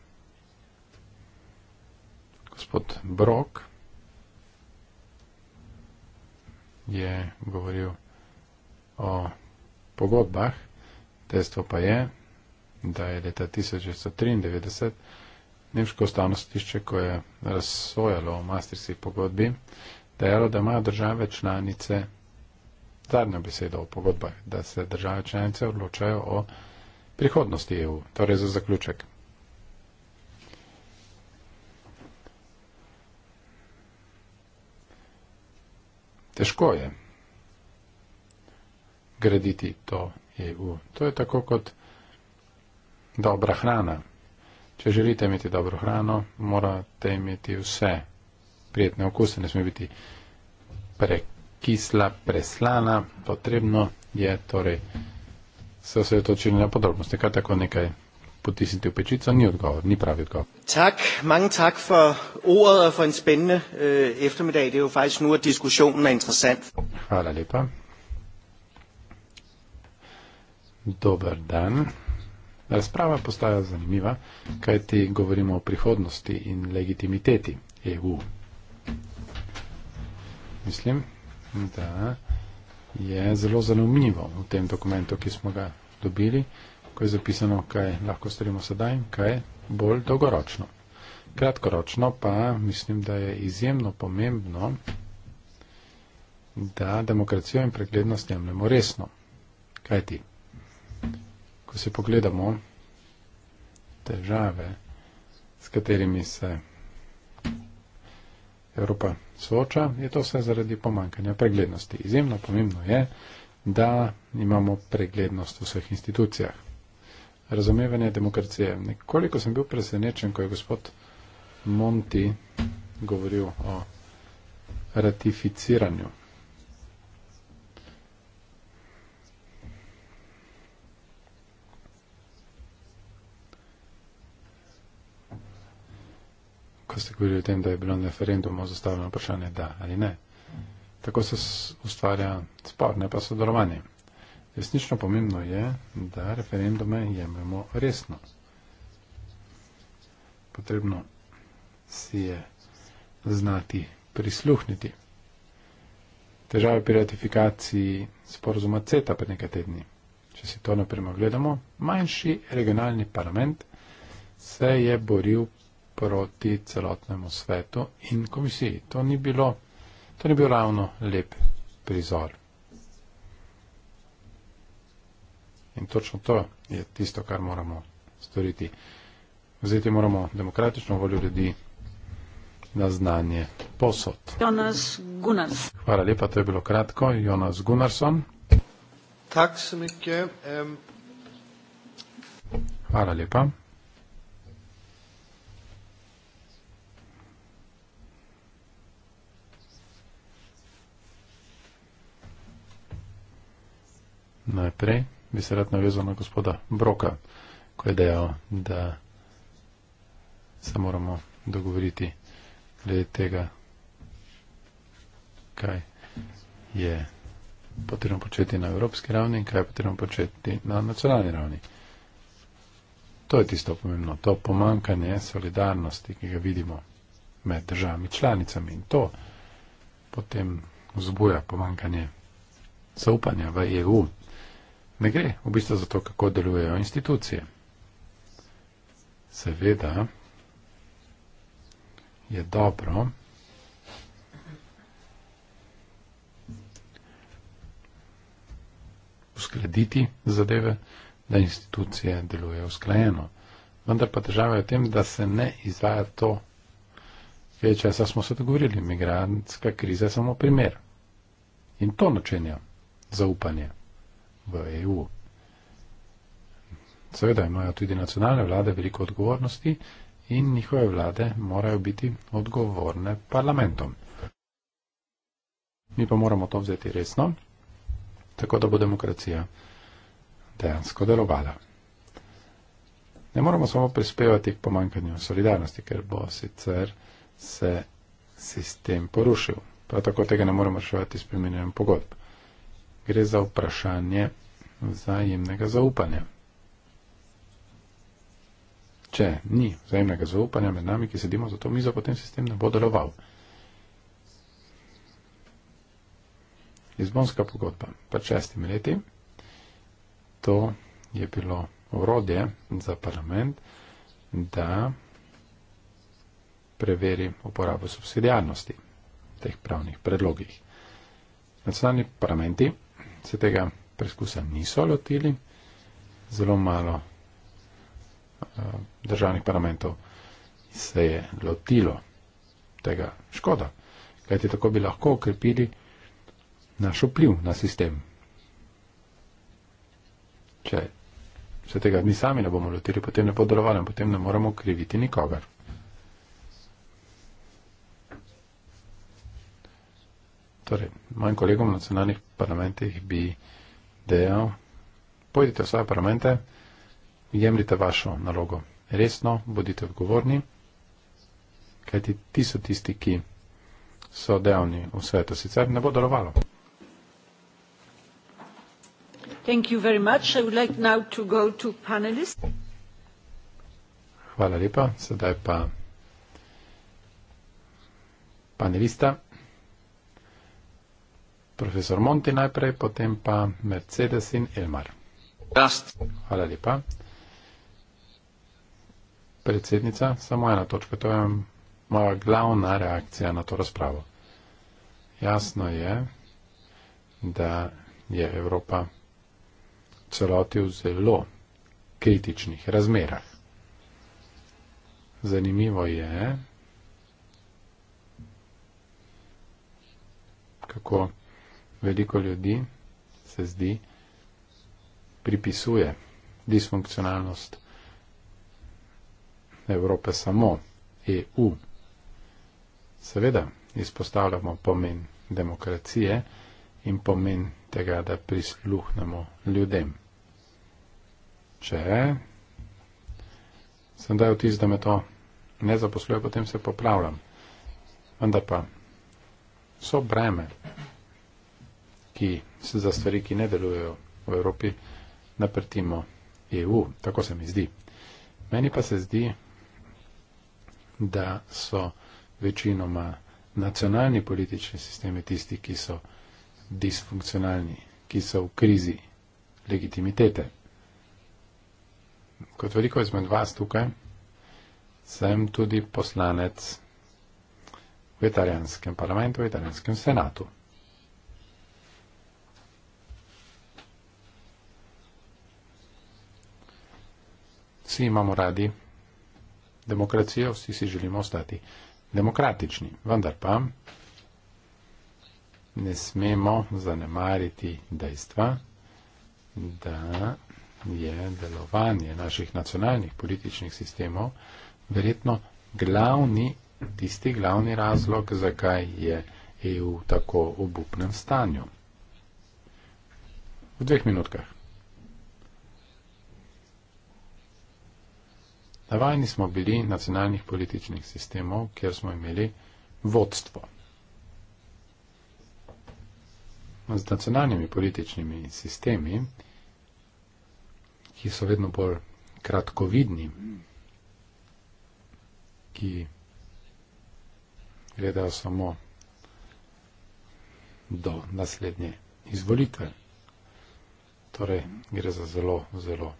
Gospod Brok je govoril o pogodbah, dejstvo pa je, da je leta 1993 Nemško ustavno sodišče, ko je razsojalo o mastrici pogodbi, dejalo, da imajo države članice zadnjo besedo o pogodbah, da se države članice odločajo o prihodnosti EU. Torej za zaključek. Težko je graditi to EU. To je tako kot dobra hrana. Če želite imeti dobro hrano, morate imeti vse prijetne okuse, ne sme biti prekisla, preslana, potrebno je torej se osredotočiti na podrobnosti, kar tako nekaj potisniti v pečico, ni odgovor, ni pravi odgovor. Tak, mange tak for ordet og for en spændende øh, eftermiddag. Det er jo faktisk nu, at diskussionen er interessant. Hvala lepa. Dobar dan. Razprava postaja zanimiva, kaj ti govorimo o prihodnosti in legitimiteti EU. Mislim, da je zelo zanimivo v tem dokumentu, ki smo ga dobili, ko je zapisano, kaj lahko storimo sedaj in kaj bolj dolgoročno. Kratkoročno pa mislim, da je izjemno pomembno, da demokracijo in preglednost jemljemo resno. Kaj ti? ko si pogledamo težave, s katerimi se Evropa sooča, je to vse zaradi pomankanja preglednosti. Izjemno pomembno je, da imamo preglednost v vseh institucijah. Razumevanje demokracije. Nekoliko sem bil presenečen, ko je gospod Monti govoril o ratificiranju ko ste govorili o tem, da je bilo na referendumu zastavljeno vprašanje da ali ne. Tako se ustvarja spor, ne pa sodelovanje. Resnično pomembno je, da referendume jemljemo resno. Potrebno si je znati prisluhniti. Težave pri ratifikaciji sporozuma CETA pred nekaj tedni. Če si to naprimer gledamo, manjši regionalni parlament se je boril proti celotnemu svetu in komisiji. To ni, bilo, to ni bil ravno lep prizor. In točno to je tisto, kar moramo storiti. Vzeti moramo demokratično voljo ljudi na znanje posod. Hvala lepa, to je bilo kratko. Jonas Gunnarsson. Hvala lepa. Najprej bi se rad navezal na gospoda Broka, ko je dejal, da se moramo dogovoriti glede tega, kaj je potrebno početi na evropski ravni in kaj je potrebno početi na nacionalni ravni. To je tisto pomembno, to pomankanje solidarnosti, ki ga vidimo med državami članicami in to potem vzbuja pomankanje zaupanja v EU, Ne gre v bistvu za to, kako delujejo institucije. Seveda je dobro, uskladiti zadeve, da institucije delujejo usklajeno. Vendar pa težava je v tem, da se ne izvaja to, kaj časa smo se dogovorili. Migrantska kriza je samo primer. In to načenja zaupanje v EU. Seveda imajo tudi nacionalne vlade veliko odgovornosti in njihove vlade morajo biti odgovorne parlamentom. Mi pa moramo to vzeti resno, tako da bo demokracija dejansko delovala. Ne moramo samo prispevati k pomankanju solidarnosti, ker bo sicer se sistem porušil. Prav tako tega ne moremo reševati s premenjenjem pogodb gre za vprašanje vzajemnega zaupanja. Če ni vzajemnega zaupanja med nami, ki sedimo za to mizo, potem sistem ne bo deloval. Lizbonska pogodba pred šestimi leti, to je bilo orodje za parlament, da preveri uporabo subsidijarnosti teh pravnih predlogih. Nacionalni parlamenti se tega preskusa niso lotili. Zelo malo eh, državnih parlamentov se je lotilo tega škoda, kajti tako bi lahko okrepili naš vpliv na sistem. Če se tega mi sami ne bomo lotili, potem ne bo delovalo, potem ne moremo kriviti nikogar. torej, mojim kolegom v nacionalnih parlamentih bi dejal, pojdite v svoje parlamente, jemljite vašo nalogo resno, bodite odgovorni, kajti ti so tisti, ki so dejavni v svetu, sicer ne bo delovalo. Hvala lepa. Sedaj pa panelista. Profesor Monti najprej, potem pa Mercedes in Elmar. Rast. Hvala lepa. Predsednica, samo ena točka, to je moja glavna reakcija na to razpravo. Jasno je, da je Evropa v celoti v zelo kritičnih razmerah. Zanimivo je, kako veliko ljudi se zdi pripisuje disfunkcionalnost Evrope samo EU. Seveda izpostavljamo pomen demokracije in pomen tega, da prisluhnemo ljudem. Če sem dal tisto, da me to ne zaposluje, potem se popravljam. Vendar pa so breme ki se za stvari, ki ne delujejo v Evropi, naprtimo EU. Tako se mi zdi. Meni pa se zdi, da so večinoma nacionalni politični sistemi tisti, ki so disfunkcionalni, ki so v krizi legitimitete. Kot veliko izmed vas tukaj, sem tudi poslanec v italijanskem parlamentu, v italijanskem senatu. vsi imamo radi demokracijo, vsi si želimo ostati demokratični. Vendar pa ne smemo zanemariti dejstva, da je delovanje naših nacionalnih političnih sistemov verjetno glavni, tisti glavni razlog, zakaj je EU tako obupnem stanju. V dveh minutkah. Navajni smo bili nacionalnih političnih sistemov, kjer smo imeli vodstvo. Z nacionalnimi političnimi sistemi, ki so vedno bolj kratkovidni, ki gledajo samo do naslednje izvolitve. Torej, gre za zelo, zelo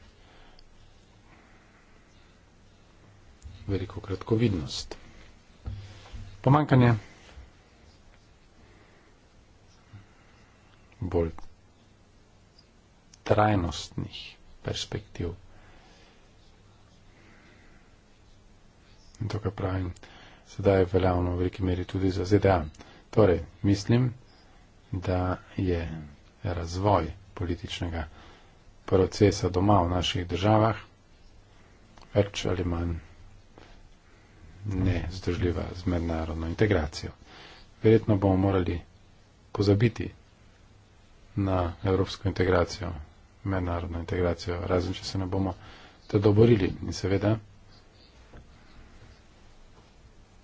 veliko kratkovidnost. Pomankanje bolj trajnostnih perspektiv. In to, kar pravim, sedaj je veljavno v veliki meri tudi za ZDA. Torej, mislim, da je razvoj političnega procesa doma v naših državah več ali manj ne združljiva z mednarodno integracijo. Verjetno bomo morali pozabiti na evropsko integracijo, mednarodno integracijo, razen če se ne bomo to doborili. In seveda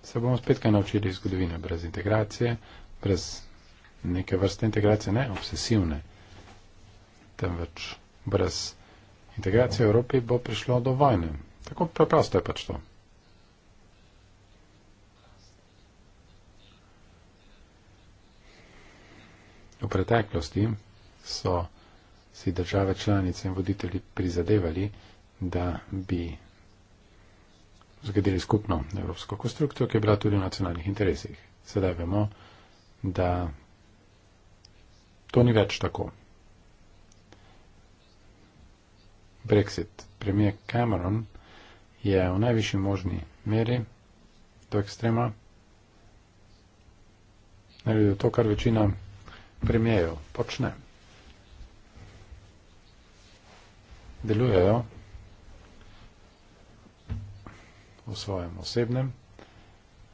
se bomo spet kaj naučili iz zgodovine, brez integracije, brez neke vrste integracije, ne obsesivne, temveč brez integracije Evrope bo prišlo do vojne. Tako preprosto je pač to. V preteklosti so si države članice in voditelji prizadevali, da bi zgradili skupno evropsko konstrukcijo, ki je bila tudi v nacionalnih interesih. Sedaj vemo, da to ni več tako. Brexit. Premijer Cameron je v najvišji možni meri do ekstrema naredil to, kar večina grmijo, počne. Delujejo v svojem osebnem,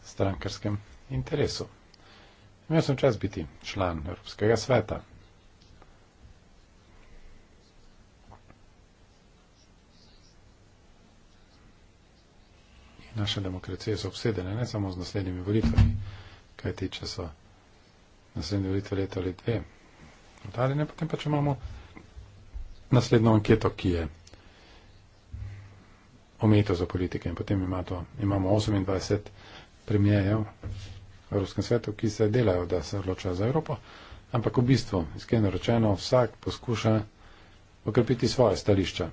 strankarskem interesu. Imel sem čas biti član Evropskega sveta. Naše demokracije so obsedene ne samo z naslednjimi volitvami, kajti če so naslednje volitve leto ali dve. Ali ne, potem pa če imamo naslednjo anketo, ki je omejito za politike in potem ima to, imamo 28 premijejev v Evropskem svetu, ki se delajo, da se odločajo za Evropo, ampak v bistvu, iskreno rečeno, vsak poskuša okrepiti svoje stališča.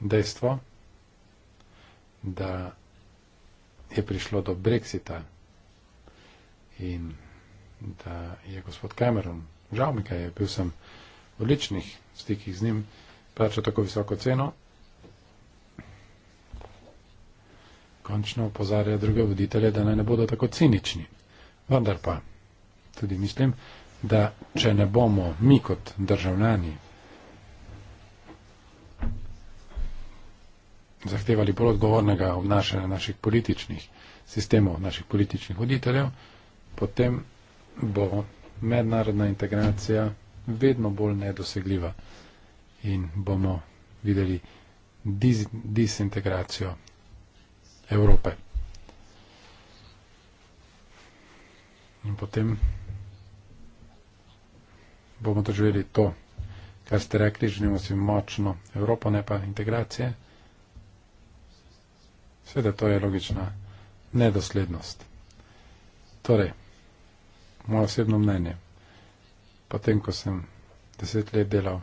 Dejstvo, da je prišlo do brexita in da je gospod Cameron, žal mi kaj je, bil sem v odličnih stikih z njim, plačal tako visoko ceno, končno opozarja druge voditelje, da naj ne bodo tako cinični. Vendar pa tudi mislim, da če ne bomo mi kot državljani zahtevali bolj odgovornega obnašanja naših političnih sistemov, naših političnih voditeljev, potem bo mednarodna integracija vedno bolj nedosegljiva in bomo videli diz, disintegracijo Evrope. In potem bomo doživeli to, kar ste rekli, želimo si močno Evropo, ne pa integracije. Sveda to je logična nedoslednost. Torej, moje osebno mnenje. Potem, ko sem deset let delal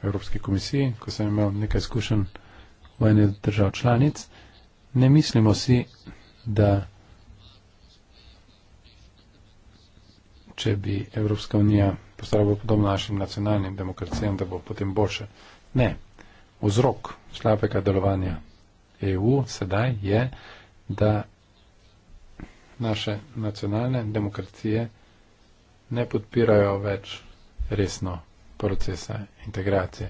v Evropski komisiji, ko sem imel nekaj izkušenj v eni držav članic, ne mislimo si, da če bi Evropska unija postala bolj podobna našim nacionalnim demokracijam, da bo potem boljše. Ne. Vzrok slabega delovanja EU sedaj je, da naše nacionalne demokracije ne podpirajo več resno procesa integracije,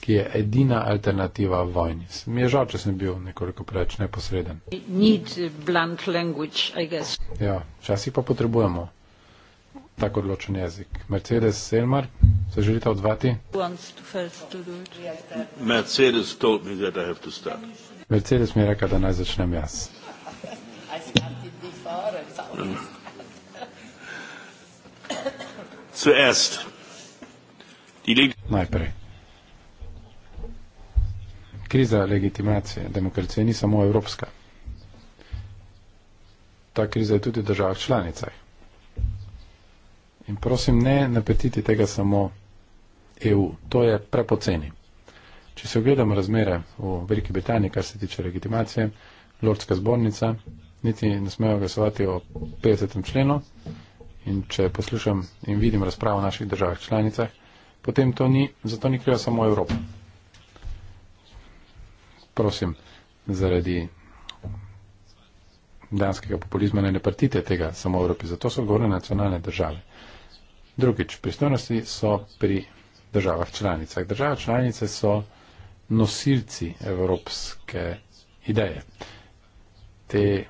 ki je edina alternativa vojni. Mi je žal, če sem bil nekoliko preveč neposreden. Ja, včasih pa potrebujemo tako odločen jezik. Mercedes Selmar, se želite odzvati? Mercedes, Mercedes mi je rekel, da naj začnem jaz. Zuerst. Die Najprej. Kriza legitimacije demokracije ni samo evropska. Ta kriza je tudi v državah članicah. In prosim, ne napetiti tega samo EU. To je prepoceni. Če se ogledamo razmere v Veliki Britaniji, kar se tiče legitimacije, Lordska zbornica, niti ne smejo glasovati o 50. členu. In če poslušam in vidim razpravo v naših državah članicah, potem to ni, zato ni kriva samo Evropa. Prosim, zaradi danskega populizma ne naprtite tega samo Evropi, zato so odgovorne nacionalne države. Drugič, pristojnosti so pri državah članicah. Države članice so nosilci evropske ideje. Te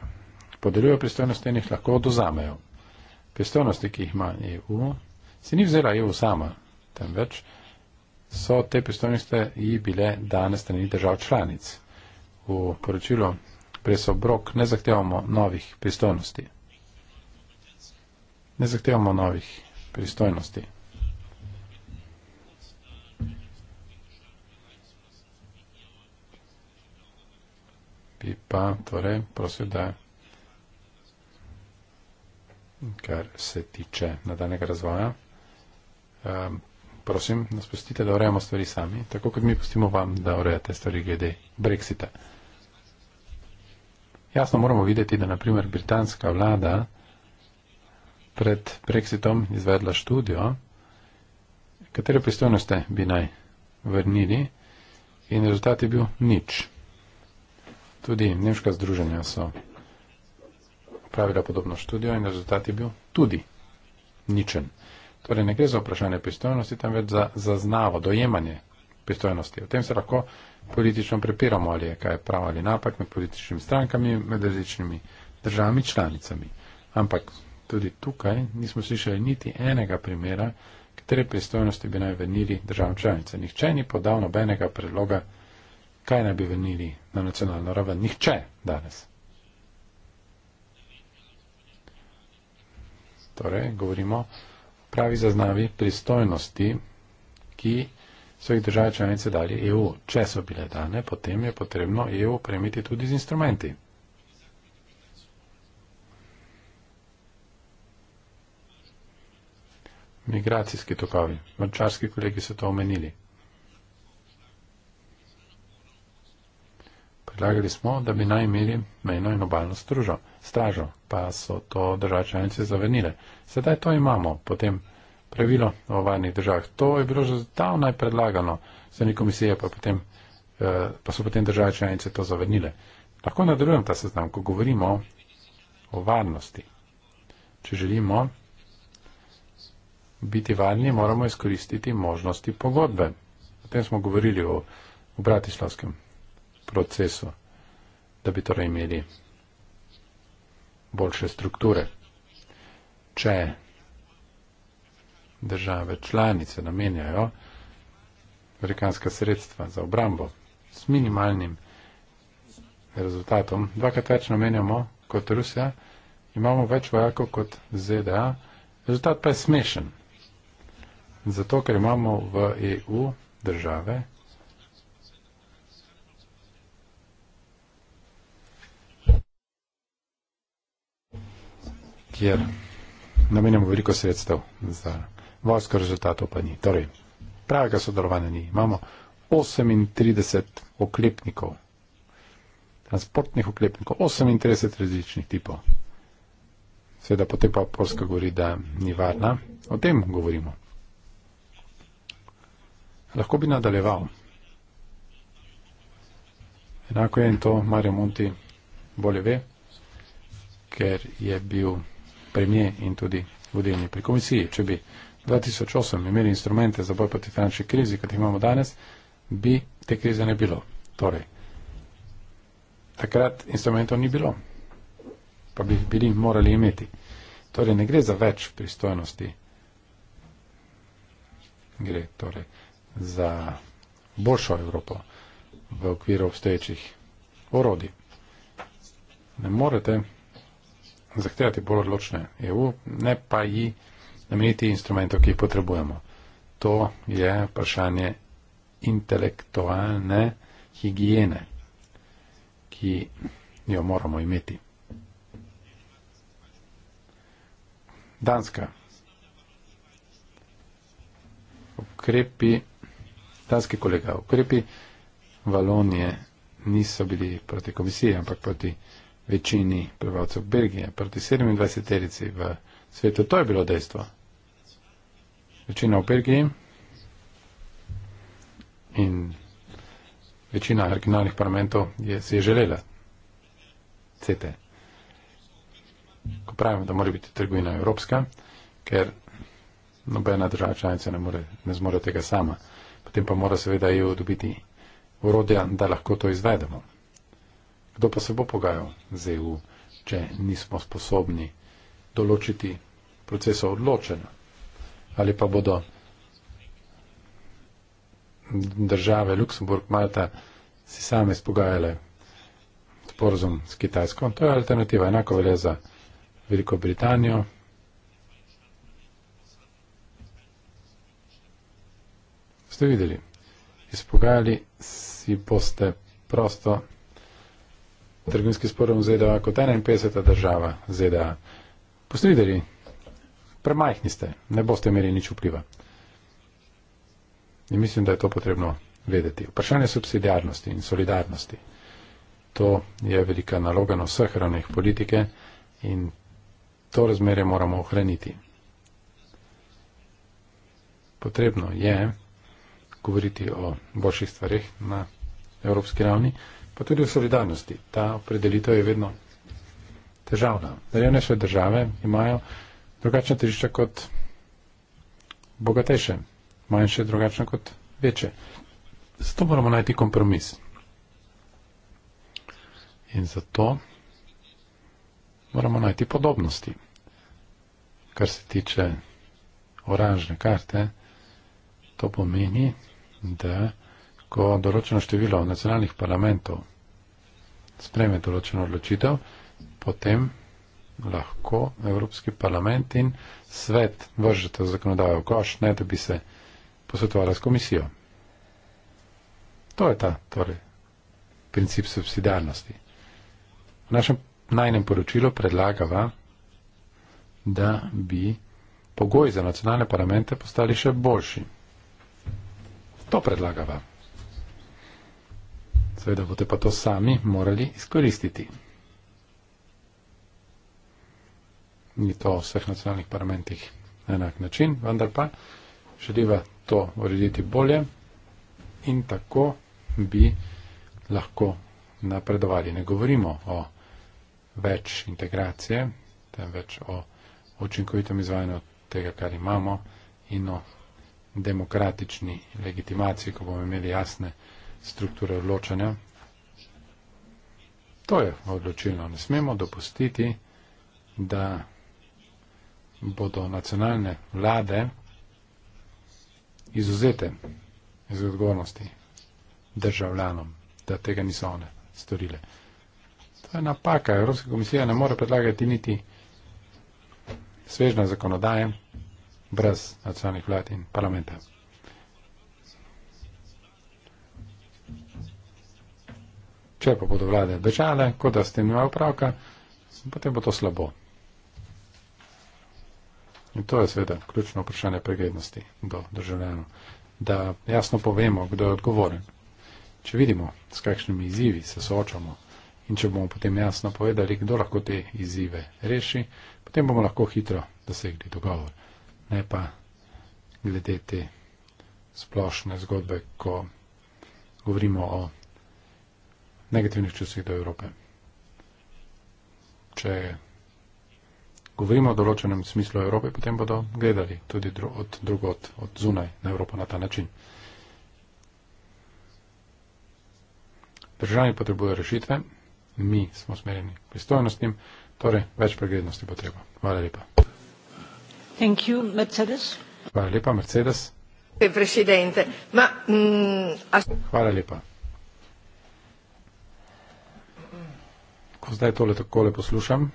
podelijo pristojnosti in jih lahko oduzamejo. Pristojnosti, ki jih ima EU, si ni vzela EU sama, temveč so te pristojnosti ji bile dane strani držav članic. V poročilu presobrok ne zahtevamo novih pristojnosti. Ne zahtevamo novih pristojnosti. Bi pa torej prosil, da kar se tiče nadaljnega razvoja. Um, prosim, nas pustite, da urejamo stvari sami, tako kot mi pustimo vam, da urejate stvari glede Brexita. Jasno moramo videti, da naprimer britanska vlada pred Brexitom izvedla študijo, katere pristojnosti bi naj vrnili in rezultat je bil nič. Tudi nemška združenja so opravila podobno študijo in rezultat je bil tudi ničen. Torej ne gre za vprašanje pristojnosti, temveč za zaznavo, dojemanje pristojnosti. O tem se lahko politično prepiramo, ali je kaj je prav ali napak med političnimi strankami, med različnimi državami članicami. Ampak tudi tukaj nismo slišali niti enega primera, katere pristojnosti bi naj venili državam članice. Nihče ni podal nobenega predloga, kaj naj bi venili na nacionalno raven. Nihče danes. Torej, govorimo o pravi zaznavi pristojnosti, ki so jih države članice dali EU. Če so bile dane, potem je potrebno EU opremiti tudi z instrumenti. Migracijski tokovi. Mančarski kolegi so to omenili. Predlagali smo, da bi naj imeli mejno in obalno stružo, stražo, pa so to države članice zavrnile. Sedaj to imamo, potem pravilo o varnih državah. To je bilo že davnaj predlagano, za ni komisije, pa, potem, eh, pa so potem države članice to zavrnile. Lahko nadaljujem ta seznam, ko govorimo o varnosti. Če želimo biti varni, moramo izkoristiti možnosti pogodbe. O tem smo govorili v, v Bratislavskem procesu, da bi torej imeli boljše strukture. Če države članice namenjajo amerikanska sredstva za obrambo s minimalnim rezultatom, dvakrat več namenjamo kot Rusija, imamo več vojakov kot ZDA, rezultat pa je smešen. Zato, ker imamo v EU države, kjer namenjamo veliko sredstev za vojsko, rezultatov pa ni. Torej, pravega sodelovanja ni. Imamo 38 oklepnikov, transportnih oklepnikov, 38 različnih tipov. Seveda potem pa Polska govori, da ni varna. O tem govorimo. Lahko bi nadaljeval. Enako je in to Mario Monti bolje ve, ker je bil premije in tudi vodilni pri komisiji. Če bi 2008 imeli instrumente za boj proti finančni krizi, kot jih imamo danes, bi te krize ne bilo. Torej, takrat instrumentov ni bilo, pa bi bili morali imeti. Torej, ne gre za več pristojnosti, gre torej za boljšo Evropo v okviru obstoječih orodij. Ne morete zahtevati bolj odločne EU, ne pa ji nameniti instrumentov, ki jih potrebujemo. To je vprašanje intelektualne higiene, ki jo moramo imeti. Danska. Ukrepi, danski kolega, ukrepi Valonije niso bili proti komisiji, ampak proti večini prebivalcev Belgije, proti 27-terici v svetu. To je bilo dejstvo. Večina v Belgiji in večina regionalnih parlamentov je si je želela CT. Ko pravimo, da mora biti trgovina evropska, ker nobena država članica ne, more, ne zmore tega sama, potem pa mora seveda EU dobiti urodja, da lahko to izvedemo. Kdo pa se bo pogajal z EU, če nismo sposobni določiti procesa odločanja? Ali pa bodo države Luksemburg, Malta si same spogajale sporozum s Kitajsko? To je alternativa. Enako velja za Veliko Britanijo. Ste videli, izpogajali si boste prosto trgovinski sporom ZDA kot 51. država ZDA. Posledili, premajhni ste, ne boste imeli nič vpliva. In mislim, da je to potrebno vedeti. Vprašanje subsidiarnosti in solidarnosti. To je velika naloga na vseh ravneh politike in to razmerje moramo ohraniti. Potrebno je govoriti o boljših stvarih na evropski ravni pa tudi v solidarnosti. Ta opredelitev je vedno težavna. Revnejše države imajo drugačne težišča kot bogatejše, manjše drugačne kot večje. Zato moramo najti kompromis. In zato moramo najti podobnosti, kar se tiče oranžne karte. To pomeni, da ko določeno število nacionalnih parlamentov spreme določeno odločitev, potem lahko Evropski parlament in svet vržete zakonodajo v koš, ne da bi se posvetovala s komisijo. To je ta torej, princip subsidijarnosti. V našem najnem poročilu predlagava, da bi pogoji za nacionalne parlamente postali še boljši. To predlagava. Seveda boste pa to sami morali izkoristiti. Ni to v vseh nacionalnih parlamentih na enak način, vendar pa želiva to urediti bolje in tako bi lahko napredovali. Ne govorimo o več integracije, temveč o učinkovitem izvajanju tega, kar imamo in o demokratični legitimaciji, ko bomo imeli jasne strukture odločanja. To je odločilno. Ne smemo dopustiti, da bodo nacionalne vlade izuzete iz odgovornosti državljanom, da tega niso one storile. To je napaka. Evropska komisija ne more predlagati niti svežne zakonodaje brez nacionalnih vlad in parlamenta. Če pa bodo vlade bežale, kot da s tem imajo pravka, potem bo to slabo. In to je seveda ključno vprašanje preglednosti do državljanov, da jasno povemo, kdo je odgovoren. Če vidimo, s kakšnimi izzivi se soočamo in če bomo potem jasno povedali, kdo lahko te izzive reši, potem bomo lahko hitro dosegli dogovor. Ne pa glede te splošne zgodbe, ko govorimo o negativnih čustvih do Evrope. Če govorimo o določenem smislu Evrope, potem bodo gledali tudi dru od drugot, od zunaj na Evropo na ta način. Državi potrebuje rešitve, mi smo smerjeni k pristojnostim, torej več preglednosti bo treba. Hvala lepa. Thank you, Mercedes. Hvala lepa, Mercedes. Presidente, ma... Mm, a... Hvala lepa. zdaj tole takole poslušam.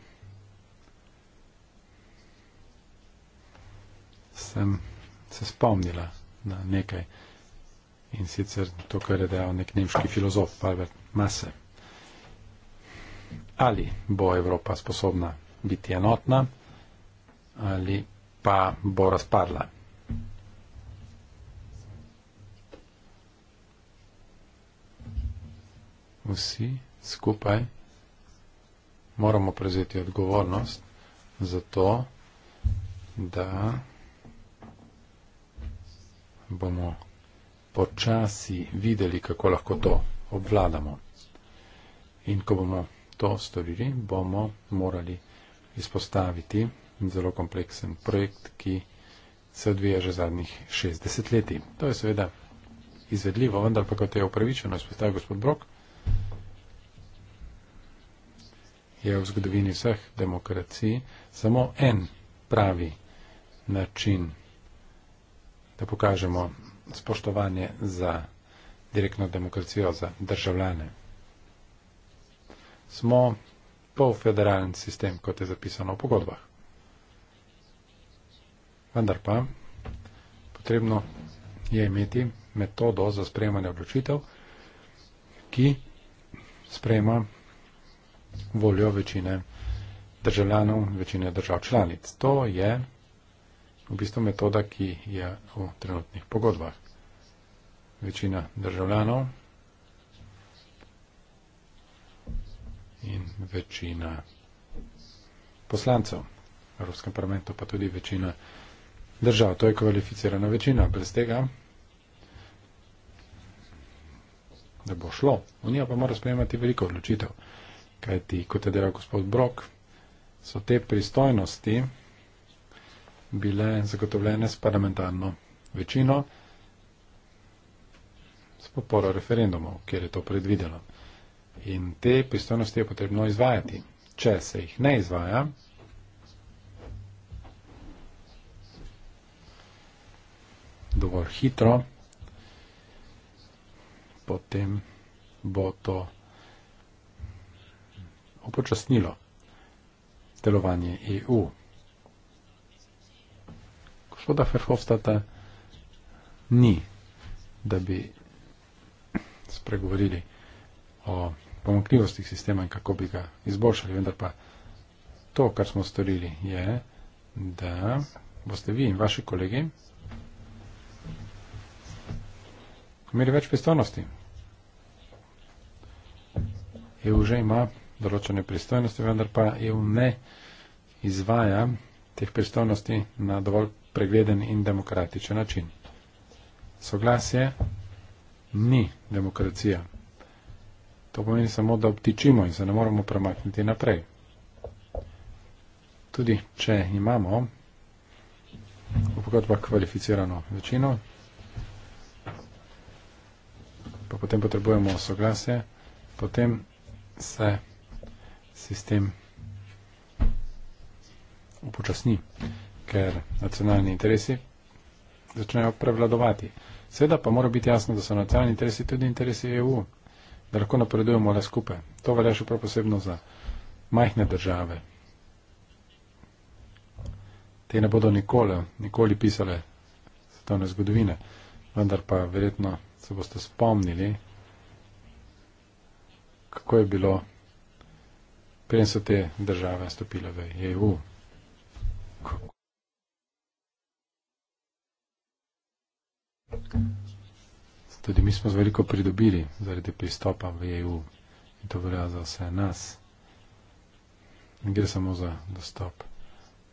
Sem se spomnila na nekaj in sicer to, kar je dejal nek nemški filozof Albert Masse. Ali bo Evropa sposobna biti enotna ali pa bo razpadla. Vsi skupaj moramo prevzeti odgovornost za to, da bomo počasi videli, kako lahko to obvladamo. In ko bomo to storili, bomo morali izpostaviti zelo kompleksen projekt, ki se odvija že zadnjih 60 leti. To je seveda izvedljivo, vendar pa kot je upravičeno izpostavil gospod Brok, je v zgodovini vseh demokracij samo en pravi način, da pokažemo spoštovanje za direktno demokracijo, za državljane. Smo polfederalni sistem, kot je zapisano v pogodbah. Vendar pa potrebno je imeti metodo za sprejemanje odločitev, ki sprejema voljo večine državljanov, večine držav članic. To je v bistvu metoda, ki je v trenutnih pogodbah. Večina državljanov in večina poslancev v Evropskem parlamentu, pa tudi večina držav. To je kvalificirana večina. Brez tega, da bo šlo, Unija pa mora sprejemati veliko odločitev. Kajti, kot je dejal gospod Brok, so te pristojnosti bile zagotovljene s parlamentarno večino, s podporo referendumov, kjer je to predvideno. In te pristojnosti je potrebno izvajati. Če se jih ne izvaja, dovolj hitro, potem bo to upočasnilo delovanje EU. Gospoda Ferhofstata ni, da bi spregovorili o pomakljivostih sistema in kako bi ga izboljšali, vendar pa to, kar smo storili, je, da boste vi in vaši kolegi imeli več pristojnosti. EU že ima določene pristojnosti, vendar pa EU ne izvaja teh pristojnosti na dovolj pregleden in demokratičen način. Soglasje ni demokracija. To pomeni samo, da obtičimo in se ne moramo premakniti naprej. Tudi če imamo v pogodbah kvalificirano večino, pa potem potrebujemo soglasje, potem se sistem upočasni, ker nacionalni interesi začnejo prevladovati. Seveda pa mora biti jasno, da so nacionalni interesi tudi interesi EU, da lahko napredujemo le skupaj. To velja še prav posebno za majhne države. Te ne bodo nikoli, nikoli pisale svetovne zgodovine, vendar pa verjetno se boste spomnili, kako je bilo preden so te države stopile v EU. Tudi mi smo veliko pridobili zaradi pristopa v EU in to velja za vse nas. In gre samo za dostop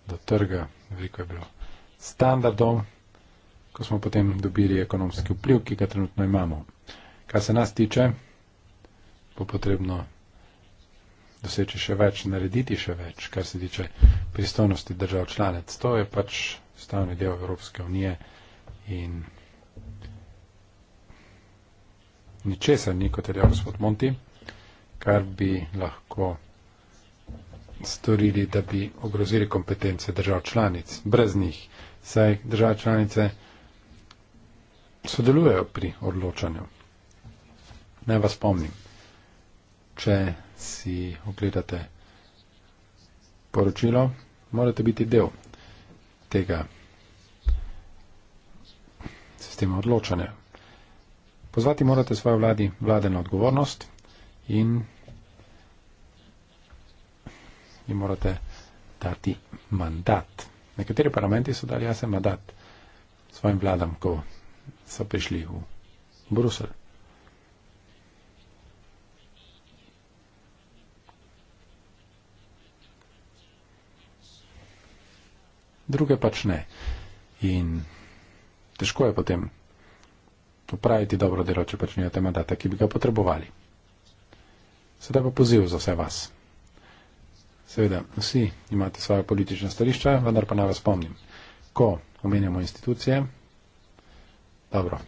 do trga, veliko je bilo standardov, ko smo potem dobili ekonomski vpliv, ki ga trenutno imamo. Kar se nas tiče, bo potrebno doseči še več, narediti še več, kar se tiče pristojnosti držav članec. To je pač stavni del Evropske unije in ničesar ni, kot je rekel gospod Monti, kar bi lahko storili, da bi ogrozili kompetence držav članic. Brez njih, saj države članice sodelujejo pri odločanju. Naj vas spomnim, če si ogledate poročilo, morate biti del tega sistema odločanja. Pozvati morate svojo vladi vlade na odgovornost in, in morate dati mandat. Nekateri parlamenti so dali jasen mandat svojim vladam, ko so prišli v Bruselj. druge pač ne. In težko je potem popraviti dobro delo, če pač nimate mandata, ki bi ga potrebovali. Sedaj pa poziv za vse vas. Seveda, vsi imate svoje politične stališča, vendar pa naj vas spomnim, ko omenjamo institucije, dobro,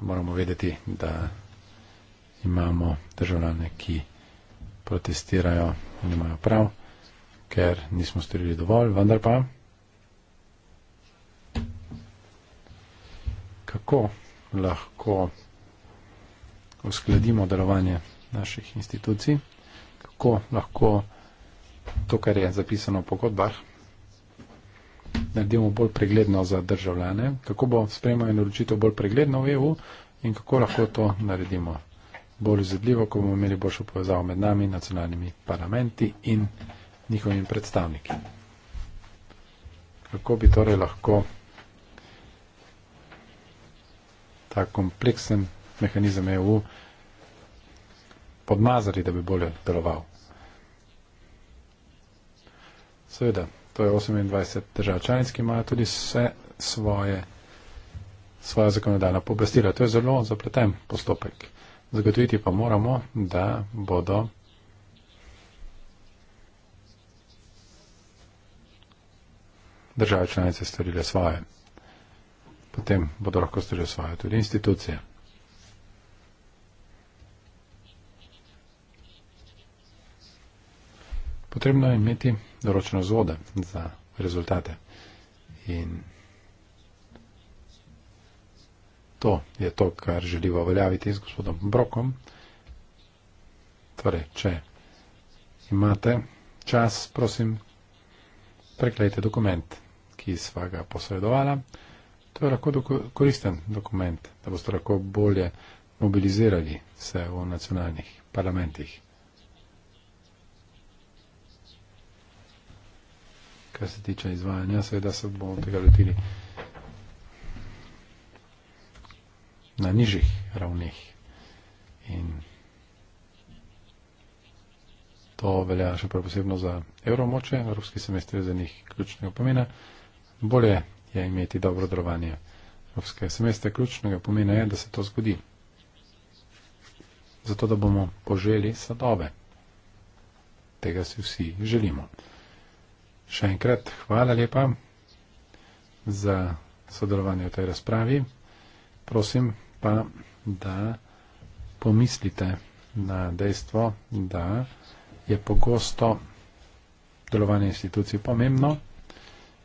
moramo vedeti, da imamo državljane, ki protestirajo in imajo prav ker nismo storili dovolj, vendar pa. Kako lahko uskladimo delovanje naših institucij, kako lahko to, kar je zapisano v pogodbah, naredimo bolj pregledno za državljane, kako bo sprejemanje naročitev bolj pregledno v EU in kako lahko to naredimo bolj izvedljivo, ko bomo imeli boljšo povezavo med nami, nacionalnimi parlamenti in njihovimi predstavniki. Kako bi torej lahko ta kompleksen mehanizem EU podmazali, da bi bolje deloval? Seveda, to je 28 držav članic, ki imajo tudi vse svoje, svoje zakonodajna pooblastila. To je zelo zapleten postopek. Zagotoviti pa moramo, da bodo države članice storile svoje. Potem bodo lahko storile svoje tudi institucije. Potrebno je imeti določeno zvode za rezultate. In to je to, kar želimo uveljaviti z gospodom Brokom. Torej, če imate čas, prosim, preklejte dokument ki sva ga posredovala. To je lahko doko, koristen dokument, da boste lahko bolje mobilizirali se v nacionalnih parlamentih. Kar se tiče izvajanja, seveda se bomo tega lotili na nižjih ravneh. In to velja še prav posebno za evromoče, evropski semester je za njih ključnega pomena bolje je imeti dobro delovanje evropskega semestra. Ključnega pomena je, da se to zgodi. Zato, da bomo poželi sadove. Tega si vsi želimo. Še enkrat hvala lepa za sodelovanje v tej razpravi. Prosim pa, da pomislite na dejstvo, da je pogosto delovanje institucij pomembno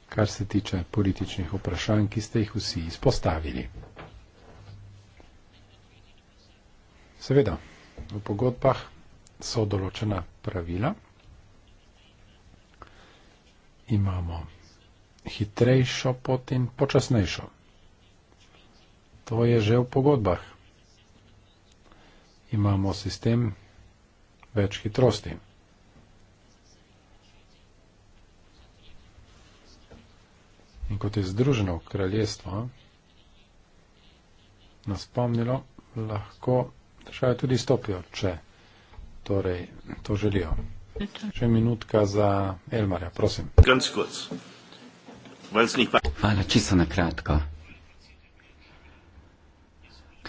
kar se tiče političnih vprašanj, ki ste jih vsi izpostavili. Seveda, v pogodbah so določena pravila. Imamo hitrejšo pot in počasnejšo. To je že v pogodbah. Imamo sistem več hitrosti. In kot je združeno kraljestvo nas spomnilo, lahko države tudi stopijo, če torej to želijo. Še minutka za Elmarja, prosim. Hvala čisto na kratko.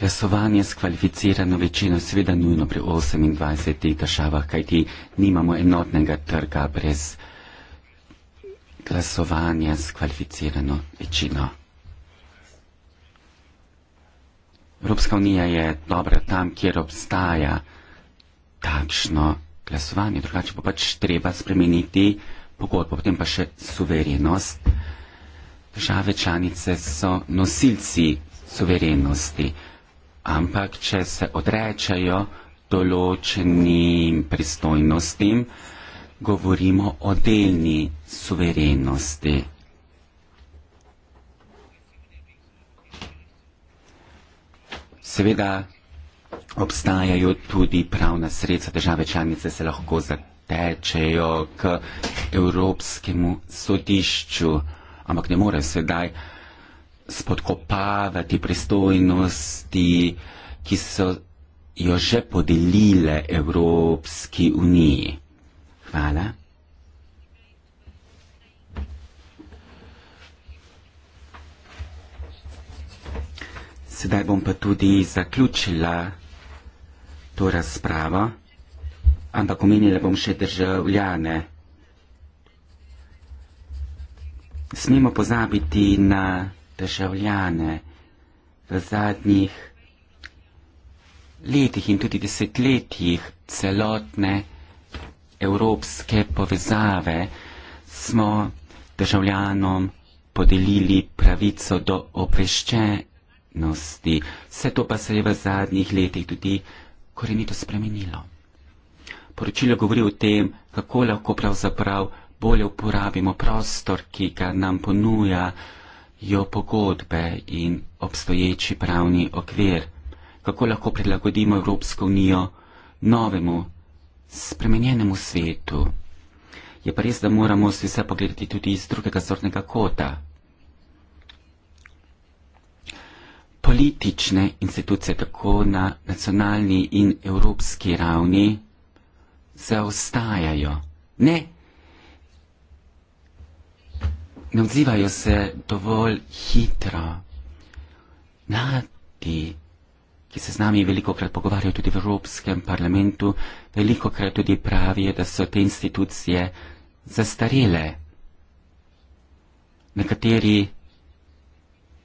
Glasovanje s kvalificirano večino je seveda nujno pri 28 državah, kajti nimamo enotnega trga brez glasovanja s kvalificirano večino. Evropska unija je dobra tam, kjer obstaja takšno glasovanje, drugače pa pač treba spremeniti pogodbo, potem pa še suverenost. Države članice so nosilci suverenosti, ampak če se odrečajo določenim pristojnostim, govorimo o delni suverenosti. Seveda obstajajo tudi pravna sredstva, države članice se lahko zatečejo k Evropskemu sodišču, ampak ne morejo sedaj spodkopavati pristojnosti, ki so jo že podelile Evropski uniji. Hvala. Sedaj bom pa tudi zaključila to razpravo, ampak omenila bom še državljane. Smemo pozabiti na državljane v zadnjih letih in tudi desetletjih celotne države evropske povezave smo državljanom podelili pravico do obveščenosti. Vse to pa se je v zadnjih letih tudi korenito spremenilo. Poročilo govori o tem, kako lahko pravzaprav bolje uporabimo prostor, ki ga nam ponuja jo pogodbe in obstoječi pravni okvir, kako lahko prilagodimo Evropsko unijo novemu spremenjenemu svetu. Je pa res, da moramo si vse pogledati tudi iz drugega sortnega kota. Politične institucije tako na nacionalni in evropski ravni zaostajajo. Ne, ne odzivajo se dovolj hitro. Nadi, ki se z nami veliko krat pogovarjajo tudi v Evropskem parlamentu, veliko krat tudi pravijo, da so te institucije zastarele. Nekateri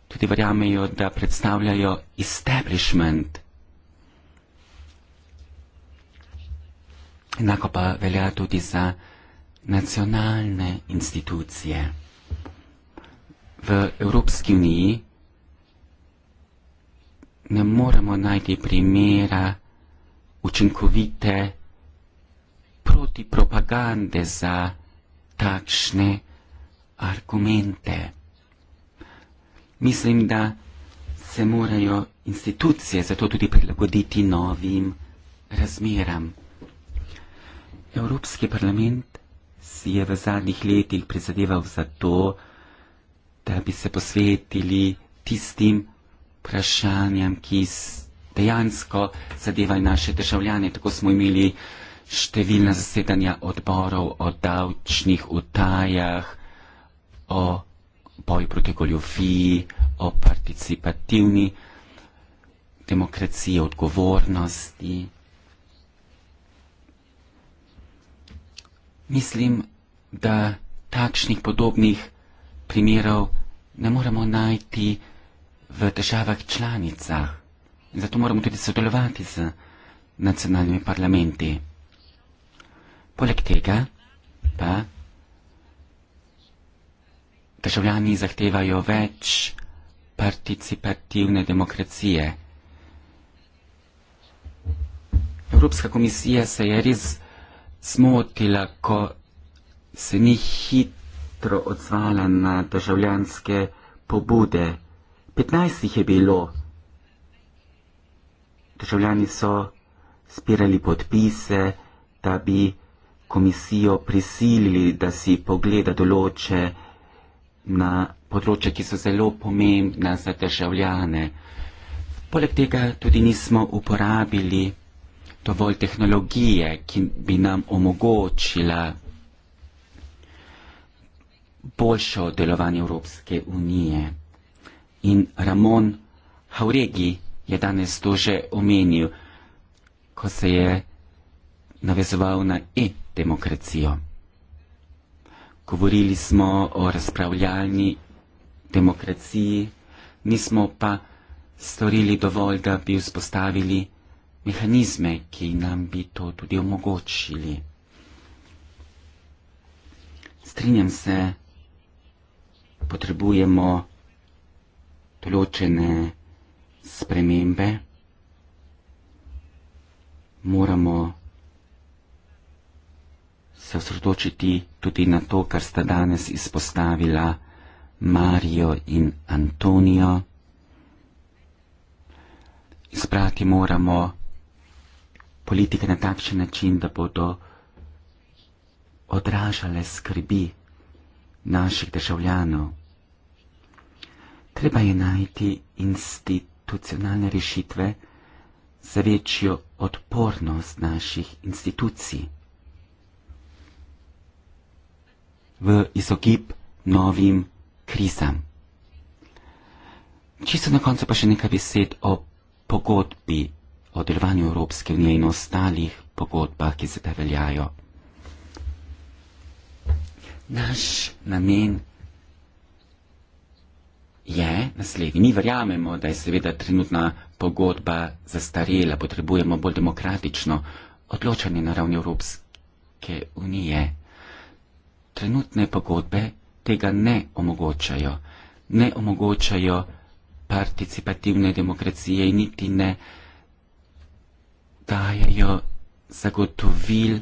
tudi verjamejo, da predstavljajo establishment. Enako pa velja tudi za nacionalne institucije. V Evropski uniji ne moremo najti primera, učinkovite protipropagande za takšne argumente. Mislim, da se morajo institucije zato tudi prilagoditi novim razmeram. Evropski parlament si je v zadnjih letih prizadeval za to, da bi se posvetili tistim vprašanjem, ki dejansko zadevajo naše državljane. Tako smo imeli številna zasedanja odborov o davčnih utajah, o boju proti goljofiji, o participativni demokraciji, odgovornosti. Mislim, da takšnih podobnih primerov ne moremo najti v državah članicah. In zato moramo tudi sodelovati z nacionalnimi parlamenti. Poleg tega pa državljani zahtevajo več participativne demokracije. Evropska komisija se je res smotila, ko se ni hitro odzvala na državljanske pobude. 15 jih je bilo državljani so spirali podpise, da bi komisijo prisilili, da si pogleda določe na področja, ki so zelo pomembna za državljane. Poleg tega tudi nismo uporabili dovolj tehnologije, ki bi nam omogočila boljšo delovanje Evropske unije. In Ramon Hauregi je danes to že omenil, ko se je navezoval na e-demokracijo. Govorili smo o razpravljalni demokraciji, nismo pa storili dovolj, da bi vzpostavili mehanizme, ki nam bi to tudi omogočili. Strinjam se, potrebujemo določene spremembe, moramo se osredotočiti tudi na to, kar sta danes izpostavila Marijo in Antonijo. Izbrati moramo politike na takšen način, da bodo odražale skrbi naših državljanov. Treba je najti institut institucionalne rešitve za večjo odpornost naših institucij. V izogib novim krizam. Čisto na koncu pa še nekaj besed o pogodbi o delovanju Evropske unije in ostalih pogodbah, ki se da veljajo. Naš namen je naslednji. Mi verjamemo, da je seveda trenutna pogodba zastarela, potrebujemo bolj demokratično odločanje na ravni Evropske unije. Trenutne pogodbe tega ne omogočajo. Ne omogočajo participativne demokracije in niti ne dajajo zagotovil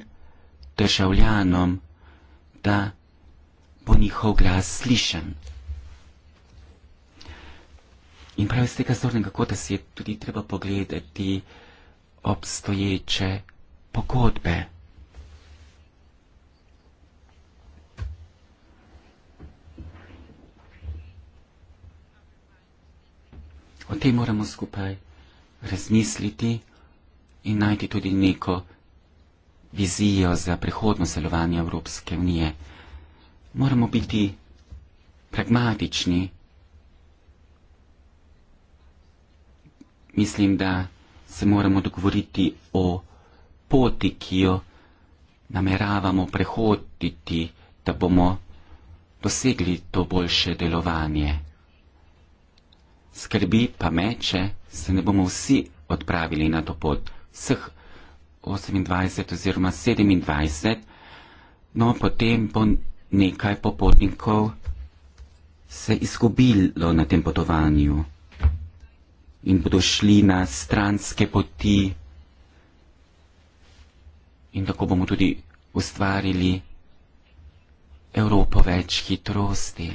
državljanom, da bo njihov glas slišen. In prav iz tega zornega kota si je tudi treba pogledati obstoječe pogodbe. O tem moramo skupaj razmisliti in najti tudi neko vizijo za prihodno delovanje Evropske unije. Moramo biti pragmatični. mislim, da se moramo dogovoriti o poti, ki jo nameravamo prehoditi, da bomo dosegli to boljše delovanje. Skrbi pa meče, se ne bomo vsi odpravili na to pot. Vseh 28 oziroma 27, no potem bo nekaj popotnikov se izgubilo na tem potovanju in bodo šli na stranske poti. In tako bomo tudi ustvarili Evropo več hitrosti.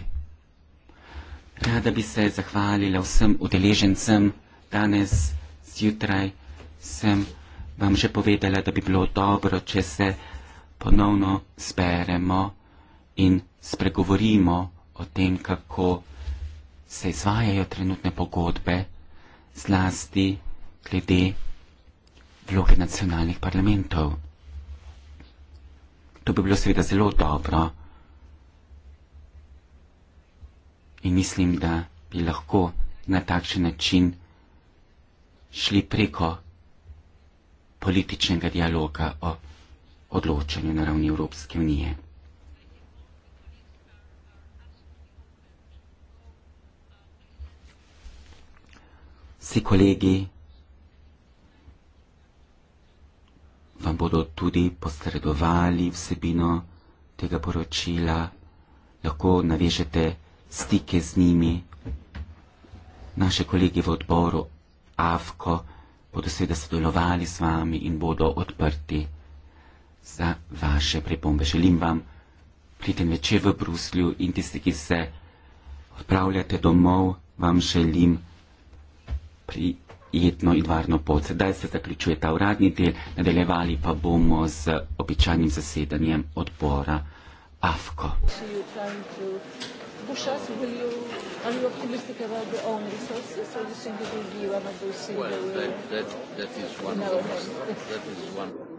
Rada bi se zahvalila vsem udeležencem danes zjutraj. Sem vam že povedala, da bi bilo dobro, če se ponovno speremo in spregovorimo o tem, kako se izvajajo trenutne pogodbe zlasti glede vloge nacionalnih parlamentov. To bi bilo seveda zelo dobro in mislim, da bi lahko na takšen način šli preko političnega dialoga o odločanju na ravni Evropske unije. vsi kolegi vam bodo tudi posredovali vsebino tega poročila, lahko navežete stike z njimi. Naše kolegi v odboru AFKO bodo seveda sodelovali z vami in bodo odprti za vaše pripombe. Želim vam priten večer v Bruslju in tisti, ki se odpravljate domov, vam želim prijetno in varno pot. Sedaj se zaključuje ta uradni del, nadaljevali pa bomo z običajnim zasedanjem odbora AFKO. Well, that, that, that is one of, that is one of.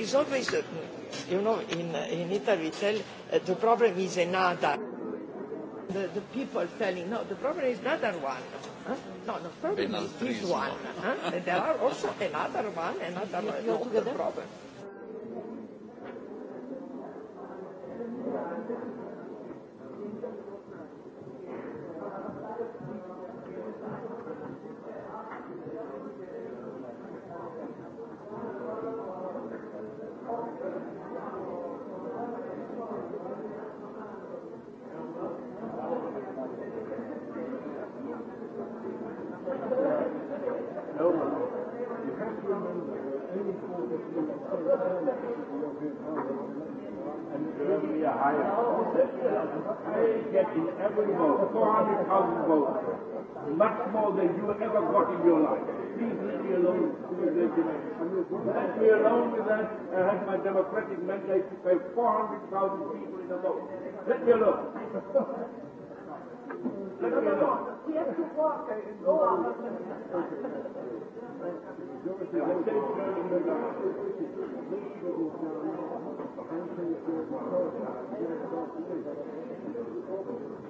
is always, uh, you know, in, uh, in Italy, we tell uh, the problem is another. The, the people telling, no, the problem is not that one. Huh? No, the problem is this one. Huh? there are also another one, another one, not the problem. unspeakable, much more than you ever got in your life. Please leave me alone. Please leave me alone. Let me alone with that. I have my democratic mandate to pay 400,000 people in a vote. Let me alone. Let me alone. He has to walk and go on. Thank you.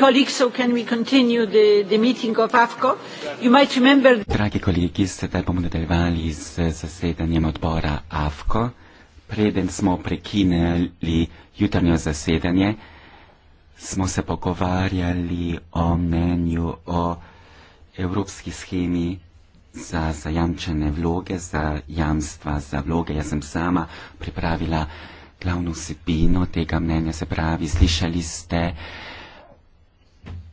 colleagues, so can we continue the, the meeting of AFCO? You might remember... Dragi kolegi, sedaj bomo nadaljevali z zasedanjem odbora AFCO. Preden smo prekinili jutrnjo zasedanje, smo se pogovarjali o mnenju o evropski schemi za zajamčene vloge, za jamstva, za vloge. Jaz sem sama pripravila glavno vsebino tega mnenja, se pravi, slišali ste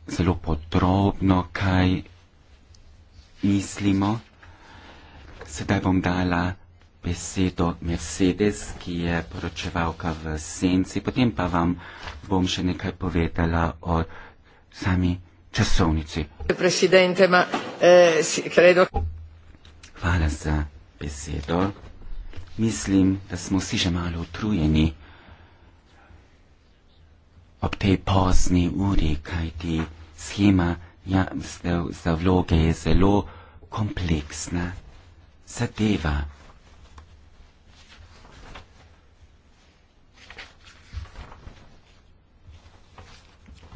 zelo podrobno, kaj mislimo. Sedaj bom dala besedo Mercedes, ki je poročevalka v senci, potem pa vam bom še nekaj povedala o sami časovnici. Ma, eh, credo... Hvala za besedo. Mislim, da smo vsi že malo utrujeni ob tej pozni uri, kaj ti. Di schema ja, za, za vloge je zelo kompleksna zadeva.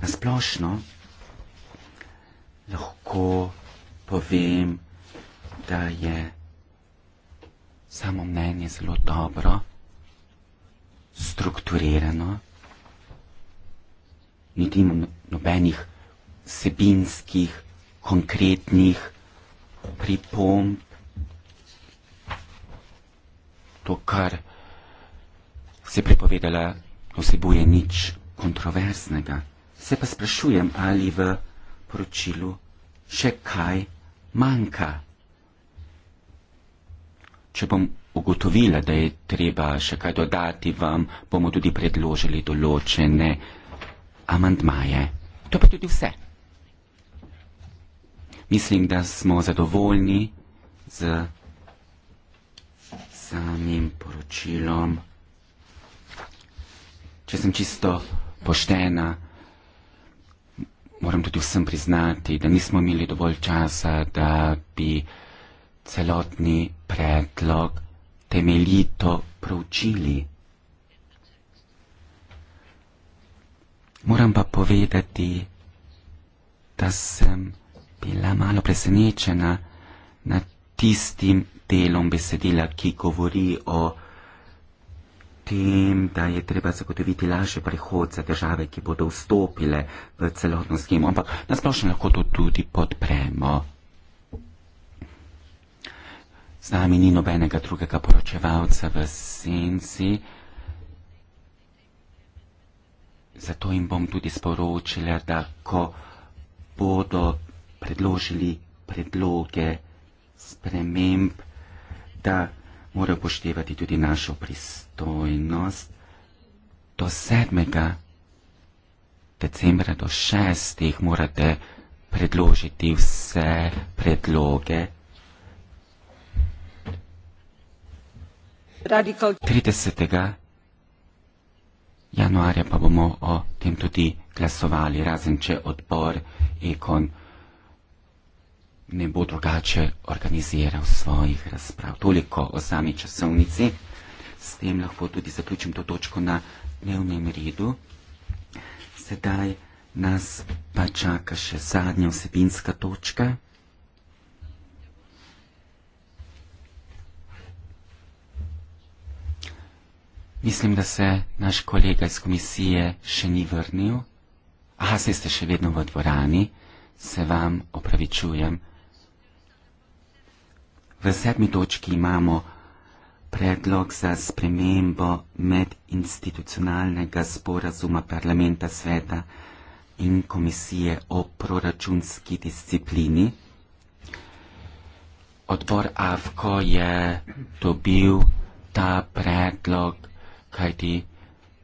Na splošno lahko povem, da je samo mnenje zelo dobro, strukturirano, ni tim nobenih vsebinskih, konkretnih pripomb. To, kar se je prepovedala, vsebuje nič kontroverznega. Se pa sprašujem, ali v poročilu še kaj manjka. Če bom ugotovila, da je treba še kaj dodati, vam bomo tudi predložili določene amantmaje. To pa tudi vse mislim, da smo zadovoljni z samim poročilom. Če sem čisto poštena, moram tudi vsem priznati, da nismo imeli dovolj časa, da bi celotni predlog temeljito proučili. Moram pa povedati, da sem bila malo presenečena nad tistim delom besedila, ki govori o tem, da je treba zagotoviti lažji prihod za države, ki bodo vstopile v celotno schemo. Ampak nasplošno lahko to tudi podpremo. Z nami ni nobenega drugega poročevalca v senci. Zato jim bom tudi sporočila, da ko bodo predložili predloge sprememb, da mora upoštevati tudi našo pristojnost do 7. decembra, do 6. morate predložiti vse predloge. 30. januarja pa bomo o tem tudi glasovali, razen če odbor ekon ne bo drugače organiziral svojih razprav. Toliko o sami časovnici. S tem lahko tudi zaključim to točko na dnevnem redu. Sedaj nas pa čaka še zadnja vsebinska točka. Mislim, da se naš kolega iz komisije še ni vrnil. Aha, se ste še vedno v dvorani. Se vam opravičujem. V sedmi točki imamo predlog za spremembo medinstitucionalnega sporazuma parlamenta sveta in komisije o proračunski disciplini. Odbor AFKO je dobil ta predlog, kajti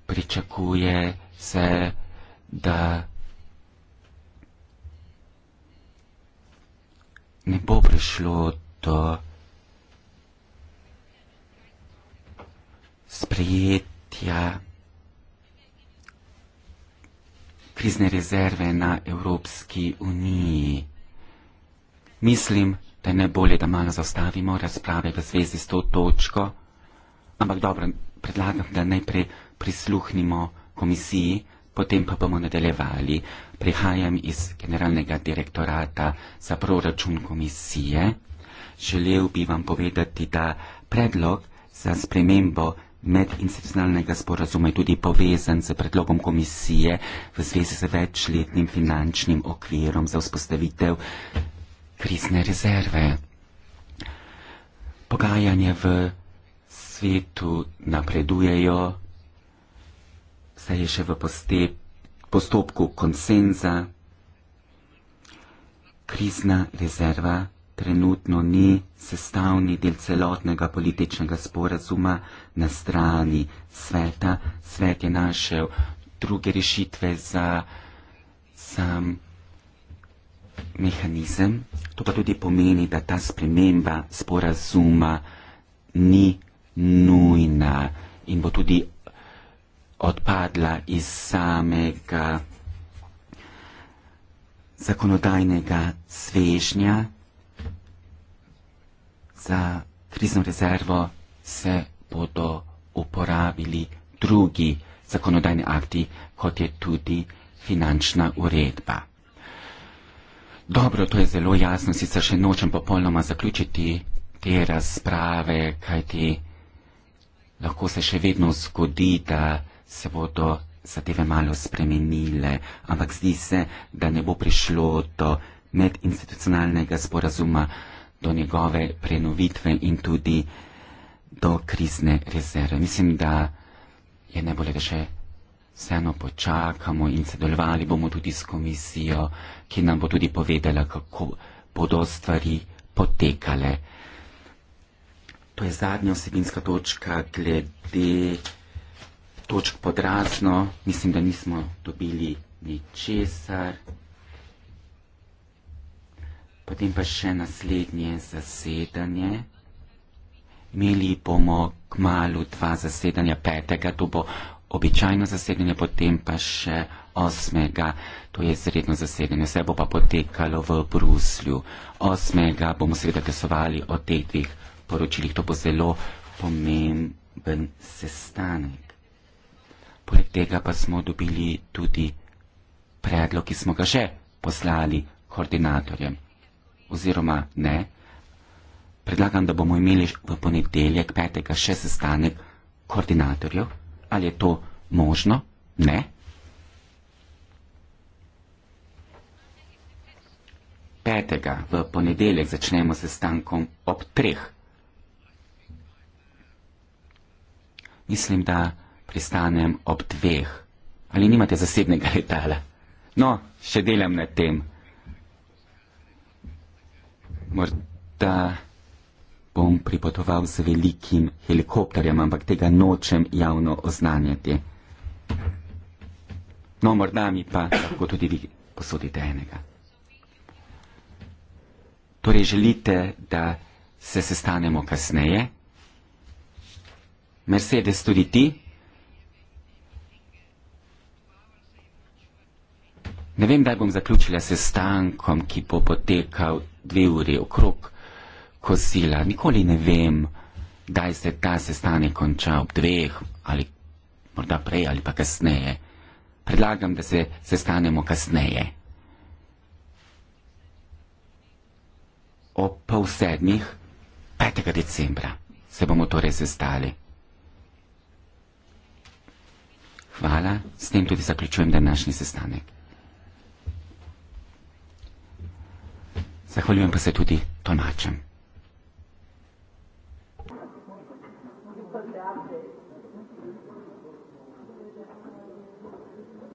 pričakuje se, da ne bo prišlo do sprejetja krizne rezerve na Evropski uniji. Mislim, da je najbolje, da malo zastavimo razprave v zvezi s to točko, ampak dobro, predlagam, da najprej prisluhnimo komisiji, potem pa bomo nadaljevali. Prihajam iz Generalnega direktorata za proračun komisije. Želel bi vam povedati, da predlog za spremembo medinstitucionalnega sporazuma je tudi povezan z predlogom komisije v zvezi z večletnim finančnim okvirom za vzpostavitev krizne rezerve. Pogajanje v svetu napredujejo, saj je še v postep, postopku konsenza. Krizna rezerva trenutno ni sestavni del celotnega političnega sporazuma na strani sveta. Svet je našel druge rešitve za sam mehanizem. To pa tudi pomeni, da ta sprememba sporazuma ni nujna in bo tudi odpadla iz samega zakonodajnega svežnja za krizno rezervo se bodo uporabili drugi zakonodajni akti, kot je tudi finančna uredba. Dobro, to je zelo jasno, sicer še nočem popolnoma zaključiti te razprave, kajti lahko se še vedno zgodi, da se bodo zadeve malo spremenile, ampak zdi se, da ne bo prišlo do medinstitucionalnega sporazuma do njegove prenovitve in tudi do krizne rezerve. Mislim, da je najbolje, da še vseeno počakamo in sodelovali bomo tudi s komisijo, ki nam bo tudi povedala, kako bodo stvari potekale. To je zadnja osebinska točka glede točk podrazno. Mislim, da nismo dobili ničesar. Potem pa še naslednje zasedanje. Imeli bomo k malu dva zasedanja, petega, to bo običajno zasedanje, potem pa še osmega, to je izredno zasedanje, vse bo pa potekalo v Bruslju. Osmega bomo seveda glasovali o teh dveh poročilih, to bo zelo pomemben sestanek. Poleg tega pa smo dobili tudi predlog, ki smo ga že poslali koordinatorjem oziroma ne, predlagam, da bomo imeli v ponedeljek 5. še sestanek koordinatorjev. Ali je to možno? Ne. Petega v ponedeljek začnemo se stankom ob treh. Mislim, da pristanem ob dveh. Ali nimate zasebnega letala? No, še delam na tem. Morda bom pripotoval z velikim helikopterjem, ampak tega nočem javno oznanjati. No, morda mi pa lahko tudi vi posodite enega. Torej, želite, da se sestanemo kasneje? Mercedes, tudi ti? Ne vem, kdaj bom zaključila se stankom, ki bo potekal dve uri okrog kosila. Nikoli ne vem, kdaj se ta sestanek konča ob dveh ali morda prej ali pa kasneje. Predlagam, da se sestanemo kasneje. Ob pol sedmih, 5. decembra, se bomo torej sestali. Hvala, s tem tudi zaključujem današnji sestanek. Zahvaljujem pa se tudi tonačem.